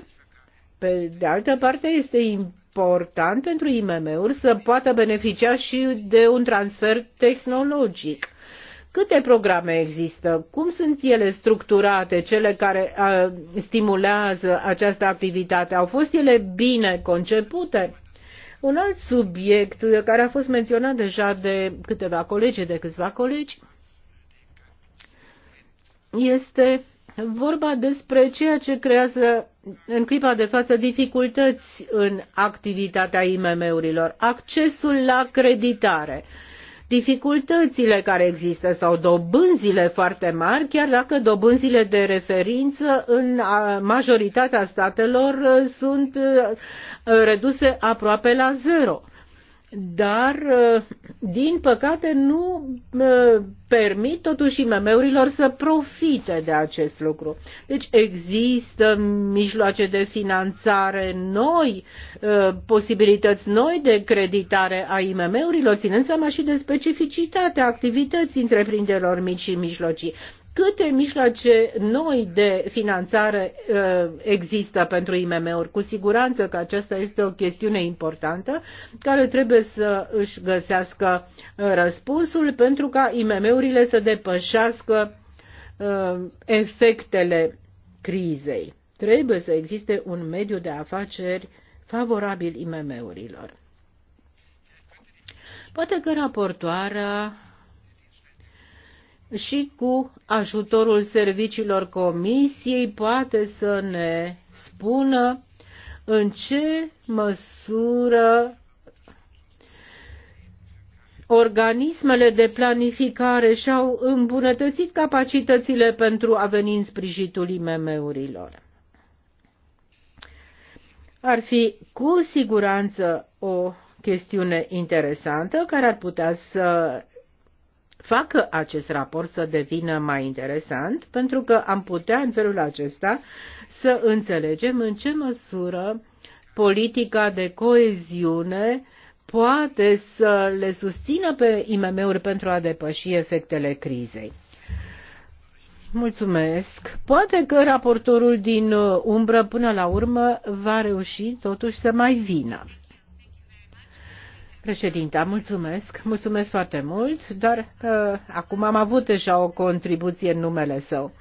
S1: pe de altă parte, este important important pentru IMM-uri să poată beneficia și de un transfer tehnologic. Câte programe există? Cum sunt ele structurate, cele care a, stimulează această activitate? Au fost ele bine concepute? Un alt subiect care a fost menționat deja de câteva colegi, de câțiva colegi, este vorba despre ceea ce creează în clipa de față dificultăți în activitatea IMM-urilor, accesul la creditare, dificultățile care există sau dobânzile foarte mari, chiar dacă dobânzile de referință în majoritatea statelor uh, sunt uh, reduse aproape la zero dar, uh, din păcate, nu uh, permit totuși IMM-urilor să profite de acest lucru. Deci există mijloace de finanțare noi, uh, posibilități noi de creditare a IMM-urilor, ținând seama și de specificitatea activității întreprinderilor mici și mijlocii câte mijloace noi de finanțare uh, există pentru IMM-uri. Cu siguranță că aceasta este o chestiune importantă care trebuie să își găsească uh, răspunsul pentru ca IMM-urile să depășească uh, efectele crizei. Trebuie să existe un mediu de afaceri favorabil IMM-urilor. Poate că raportoarea și cu ajutorul serviciilor comisiei poate să ne spună în ce măsură organismele de planificare și-au îmbunătățit capacitățile pentru a veni în sprijitul IMM-urilor. Ar fi cu siguranță o chestiune interesantă care ar putea să facă acest raport să devină mai interesant, pentru că am putea în felul acesta să înțelegem în ce măsură politica de coeziune poate să le susțină pe IMM-uri pentru a depăși efectele crizei. Mulțumesc. Poate că raportorul din umbră până la urmă va reuși totuși să mai vină. Președinte, mulțumesc, mulțumesc foarte mult, dar uh, acum am avut deja o contribuție în numele său.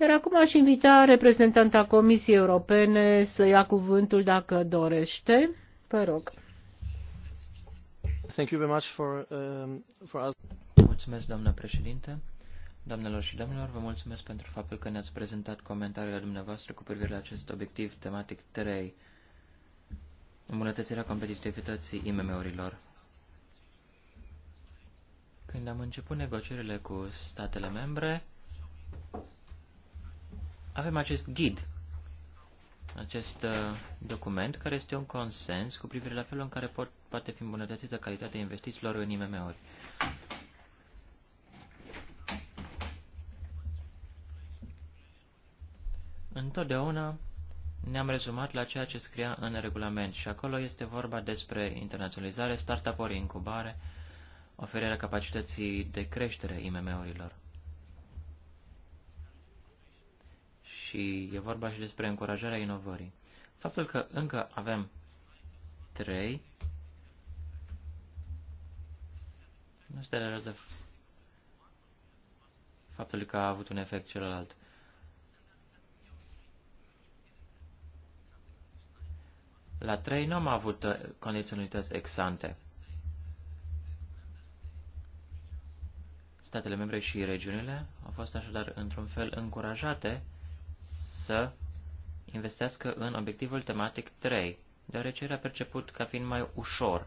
S1: Iar acum aș invita reprezentanta Comisiei Europene să ia cuvântul dacă dorește. Vă rog.
S2: Thank you very much for, um, for us. Mulțumesc, doamnă președinte. Doamnelor și domnilor, vă mulțumesc pentru faptul că ne-ați prezentat comentariile dumneavoastră cu privire la acest obiectiv tematic 3 îmbunătățirea competitivității IMM-urilor. Când am început negocierile cu statele membre, avem acest ghid, acest uh, document care este un consens cu privire la felul în care pot, poate fi îmbunătățită calitatea investițiilor în IMM-uri. Întotdeauna ne-am rezumat la ceea ce scria în regulament și acolo este vorba despre internaționalizare, startup-uri, incubare, oferirea capacității de creștere IMM-urilor. Și e vorba și despre încurajarea inovării. Faptul că încă avem trei nu se datorează faptul că a avut un efect celălalt. La 3 nu am avut uh, condiționalități exante. Statele membre și regiunile au fost așadar într-un fel încurajate să investească în obiectivul tematic 3, deoarece era perceput ca fiind mai ușor.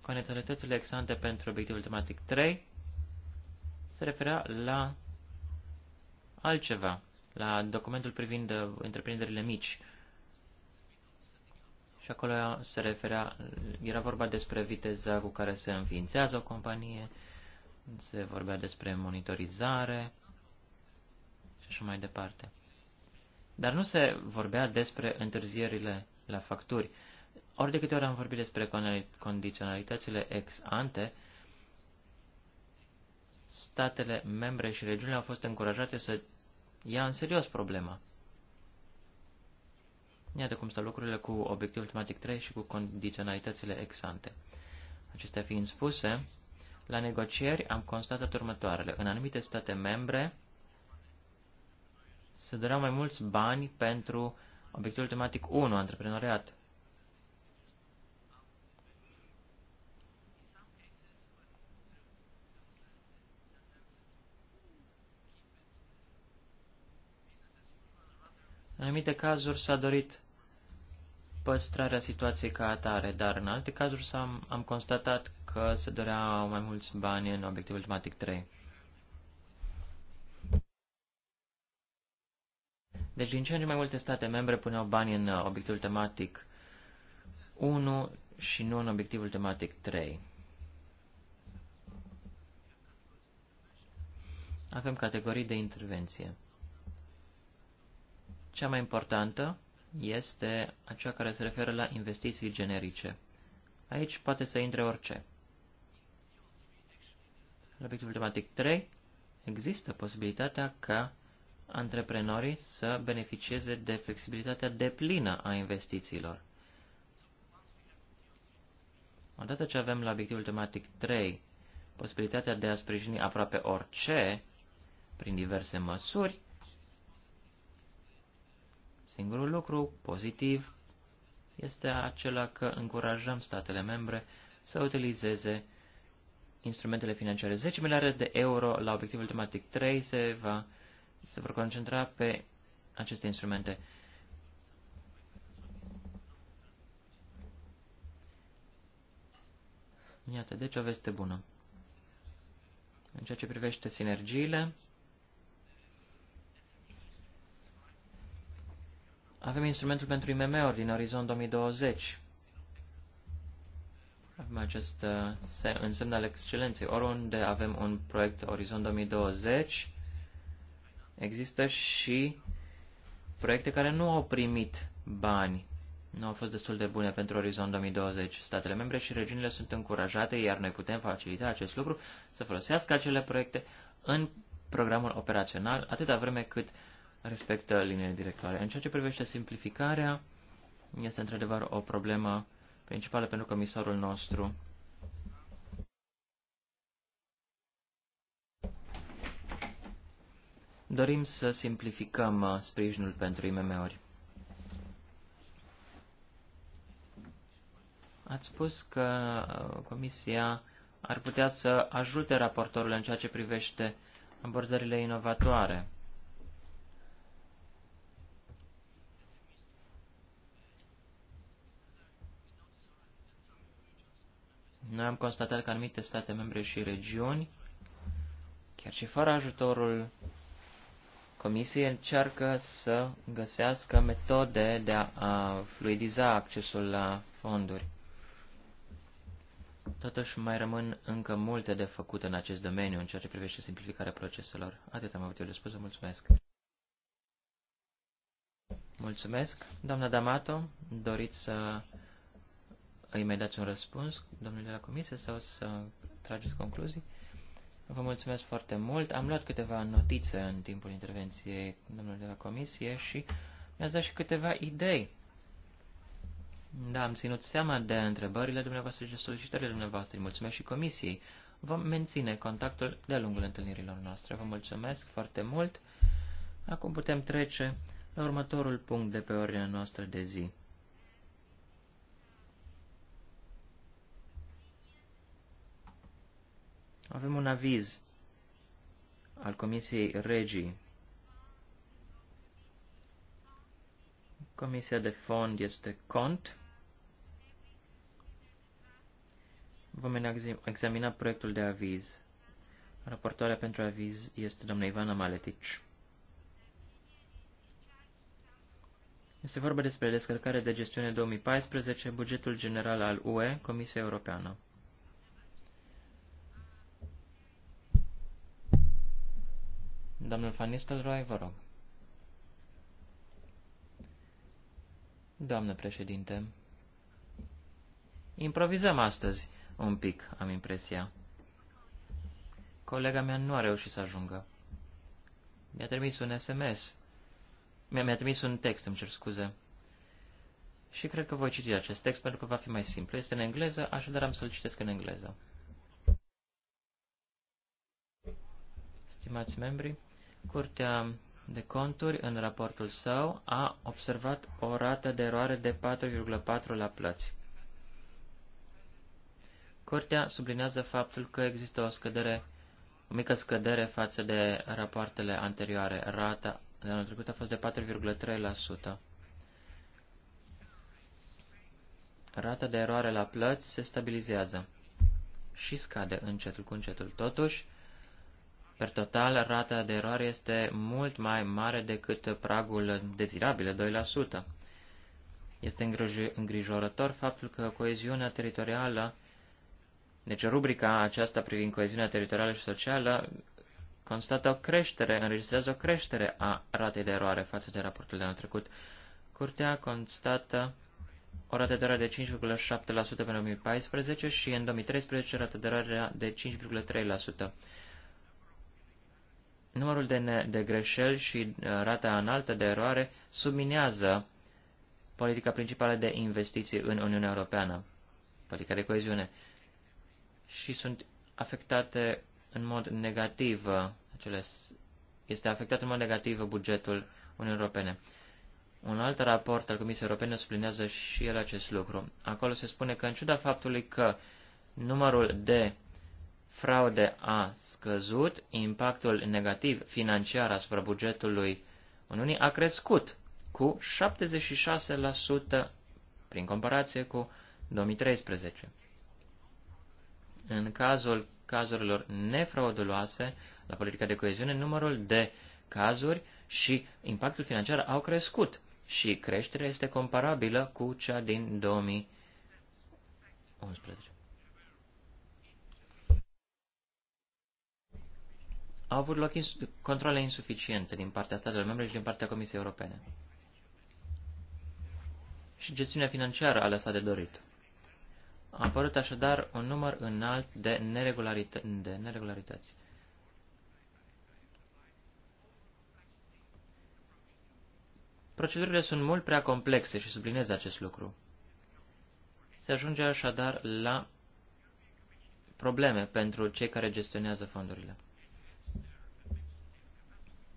S2: Condiționalitățile exante pentru obiectivul tematic 3 se referea la altceva, la documentul privind uh, întreprinderile mici, și acolo se referea, era vorba despre viteza cu care se înființează o companie, se vorbea despre monitorizare și așa mai departe. Dar nu se vorbea despre întârzierile la facturi. Ori de câte ori am vorbit despre condiționalitățile ex ante, statele membre și regiunile au fost încurajate să ia în serios problema. Iată cum stau lucrurile cu obiectivul tematic 3 și cu condiționalitățile exante. Acestea fiind spuse, la negocieri am constatat următoarele. În anumite state membre se doreau mai mulți bani pentru obiectivul tematic 1, antreprenoriat, În anumite cazuri s-a dorit păstrarea situației ca atare, dar în alte cazuri am, am constatat că se doreau mai mulți bani în obiectivul tematic 3. Deci din ce în ce mai multe state membre puneau bani în uh, obiectivul tematic 1 și nu în obiectivul tematic 3. Avem categorii de intervenție. Cea mai importantă este aceea care se referă la investiții generice. Aici poate să intre orice. La obiectivul tematic 3 există posibilitatea ca antreprenorii să beneficieze de flexibilitatea deplină a investițiilor. Odată ce avem la obiectivul tematic 3 posibilitatea de a sprijini aproape orice prin diverse măsuri, Singurul lucru pozitiv este acela că încurajăm statele membre să utilizeze instrumentele financiare. 10 miliarde de euro la obiectivul tematic 3 se, va, se vor concentra pe aceste instrumente. Iată, deci o veste bună. În ceea ce privește sinergiile, Avem instrumentul pentru IMM-uri din Orizont 2020. Avem acest uh, însemn al excelenței. Oriunde avem un proiect Orizont 2020, există și proiecte care nu au primit bani. Nu au fost destul de bune pentru Orizont 2020. Statele membre și regiunile sunt încurajate, iar noi putem facilita acest lucru, să folosească acele proiecte în programul operațional, atâta vreme cât uh, respectă liniile directoare. În ceea ce privește simplificarea, este într-adevăr o problemă principală pentru comisarul nostru. Dorim să simplificăm uh, sprijinul pentru IMM-uri. Ați spus că uh, Comisia ar putea să ajute raportorul în ceea ce privește abordările inovatoare. Noi am constatat că anumite state membre și regiuni, chiar și fără ajutorul Comisiei, încearcă să găsească metode de a fluidiza accesul la fonduri. Totuși, mai rămân încă multe de făcut în acest domeniu în ceea ce privește simplificarea proceselor. Atât am avut eu de spus, mulțumesc. Mulțumesc. Doamna D'Amato, doriți să îi mai dați un răspuns, domnule la comisie, sau să trageți concluzii. Vă mulțumesc foarte mult. Am luat câteva notițe în timpul intervenției domnului de la comisie și mi-ați dat și câteva idei. Da, am ținut seama de întrebările dumneavoastră și solicitările dumneavoastră. Îi mulțumesc și comisiei. Vom menține contactul de-a lungul întâlnirilor noastre. Vă mulțumesc foarte mult. Acum putem trece la următorul punct de pe ordinea noastră de zi. Avem un aviz al Comisiei Regii. Comisia de fond este cont. Vom examina proiectul de aviz. Raportoarea pentru aviz este doamna Ivana Maletici. Este vorba despre descărcare de gestiune 2014, bugetul general al UE, Comisia Europeană. Domnul Van Nistelrooy, vă rog. Doamnă președinte, improvizăm astăzi un pic, am impresia. Colega mea nu a reușit să ajungă. Mi-a trimis un SMS. Mi-a, trimis un text, îmi cer scuze. Și cred că voi citi acest text pentru că va fi mai simplu. Este în engleză, așadar am să-l citesc în engleză. Stimați membri, Curtea de conturi, în raportul său, a observat o rată de eroare de 4,4 la plăți. Curtea sublinează faptul că există o scădere, o mică scădere față de rapoartele anterioare. Rata de anul trecut a fost de 4,3%. Rata de eroare la plăți se stabilizează și scade încetul cu încetul. Totuși, Per total, rata de eroare este mult mai mare decât pragul dezirabil, 2%. Este îngrijorător faptul că coeziunea teritorială, deci rubrica aceasta privind coeziunea teritorială și socială, constată o creștere, înregistrează o creștere a ratei de eroare față de raportul de anul trecut. Curtea constată o rată de eroare de 5,7% în 2014 și în 2013 rată de eroare de 5,3% numărul de, de greșeli și uh, rata înaltă de eroare subminează politica principală de investiții în Uniunea Europeană, politica de coeziune, și sunt afectate în mod negativ, uh, acele, este afectat în mod negativ bugetul Uniunii Europene. Un alt raport al Comisiei Europene sublinează și el acest lucru. Acolo se spune că, în ciuda faptului că numărul de fraude a scăzut, impactul negativ financiar asupra bugetului Uniunii a crescut cu 76% prin comparație cu 2013. În cazul cazurilor nefrauduloase la politica de coeziune, numărul de cazuri și impactul financiar au crescut și creșterea este comparabilă cu cea din 2011. au avut loc insu- controle insuficiente din partea statelor membre și din partea Comisiei Europene. Și gestiunea financiară a lăsat de dorit. A apărut așadar un număr înalt de, neregularită- de neregularități. Procedurile sunt mult prea complexe și sublinez acest lucru. Se ajunge așadar la probleme pentru cei care gestionează fondurile.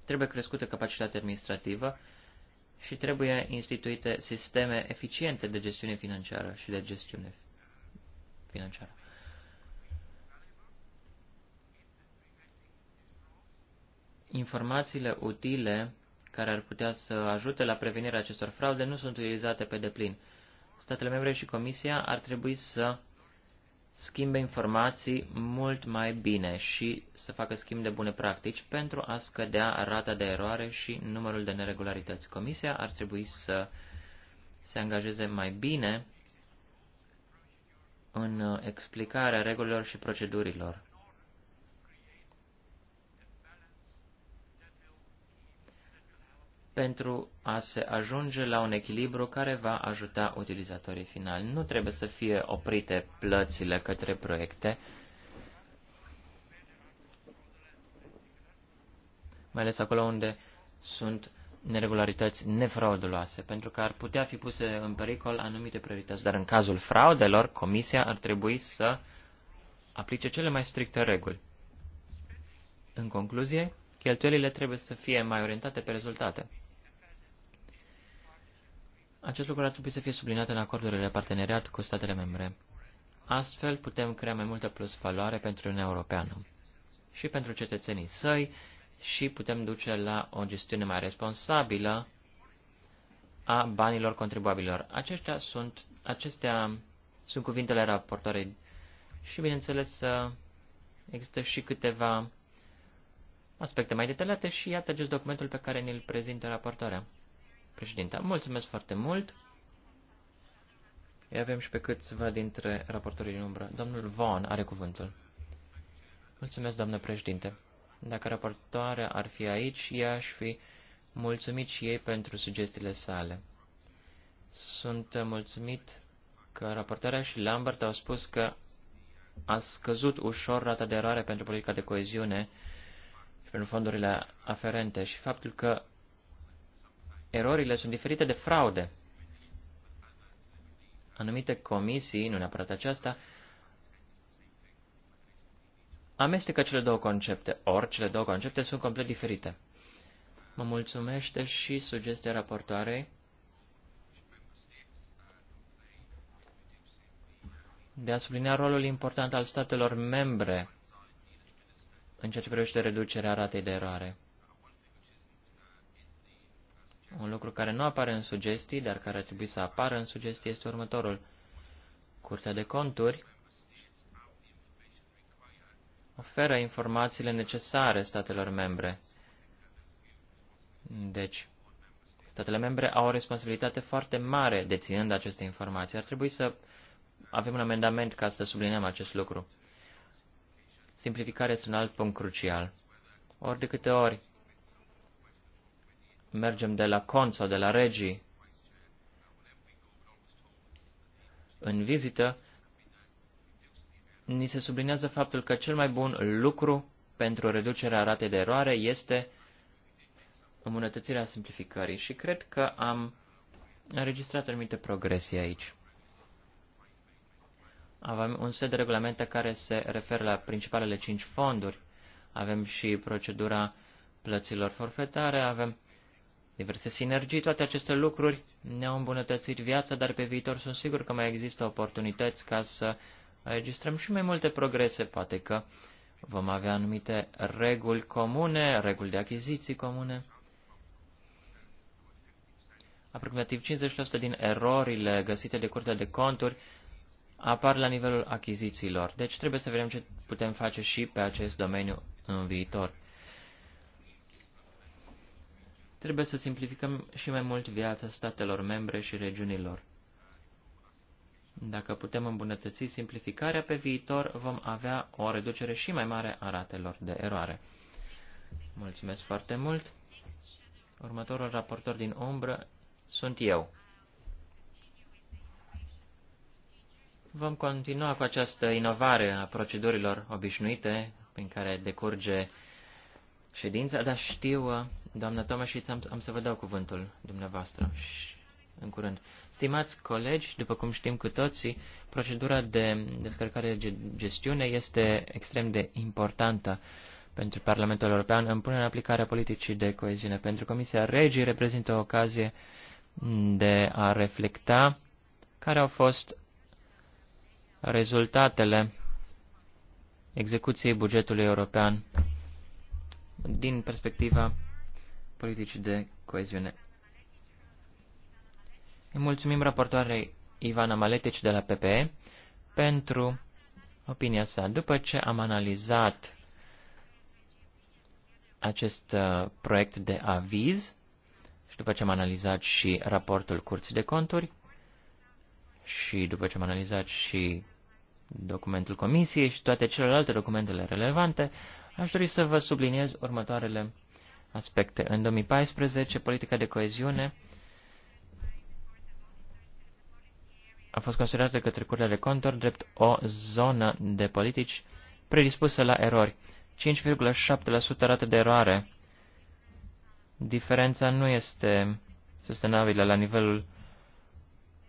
S2: Trebuie crescută capacitatea administrativă și trebuie instituite sisteme eficiente de gestiune financiară și de gestiune financiară. Informațiile utile care ar putea să ajute la prevenirea acestor fraude nu sunt utilizate pe deplin. Statele membre și Comisia ar trebui să schimbe informații mult mai bine și să facă schimb de bune practici pentru a scădea rata de eroare și numărul de neregularități. Comisia ar trebui să se angajeze mai bine în explicarea regulilor și procedurilor. pentru a se ajunge la un echilibru care va ajuta utilizatorii finali. Nu trebuie să fie oprite plățile către proiecte, mai ales acolo unde sunt neregularități nefrauduloase, pentru că ar putea fi puse în pericol anumite priorități. Dar în cazul fraudelor, Comisia ar trebui să aplice cele mai stricte reguli. În concluzie, cheltuielile trebuie să fie mai orientate pe rezultate. Acest lucru ar trebui să fie subliniat în acordurile de parteneriat cu statele membre. Astfel putem crea mai multă plus valoare pentru Uniunea Europeană și pentru cetățenii săi și putem duce la o gestiune mai responsabilă a banilor contribuabililor. Acestea sunt, acestea sunt cuvintele raportoarei și, bineînțeles, există și câteva aspecte mai detaliate și iată acest documentul pe care ne-l prezintă raportoarea. Președinte, mulțumesc foarte mult. Ia avem și pe câțiva dintre raportorii din umbră. Domnul Vaughan are cuvântul. Mulțumesc, doamnă președinte. Dacă raportoarea ar fi aici, ea aș fi mulțumit și ei pentru sugestiile sale. Sunt mulțumit că raportarea și Lambert au spus că a scăzut ușor rata de eroare pentru politica de coeziune și pentru fondurile aferente și faptul că erorile sunt diferite de fraude. Anumite comisii, nu neapărat aceasta, amestecă cele două concepte, ori cele două concepte sunt complet diferite. Mă mulțumește și sugestia raportoarei de a sublinia rolul important al statelor membre în ceea ce privește reducerea ratei de eroare. Un lucru care nu apare în sugestii, dar care ar trebui să apară în sugestii, este următorul. Curtea de conturi oferă informațiile necesare statelor membre. Deci, statele membre au o responsabilitate foarte mare deținând aceste informații. Ar trebui să avem un amendament ca să subliniem acest lucru. Simplificarea este un alt punct crucial. Ori de câte ori mergem de la cont sau de la regii în vizită, ni se sublinează faptul că cel mai bun lucru pentru reducerea ratei de eroare este îmbunătățirea simplificării și cred că am înregistrat anumite progresii aici. Avem un set de regulamente care se referă la principalele cinci fonduri. Avem și procedura plăților forfetare, avem diverse sinergii, toate aceste lucruri ne-au îmbunătățit viața, dar pe viitor sunt sigur că mai există oportunități ca să registrăm și mai multe progrese. Poate că vom avea anumite reguli comune, reguli de achiziții comune. Aproximativ 50% din erorile găsite de Curtea de Conturi apar la nivelul achizițiilor. Deci trebuie să vedem ce putem face și pe acest domeniu în viitor. Trebuie să simplificăm și mai mult viața statelor membre și regiunilor. Dacă putem îmbunătăți simplificarea pe viitor, vom avea o reducere și mai mare a ratelor de eroare. Mulțumesc foarte mult! Următorul raportor din umbră sunt eu. Vom continua cu această inovare a procedurilor obișnuite prin care decurge ședința, dar știu, uh, doamna și am, am să vă dau cuvântul dumneavoastră și în curând. Stimați colegi, după cum știm cu toții, procedura de descărcare de gestiune este extrem de importantă pentru Parlamentul European în punerea în aplicare a politicii de coeziune. Pentru Comisia Regii reprezintă o ocazie de a reflecta care au fost rezultatele execuției bugetului european din perspectiva politicii de coeziune. Îi mulțumim raportoarei Ivana Maletici de la PPE pentru opinia sa. După ce am analizat acest uh, proiect de aviz și după ce am analizat și raportul Curții de Conturi și după ce am analizat și documentul Comisiei și toate celelalte documentele relevante, Aș dori să vă subliniez următoarele aspecte. În 2014, politica de coeziune a fost considerată către Curtea de Conturi drept o zonă de politici predispusă la erori. 5,7% rată de eroare. Diferența nu este sustenabilă la nivelul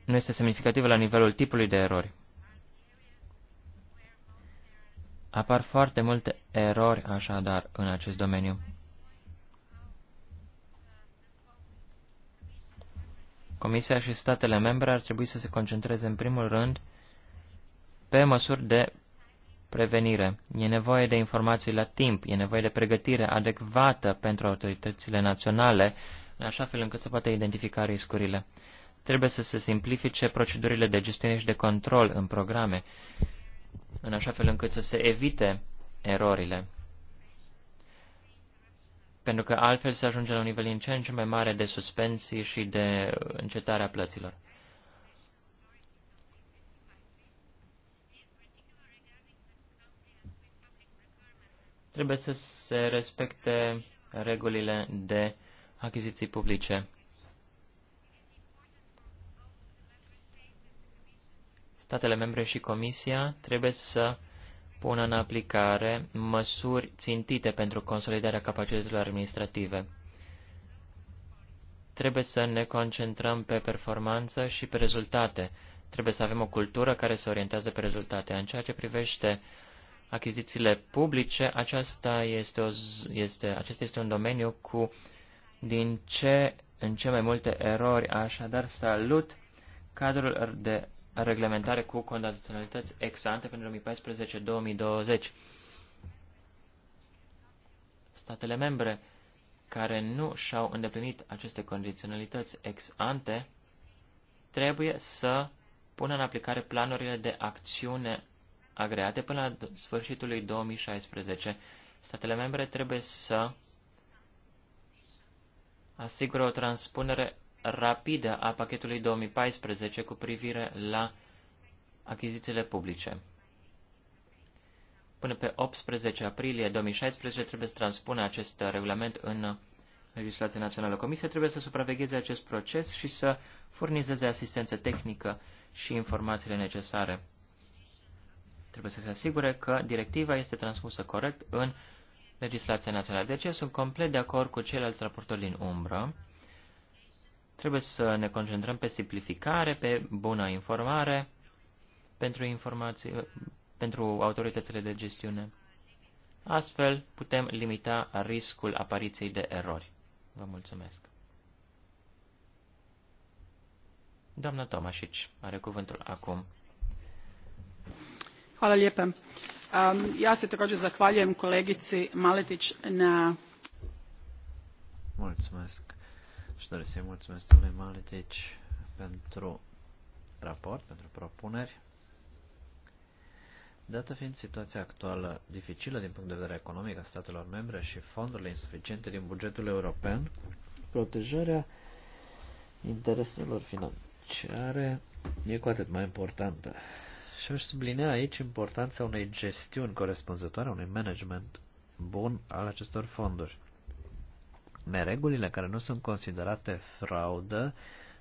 S2: nu este semnificativă la nivelul tipului de erori. Apar foarte multe erori așadar în acest domeniu. Comisia și statele membre ar trebui să se concentreze în primul rând pe măsuri de prevenire. E nevoie de informații la timp, e nevoie de pregătire adecvată pentru autoritățile naționale, în așa fel încât să poată identifica riscurile. Trebuie să se simplifice procedurile de gestiune și de control în programe în așa fel încât să se evite erorile. Pentru că altfel se ajunge la un nivel în ce în ce mai mare de suspensii și de uh, încetarea plăților. Trebuie să se respecte regulile de achiziții publice. statele membre și Comisia trebuie să pună în aplicare măsuri țintite pentru consolidarea capacităților administrative. Trebuie să ne concentrăm pe performanță și pe rezultate. Trebuie să avem o cultură care se orientează pe rezultate. În ceea ce privește achizițiile publice, aceasta este, o, este, acesta este un domeniu cu din ce în ce mai multe erori. Așadar, salut cadrul de reglementare cu condiționalități ex-ante pentru 2014-2020. Statele membre care nu și-au îndeplinit aceste condiționalități ex-ante trebuie să pună în aplicare planurile de acțiune agreate până la sfârșitul lui 2016. Statele membre trebuie să asigură o transpunere rapidă a pachetului 2014 cu privire la achizițiile publice. Până pe 18 aprilie 2016 trebuie să transpune acest regulament în legislația națională. Comisia trebuie să supravegheze acest proces și să furnizeze asistență tehnică și informațiile necesare. Trebuie să se asigure că directiva este transpusă corect în legislația națională. De aceea sunt complet de acord cu ceilalți raportori din umbră Trebuie să ne concentrăm pe simplificare, pe bună informare pentru, informații, pentru autoritățile de gestiune. Astfel, putem limita riscul apariției de erori. Vă mulțumesc. Doamna Tomașici are cuvântul acum.
S1: Hvala lijepa. Um, ja se također zahvaljujem kolegici Maletić na...
S4: Mulțumesc. Și doresc să-i mulțumesc lui Maletici pentru raport, pentru propuneri. Dată fiind situația actuală dificilă din punct de vedere economic a statelor membre și fondurile insuficiente din bugetul european, protejarea intereselor financiare e cu atât mai importantă. Și aș sublinea aici importanța unei gestiuni corespunzătoare, unui management bun al acestor fonduri neregulile care nu sunt considerate fraudă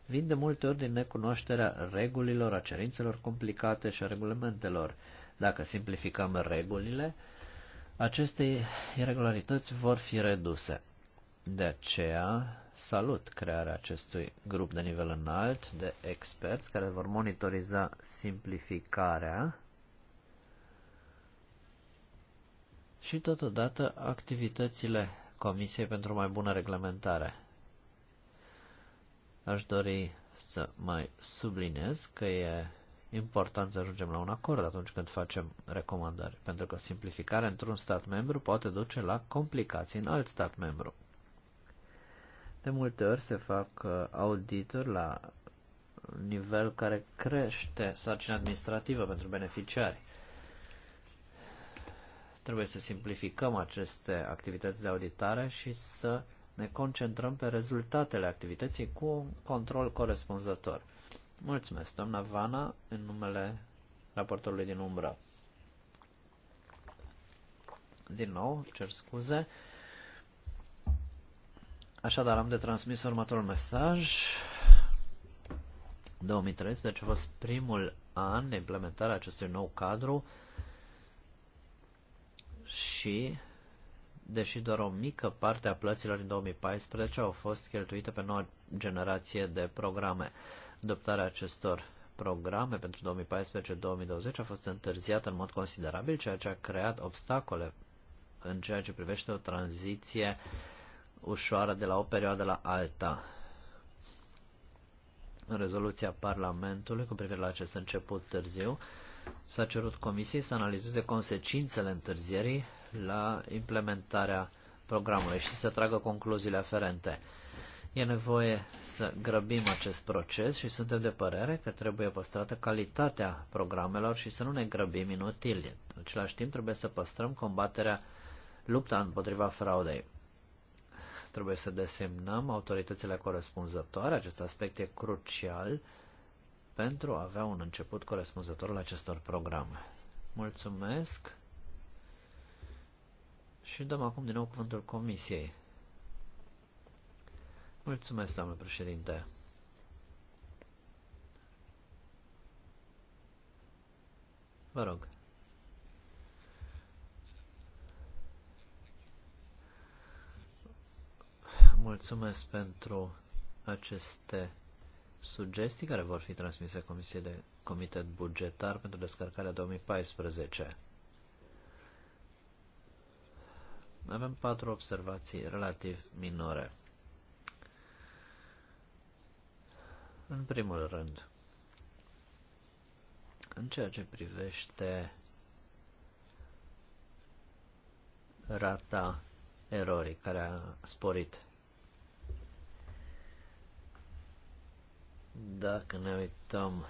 S4: vin de multe ori din necunoașterea regulilor, a cerințelor complicate și a regulamentelor. Dacă simplificăm regulile, aceste irregularități vor fi reduse. De aceea salut crearea acestui grup de nivel înalt de experți care vor monitoriza simplificarea și totodată activitățile Comisiei pentru mai bună reglementare. Aș dori să mai subliniez că e important să ajungem la un acord atunci când facem recomandări, pentru că simplificarea într-un stat membru poate duce la complicații în alt stat membru. De multe ori se fac uh, audituri la nivel care crește sarcina administrativă pentru beneficiari. Trebuie să simplificăm aceste activități de auditare și să ne concentrăm pe rezultatele activității cu un control corespunzător. Mulțumesc, doamna Vana, în numele raportorului din umbră. Din nou, cer scuze. Așadar, am de transmis următorul mesaj. 2013 a fost primul an de implementare a acestui nou cadru și deși doar o mică parte a plăților din 2014 au fost cheltuite pe noua generație de programe. Adoptarea acestor programe pentru 2014-2020 a fost întârziată în mod considerabil, ceea ce a creat obstacole în ceea ce privește o tranziție ușoară de la o perioadă la alta. În rezoluția Parlamentului cu privire la acest început târziu, s-a cerut Comisiei să analizeze consecințele întârzierii la implementarea programului și să tragă concluziile aferente. E nevoie să grăbim acest proces și suntem de părere că trebuie păstrată calitatea programelor și să nu ne grăbim inutil. În același timp trebuie să păstrăm combaterea lupta împotriva fraudei. Trebuie să desemnăm autoritățile corespunzătoare, acest aspect e crucial, pentru a avea un început corespunzător la acestor programe. Mulțumesc și dăm acum din nou cuvântul Comisiei. Mulțumesc, doamne președinte. Vă rog. Mulțumesc pentru aceste sugestii care vor fi transmise Comisiei de Comitet Bugetar pentru descărcarea 2014. Avem patru observații relativ minore. În primul rând, în ceea ce privește rata erorii care a sporit Dacă ne uităm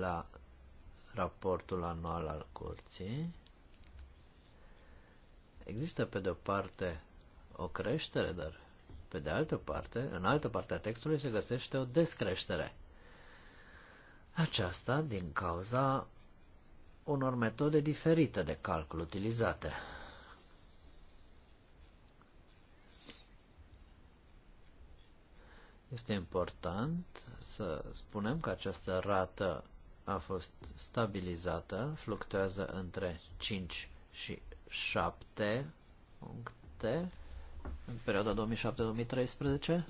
S4: la raportul anual al curții, există pe de o parte o creștere, dar pe de altă parte, în altă parte a textului se găsește o descreștere. Aceasta din cauza unor metode diferite de calcul utilizate. Este important să spunem că această rată a fost stabilizată, fluctuează între 5 și 7 puncte în perioada 2007-2013.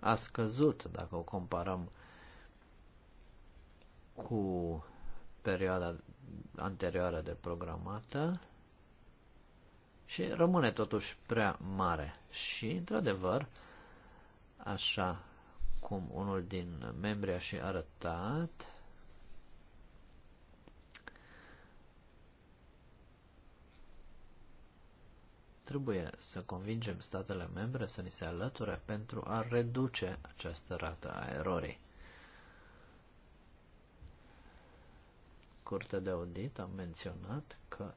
S4: A scăzut dacă o comparăm cu perioada anterioară de programată și rămâne totuși prea mare. Și, într-adevăr, așa cum unul din membri a și arătat, trebuie să convingem statele membre să ni se alăture pentru a reduce această rată a erorii. Curtea de audit a menționat că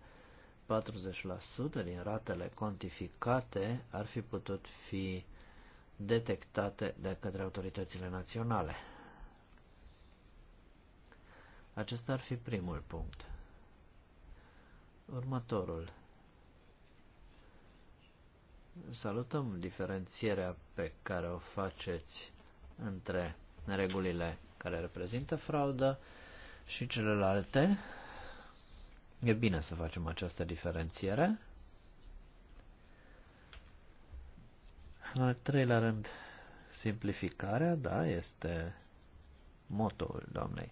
S4: 40% din ratele contificate ar fi putut fi detectate de către autoritățile naționale. Acesta ar fi primul punct. Următorul. Salutăm diferențierea pe care o faceți între regulile care reprezintă fraudă și celelalte, E bine să facem această diferențiere. În al treilea rând, simplificarea, da, este motoul doamnei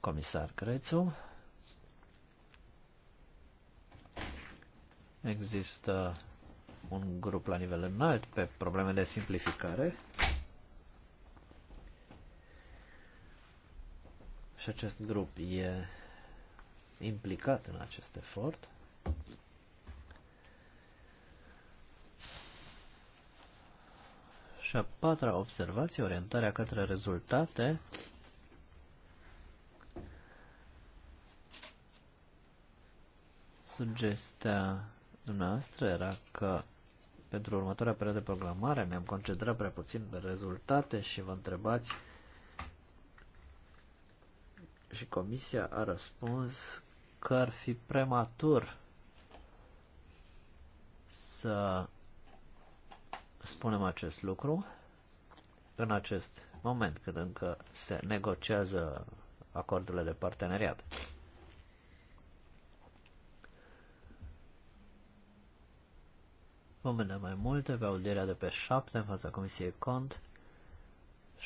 S4: comisar Crețu. Există un grup la nivel înalt pe probleme de simplificare. Și acest grup e implicat în acest efort. Și a patra observație, orientarea către rezultate, sugestia dumneavoastră era că pentru următoarea perioadă de programare ne-am concentrat prea puțin pe rezultate și vă întrebați și comisia a răspuns că ar fi prematur să spunem acest lucru în acest moment, când încă se negociază acordurile de parteneriat. Vom vedea mai multe pe audierea de pe 7 în fața Comisiei Cont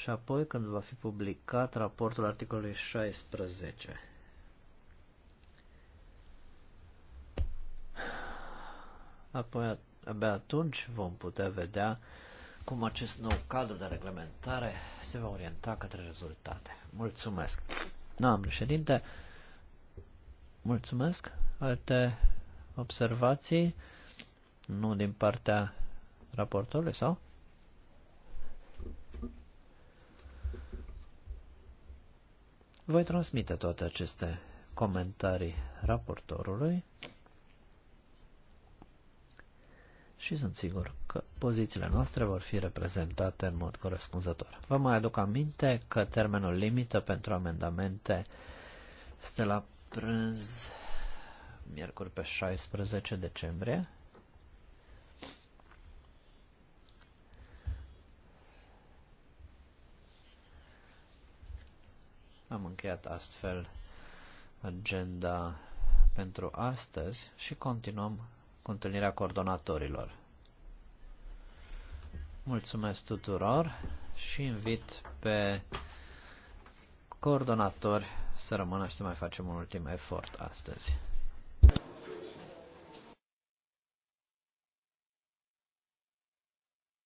S4: și apoi când va fi publicat raportul articolului 16. Apoi abia atunci vom putea vedea cum acest nou cadru de reglementare se va orienta către rezultate. Mulțumesc! Doamne da, președinte, mulțumesc! Alte observații? Nu din partea raportorului sau? Voi transmite toate aceste comentarii raportorului și sunt sigur că pozițiile noastre vor fi reprezentate în mod corespunzător. Vă mai aduc aminte că termenul limită pentru amendamente este la prânz miercuri pe 16 decembrie Am încheiat astfel agenda pentru astăzi și continuăm cu întâlnirea coordonatorilor. Mulțumesc tuturor și invit pe coordonatori să rămână și să mai facem un ultim
S1: efort astăzi.